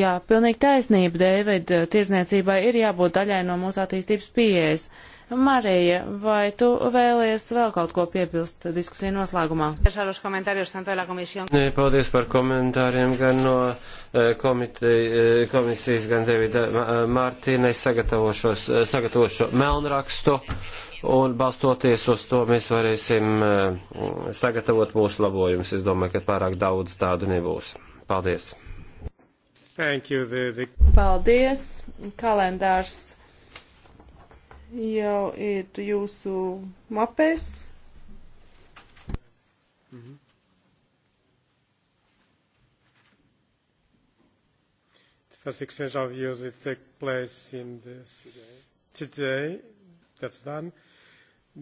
Jā, pilnīgi taisnība, Dēvid, tiesniecībai ir jābūt daļai no mūsu attīstības pieejas. Uh, Marija, vai tu vēlies vēl kaut ko piebilst diskusiju noslēgumā? Paldies par komentāriem gan no eh, komite, eh, komisijas, gan Davida eh, Mārtīna. Es sagatavošu melnrakstu un balstoties uz to mēs varēsim sagatavot mūsu labojumus. Es domāju, ka pārāk daudz tādu nebūs. Paldies! Thank you, the, the... Paldies! Kalendārs jau ir jūsu mapēs. Mm -hmm. First exchange of views will take place in this today. That's done.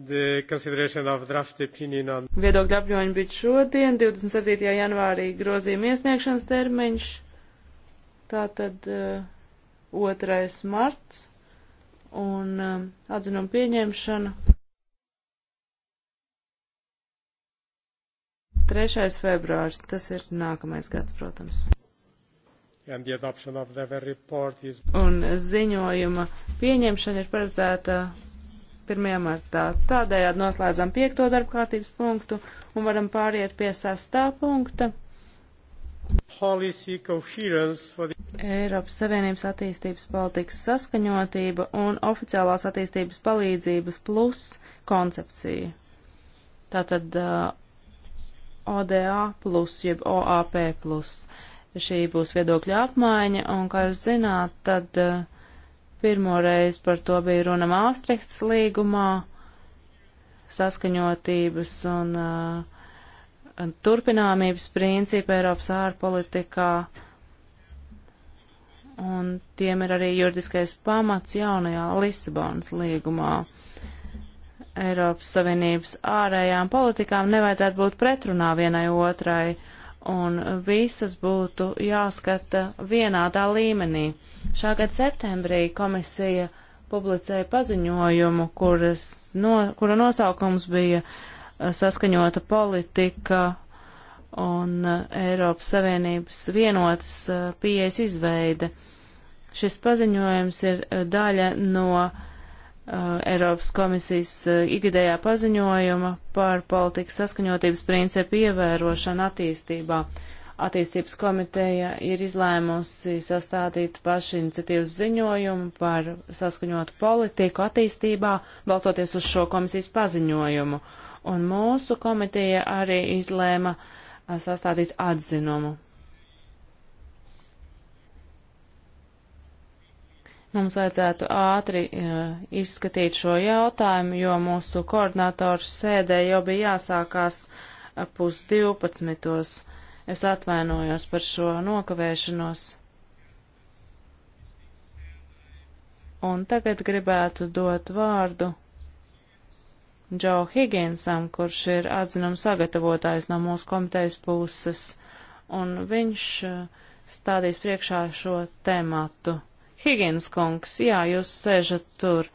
The consideration of draft opinion on Viedokļu apjoņi bija šodien, 27. janvārī grozījuma iesniegšanas termiņš, tātad uh, eh, 2. marts un um, atzinuma pieņemšana 3. februārs, tas ir nākamais gads, protams. Is... Un ziņojuma pieņemšana ir paredzēta 1. martā. Tādējādi noslēdzam 5. darbkārtības punktu un varam pāriet pie 6. punkta. Policy coherence for the Eiropas Savienības attīstības politikas saskaņotība un oficiālās attīstības palīdzības plus koncepcija. Tātad uh, ODA plus, jeb OAP plus. Šī būs viedokļa apmaiņa, un, kā jūs zināt, tad uh, pirmoreiz par to bija runa Māstrihts līgumā saskaņotības un uh, turpināmības principa Eiropas ārpolitikā. Uh, un tiem ir arī juridiskais pamats jaunajā Lisabonas līgumā. Eiropas Savienības ārējām politikām nevajadzētu būt pretrunā vienai otrai, un visas būtu jāskata vienādā līmenī. Šā gada septembrī komisija publicēja paziņojumu, kuras no, kura nosaukums bija eh, saskaņota politika un uh, Eiropas Savienības vienotas uh, pieejas izveide. Šis paziņojums ir uh, daļa no Eiropas komisijas ikgadējā paziņojuma par politikas saskaņotības principu ievērošanu attīstībā. Attīstības komiteja ir izlēmusi sastādīt pašu iniciatīvas ziņojumu par saskaņotu politiku attīstībā, balstoties uz šo komisijas paziņojumu. Un mūsu komiteja arī izlēma uh, sastādīt atzinumu. Mums vajadzētu ātri uh, izskatīt šo jautājumu, jo mūsu koordinātoru sēdē jau bija jāsākās pus 12. Es atvainojos par šo nokavēšanos. Un tagad gribētu dot vārdu Džo Higginsam, kurš ir atzinuma sagatavotājs no mūsu komitejas puses, un viņš eh, stādīs priekšā šo tematu. Higgins kungs, jā, jūs sēžat tur.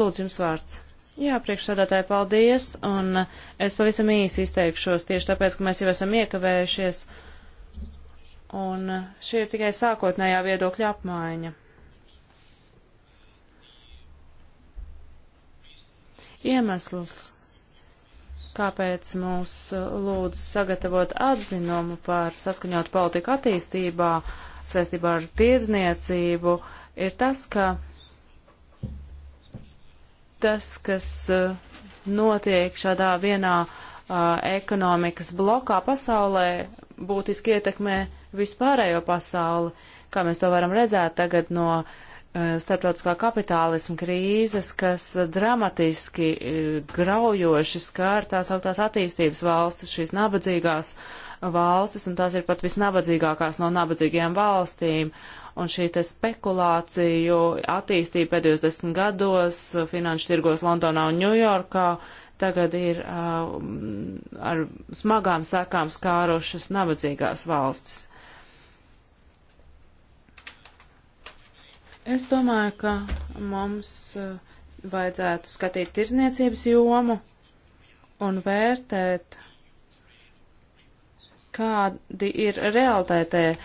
Lūdzu, jums vārds. Jā, priekšsādātāji, paldies, un eh, es pavisam īsi izteikšos tieši tāpēc, ka mēs jau esam iekavējušies, un eh, šī ir tikai sākotnējā viedokļa apmaiņa. iemesls, kāpēc mūs uh, lūdz sagatavot atzinumu par saskaņot politiku attīstībā saistībā ar tiedzniecību, ir tas, ka tas, kas uh, notiek šādā vienā uh, ekonomikas blokā pasaulē, būtiski ietekmē vispārējo pasauli, kā mēs to varam redzēt tagad no uh, Eh, starptautiskā kapitālisma krīzes, kas dramatiski eh, graujoši skār tās augtās attīstības valstis, šīs nabadzīgās valstis, un tās ir pat visnabadzīgākās no nabadzīgajām valstīm. Un šī te spekulāciju attīstība pēdējos desmit gados finanšu tirgos Londonā un Ņujorkā tagad ir uh, ar smagām sakām skārošas nabadzīgās valstis. Es domāju, ka mums eh, vajadzētu skatīt tirzniecības jomu un vērtēt, kādi ir realitātē uh,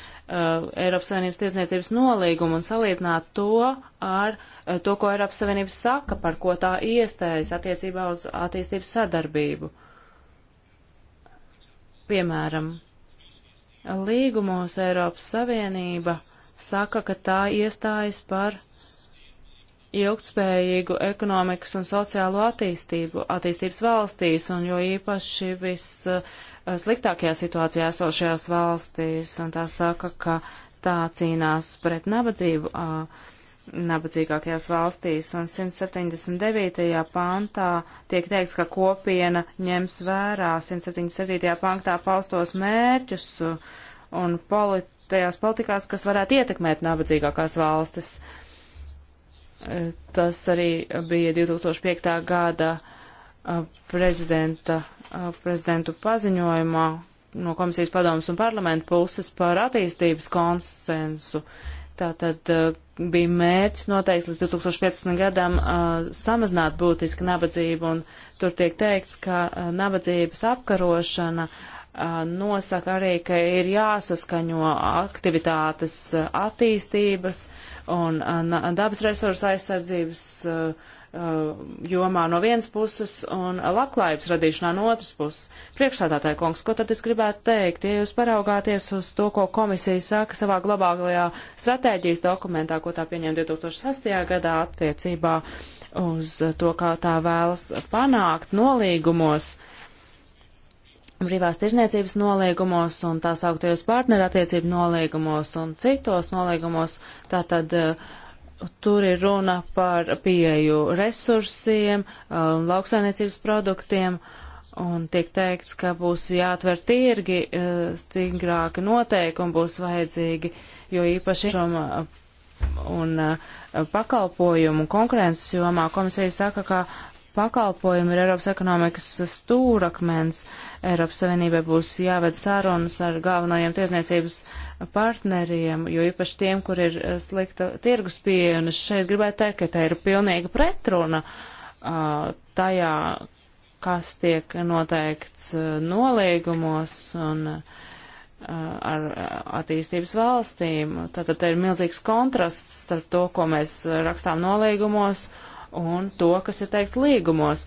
Eiropas Savienības tirzniecības nolīgumi un salīdzināt to ar uh, to, ko Eiropas Savienība saka, par ko tā iestājas attiecībā uz attīstības sadarbību. Piemēram, līgumos Eiropas Savienība uh, saka, ka tā iestājas par ilgtspējīgu ekonomikas un sociālo attīstību attīstības valstīs, un jo īpaši vissliktākajā situācijā esošajās valstīs, un tā saka, ka tā cīnās pret nabadzību nabadzīgākajās valstīs, un 179. pantā tiek teikts, ka kopiena ņems vērā 177. pantā paustos mērķus un politiku tajās politikās, kas varētu ietekmēt nabadzīgākās valstis. E, tas arī bija 2005. gada e, prezidenta, e, prezidentu paziņojumā no komisijas padomas un parlamenta puses par attīstības konsensu. Tātad bija mērķis noteikts līdz 2015. gadam samazināt būtiski nabadzību, un tur tiek teikts, ka nabadzības apkarošana uh, nosaka arī, ka ir jāsaskaņo aktivitātes attīstības un dabas resursu aizsardzības jomā no vienas puses un labklājības radīšanā no otras puses. Priekšsādātāja kungs, ko tad es gribētu teikt, ja jūs paraugāties uz to, ko komisija saka savā globālajā stratēģijas dokumentā, ko tā pieņēma 2006. gadā attiecībā uz to, kā tā vēlas panākt nolīgumos, uh, brīvās tirzniecības nolīgumos un tā sauktajos partnerattiecību nolīgumos un citos nolīgumos. Tātad eh, tur ir runa par pieeju resursiem, eh, lauksainiecības produktiem. Un tiek teikts, ka būs jāatver tirgi, eh, stingrāki noteikumi būs vajadzīgi, jo īpaši un pakalpojumu konkurences jomā komisija saka, ka pakalpojumi ir Eiropas ekonomikas stūrakmens. Eiropas Savienībai būs jāved sārunas ar galvenajiem tiesniecības partneriem, jo īpaši tiem, kur ir slikta tirgus pieeja, un es šeit gribētu teikt, ka tā ir pilnīga pretruna uh, tajā, kas tiek noteikts uh, nolīgumos un uh, ar attīstības valstīm. Tātad te ir milzīgs kontrasts starp to, ko mēs rakstām nolīgumos, uh, un to, kas ir teikts līgumos.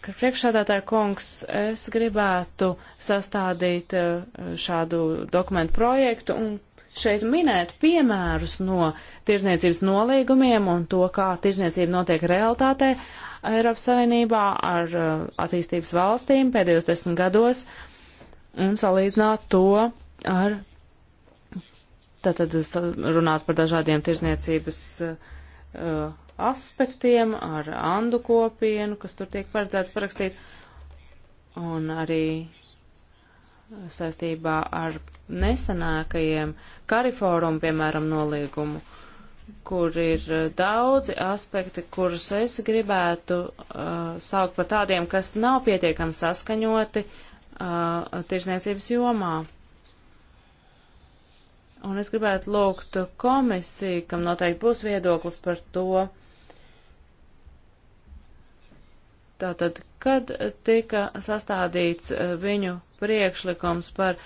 Priekšsādātāja kungs, es gribētu sastādīt eh, šādu dokumentu projektu un šeit minēt piemērus no tirzniecības nolīgumiem un to, kā tirzniecība notiek realitātē Eiropas Savienībā ar eh, attīstības valstīm pēdējos desmit gados un salīdzināt to ar, tātad runāt par dažādiem tirzniecības uh, aspektiem, ar andu kopienu, kas tur tiek paredzēts parakstīt, un arī saistībā ar nesenākajiem kariforumu, piemēram, nolīgumu, kur ir daudzi aspekti, kurus es gribētu uh, saukt par tādiem, kas nav pietiekami saskaņoti uh, tirsniecības jomā. Un es gribētu lūgt komisiju, kam noteikti būs viedoklis par to, Tātad, kad tika sastādīts e, viņu priekšlikums par e,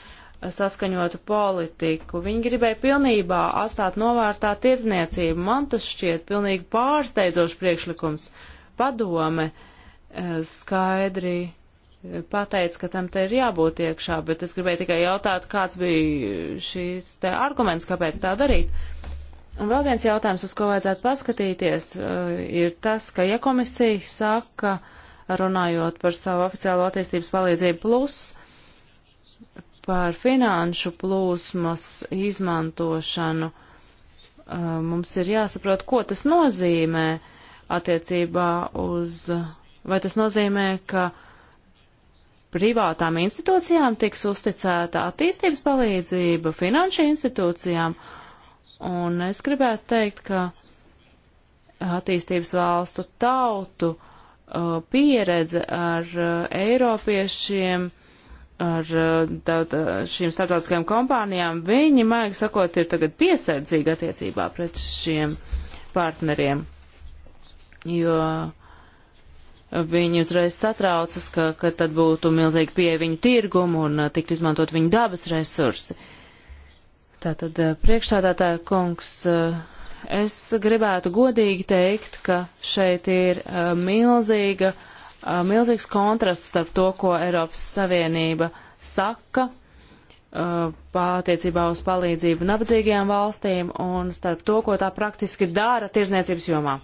saskaņotu politiku, viņi gribēja pilnībā atstāt novērtā tirdzniecību. Man tas šķiet pilnīgi pārsteidzošs priekšlikums. Padome e, skaidri pateica, ka tam te ir jābūt iekšā, bet es gribēju tikai jautāt, kāds bija šīs te arguments, kāpēc tā darīt. Un vēl viens jautājums, uz ko vajadzētu paskatīties, ir tas, ka ja komisija saka, ka runājot par savu oficiālo attīstības palīdzību plus, par finanšu plūsmas izmantošanu. Uh, mums ir jāsaprot, ko tas nozīmē attiecībā uz, vai tas nozīmē, ka privātām institūcijām tiks uzticēta attīstības palīdzība finanšu institūcijām. Un es gribētu teikt, ka attīstības valstu tautu uh, Uh, pieredze ar uh, eiropiešiem, ar uh, tād, šīm starptautiskajām kompānijām, viņi, maigi sakot, ir tagad piesardzīgi attiecībā pret šiem partneriem, jo viņi uzreiz satraucas, ka, ka tad būtu milzīgi pie viņu tirgumu un tiktu izmantot viņu dabas resursi. Tātad priekšsādātāja kungs. Uh, Es gribētu godīgi teikt, ka šeit ir uh, milzīga, uh, milzīgs kontrasts starp to, ko Eiropas Savienība saka uh, attiecībā uz palīdzību nabadzīgajām valstīm un starp to, ko tā praktiski dara tirzniecības jomā.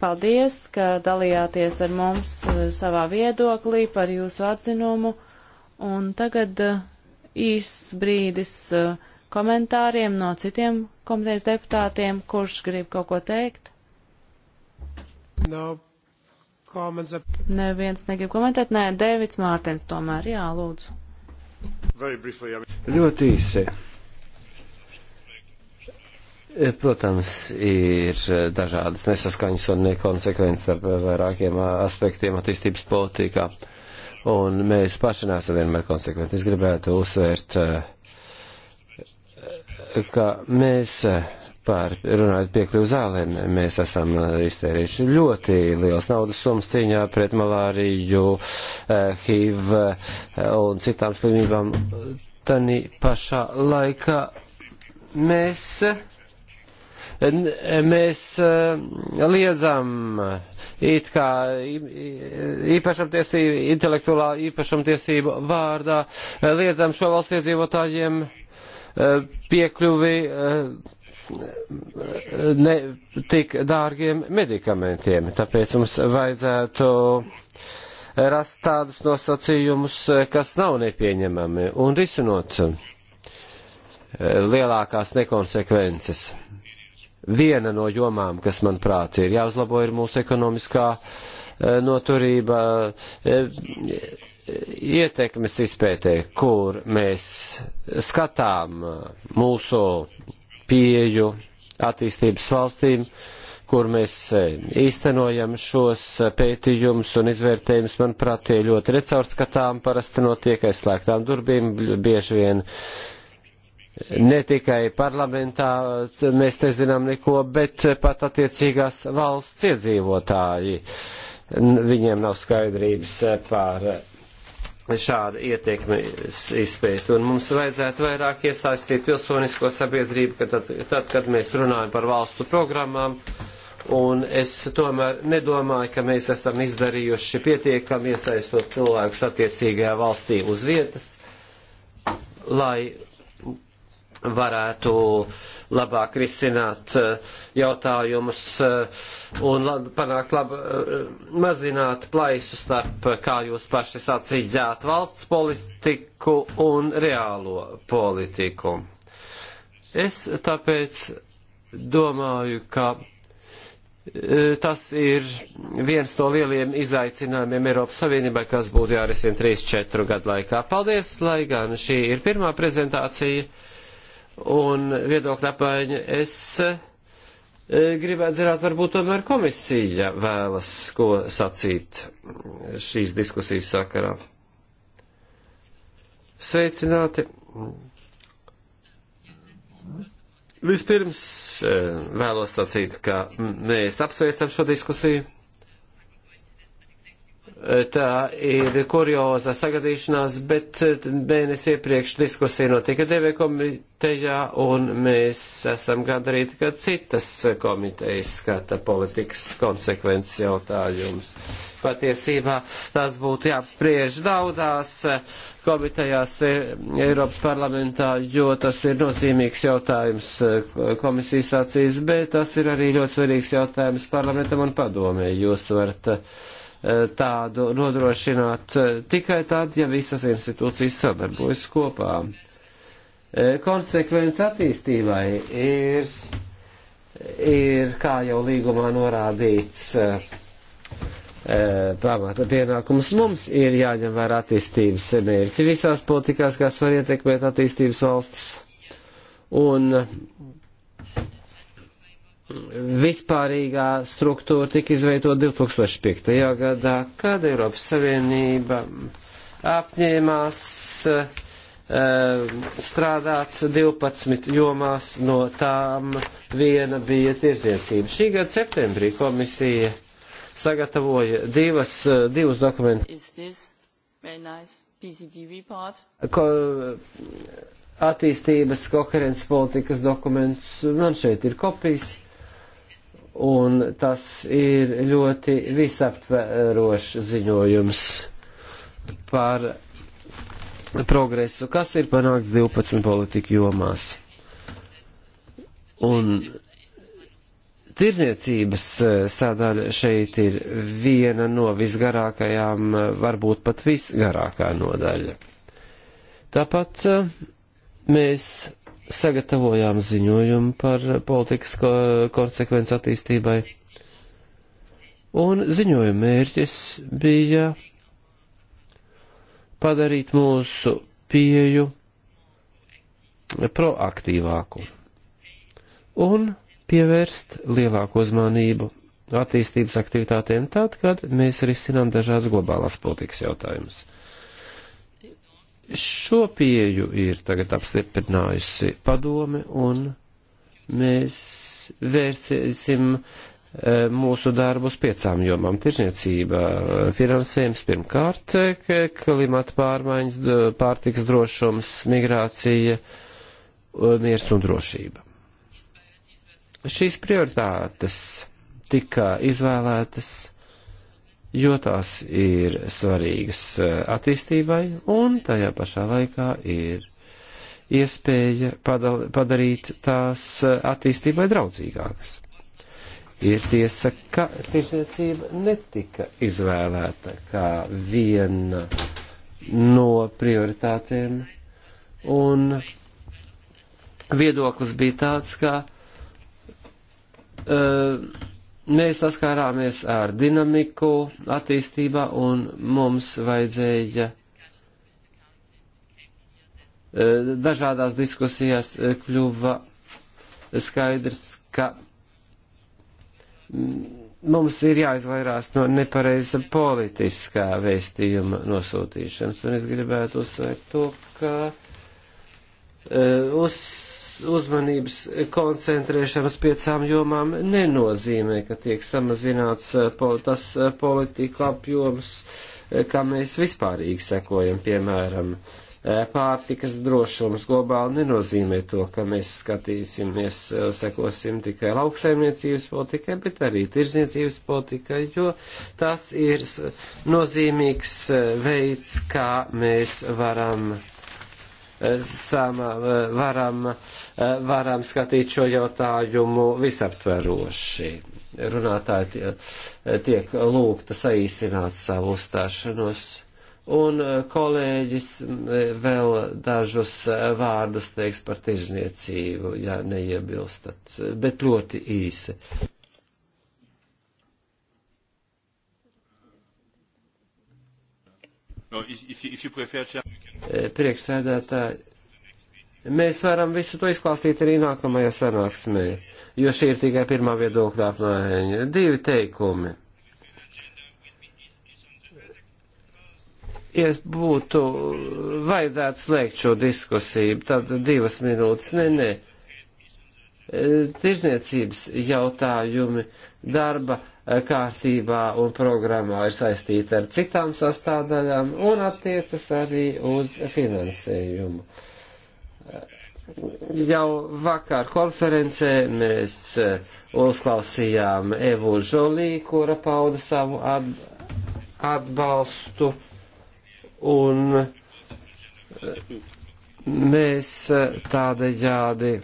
Paldies, ka dalījāties ar mums uh, savā viedoklī par jūsu atzinumu. Un tagad uh, īs brīdis uh, komentāriem no citiem komitejas deputātiem, kurš grib kaut ko teikt? No. Neviens negrib komentēt, nē, Dēvids Mārtens tomēr, jā, lūdzu. Briefly, I mean... Ļoti īsi. E, protams, ir dažādas nesaskaņas un nekonsekvences ar vairākiem aspektiem attīstības politikā. Un mēs paši neesam vienmēr konsekventi. Es gribētu uzsvērt uh, ka mēs eh, par runājot piekļuvu zālēm, mēs esam eh, iztērējuši ļoti liels naudas summas cīņā pret malāriju, eh, HIV un citām slimībām. Tani pašā laikā mēs mēs liedzam it kā īpašumtiesību, intelektuālā īpašumtiesību vārdā, liedzam šo valsts iedzīvotājiem Eh, piekļuvi eh, ne tik dārgiem medikamentiem. Tāpēc mums vajadzētu rast tādus nosacījumus, eh, kas nav nepieņemami un risinot lielākās nekonsekvences. Viena no jomām, kas manuprāt ir jāuzlabo, ir mūsu ekonomiskā noturība ietekmes izpētē, kur mēs skatām mūsu pieju attīstības valstīm, kur mēs e, īstenojam šos e, pētījumus un izvērtējumus, manuprāt, tie ļoti recaurskatām, parasti notiek aizslēgtām durvīm, bieži vien ne tikai parlamentā mēs nezinām neko, bet pat attiecīgās valsts iedzīvotāji. Viņiem nav skaidrības e, par šāda ietekmes izpēta. Un mums vajadzētu vairāk iesaistīt pilsonisko sabiedrību, ka tad, tad, kad mēs runājam par valstu programmām, un es tomēr nedomāju, ka mēs esam izdarījuši pietiekami iesaistot cilvēkus attiecīgajā valstī uz vietas, lai varētu labāk risināt eh, jautājumus eh, un panākt labu, eh, mazināt plaisu starp, kā jūs paši sacījāt, valsts politiku un reālo politiku. Es tāpēc domāju, ka tas ir viens no lieliem izaicinājumiem Eiropas Savienībai, kas būtu jārisina 3-4 gadu laikā. Paldies, lai gan šī ir pirmā prezentācija un viedokļa apmaiņa. Es e, gribētu zināt, varbūt tomēr komisija vēlas ko sacīt šīs diskusijas sakarā. Sveicināti! Vispirms e, vēlos sacīt, ka mēs apsveicam šo diskusiju. Tā ir kurioza sagadīšanās, bet mēnesi iepriekš diskusija notika DV komitejā, un mēs esam gandarīti, ka citas komitejas skata politikas konsekvences jautājums. Patiesībā tas būtu jāapspriež daudzās komitejās e, Eiropas parlamentā, jo tas ir nozīmīgs jautājums e, komisijas acīs, bet tas ir arī ļoti svarīgs jautājums parlamentam un padomē. Jūs varat uh, E, tādu nodrošināt e, tikai tad, ja visas institūcijas sadarbojas kopā. E, konsekvence attīstībai ir, ir, kā jau līgumā norādīts, pamata pienākums mums ir jāņem vērā attīstības mērķi visās politikās, kas var ietekmēt attīstības valstis. Un vispārīgā struktūra tika izveidota 2005. gadā, kad Eiropas Savienība apņēmās eh, strādāt 12 jomās, no tām viena bija tirdzniecība. Šī gada septembrī komisija sagatavoja divas, eh, divus dokumentus. Nice Ko, attīstības koherences politikas dokumentus. Man šeit ir kopijas un tas ir ļoti visaptverošs ziņojums par progresu, kas ir panākts 12 politiku jomās. Un tirzniecības e, sadaļa šeit ir viena no visgarākajām, e, varbūt pat visgarākā nodaļa. Tāpat e, mēs sagatavojām ziņojumu par politikas ko konsekvences attīstībai. Un ziņojuma mērķis bija padarīt mūsu pieju proaktīvāku un pievērst lielāku uzmanību attīstības aktivitātēm tad, kad mēs risinām dažādas globālās politikas jautājumus. Šo pieju ir tagad apstiprinājusi padome, un mēs vērsīsim e, mūsu darbu uz piecām jomām - tirzniecība, e, finansējums pirmkārt, e, klimata pārmaiņas, pārtiks drošums, migrācija, miers un drošība. Šīs prioritātes tika izvēlētas jo tās ir svarīgas eh, attīstībai un tajā pašā laikā ir iespēja padal, padarīt tās eh, attīstībai draudzīgākas. Ir tiesa, ka tirsniecība netika izvēlēta kā viena no prioritātēm, un viedoklis bija tāds, ka uh, mēs saskārāmies ar dinamiku attīstībā un mums vajadzēja e, dažādās diskusijās e, kļuva skaidrs, ka mums ir jāizvairās no nepareiza politiskā vēstījuma nosūtīšanas, un es gribētu uzsvērt to, ka uh, uz uzmanības koncentrēšana uz piecām jomām nenozīmē, ka tiek samazināts eh, tas eh, politika apjoms, eh, kā mēs vispārīgi sekojam, piemēram, pārtikas drošums globāli nenozīmē to, ka mēs skatīsimies, sekosim tikai lauksaimniecības politikai, bet arī tirzniecības politikai, jo tas ir nozīmīgs veids, kā mēs varam samā, varam, varam skatīt šo jautājumu visaptveroši. Runātāji tiek lūgta saīsināt savu uzstāšanos. Un kolēģis vēl dažus vārdus teiks par tirzniecību, ja neiebilstat, bet ļoti īsi. No, if you, if you prefer... E, priekšsēdētāji, mēs varam visu to izklāstīt arī nākamajā sanāksmē, jo šī ir tikai pirmā viedokļa apmaiņa. Divi teikumi. Ja būtu vajadzētu slēgt šo diskusiju, tad divas minūtes, nē, nē. E, tirzniecības jautājumi darba e, kārtībā un programmā ir saistīti ar citām sastāvdaļām un attiecas arī uz finansējumu. E, jau vakar konferencē mēs uzklausījām Evu Žolī, kura pauda savu atbalstu un mēs tādējādi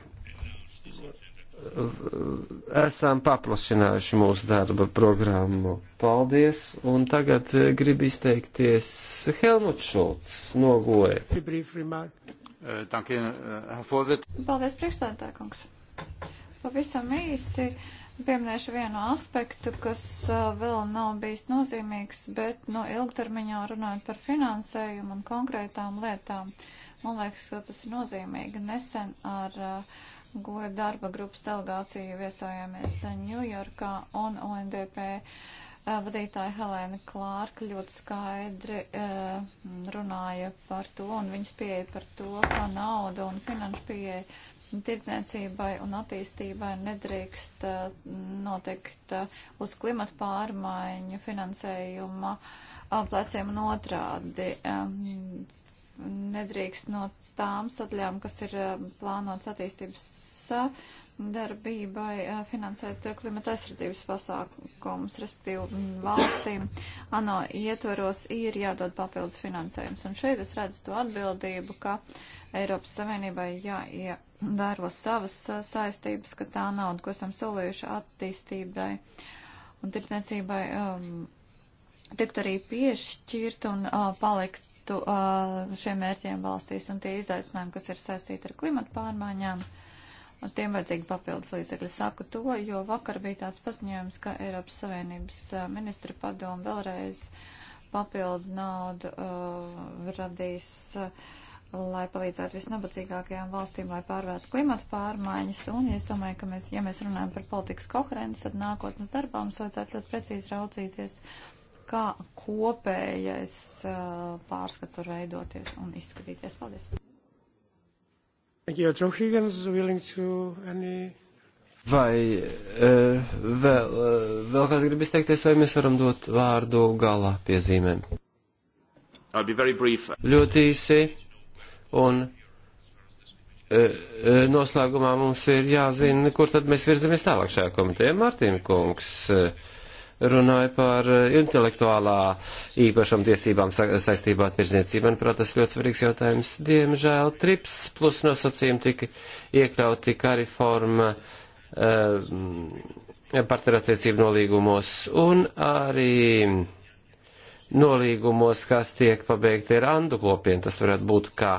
esam paplašinājuši mūsu darba programmu. Paldies, un tagad eh, grib izteikties Helmut Šulcs no Goe. Paldies, priekšstādātājkungs. Pavisam īsi pieminēšu vienu aspektu, kas eh, vēl nav bijis nozīmīgs, bet no nu, ilgtermiņā runājot par finansējumu un konkrētām lietām. Man liekas, ka tas ir nozīmīgi. Nesen ar uh, goja darba grupas delegāciju viesojāmies Ņujorkā un ONDP eh, vadītāja Helēna Klārka ļoti skaidri uh, runāja par to un viņas pieeja par to, ka nauda un finanšu pieeja tirdzniecībai un attīstībai nedrīkst uh, notikt uh, uz klimata pārmaiņu finansējuma pleciem un otrādi. Nedrīkst not tām sadaļām, kas ir um, plānotas attīstības darbībai uh, finansēt uh, klimata aizsardzības pasākumus, respektīvi mm, valstīm. ANO ietvaros ir jādod papildus finansējums. Un šeit es redzu to atbildību, ka Eiropas Savienībai jāievēro savas uh, saistības, ka tā nauda, ko esam solījuši attīstībai un tirdzniecībai, um, tiktu arī piešķirta un uh, palikt budžetu šiem mērķiem valstīs un tie izaicinājumi, kas ir saistīti ar klimatu pārmaiņām, un tiem vajadzīgi papildus līdzekļi. Saku to, jo vakar bija tāds paziņojums, ka Eiropas Savienības ministra padomu vēlreiz papildu naudu uh, radīs, uh, lai palīdzētu visnabadzīgākajām valstīm, lai pārvērtu klimatu pārmaiņas. Un es domāju, ka mēs, ja mēs runājam par politikas koherences, tad nākotnes darbā mums vajadzētu ļoti precīzi raudzīties. Uh, kā kopējais uh, pārskats var veidoties un izskatīties. Paldies! Vai eh, vēl, eh, vēl kāds grib izteikties, vai mēs varam dot vārdu gala piezīmēm? Ļoti īsi un eh, noslēgumā mums ir jāzina, kur tad mēs virzamies tālāk šajā komitejā. Mārtiņa kungs. Uh, runāja par eh, intelektuālā īpašuma tiesībām sa saistībā ar tirzniecību. Manuprāt, tas ļoti svarīgs jautājums. Diemžēl trips plus nosacījumi tika iekļauti kariforma eh, partnerattiecību nolīgumos un arī nolīgumos, kas tiek pabeigti ar Andu kopienu. Tas varētu būt kā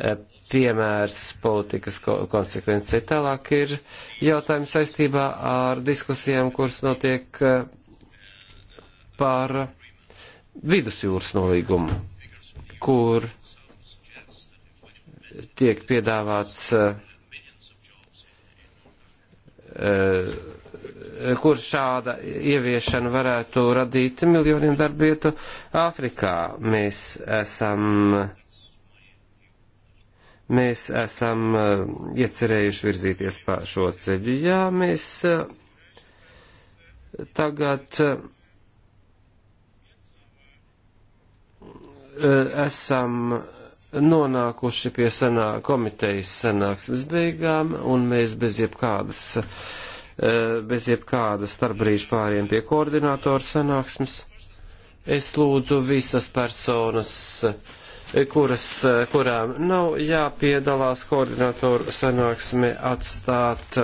eh, piemērs politikas konsekvencei. Tālāk ir jautājums saistībā ar diskusijām, kuras notiek eh, par vidusjūras nolīgumu, kur tiek piedāvāts, eh, kur šāda ieviešana varētu radīt miljoniem darbietu Āfrikā. Mēs esam mēs esam eh, iecerējuši virzīties pa šo ceļu. Jā, mēs eh, tagad eh, esam nonākuši pie sanā, komitejas sanāksmes beigām, un mēs bez jebkādas, bez jebkādas starpbrīžu pāriem pie koordinātoru sanāksmes. Es lūdzu visas personas uh, kuras, kurām nav jāpiedalās koordinatoru sanāksmē atstāt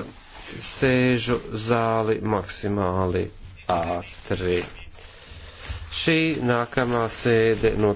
sēžu zāli maksimāli ātri. Šī nākamā sēde no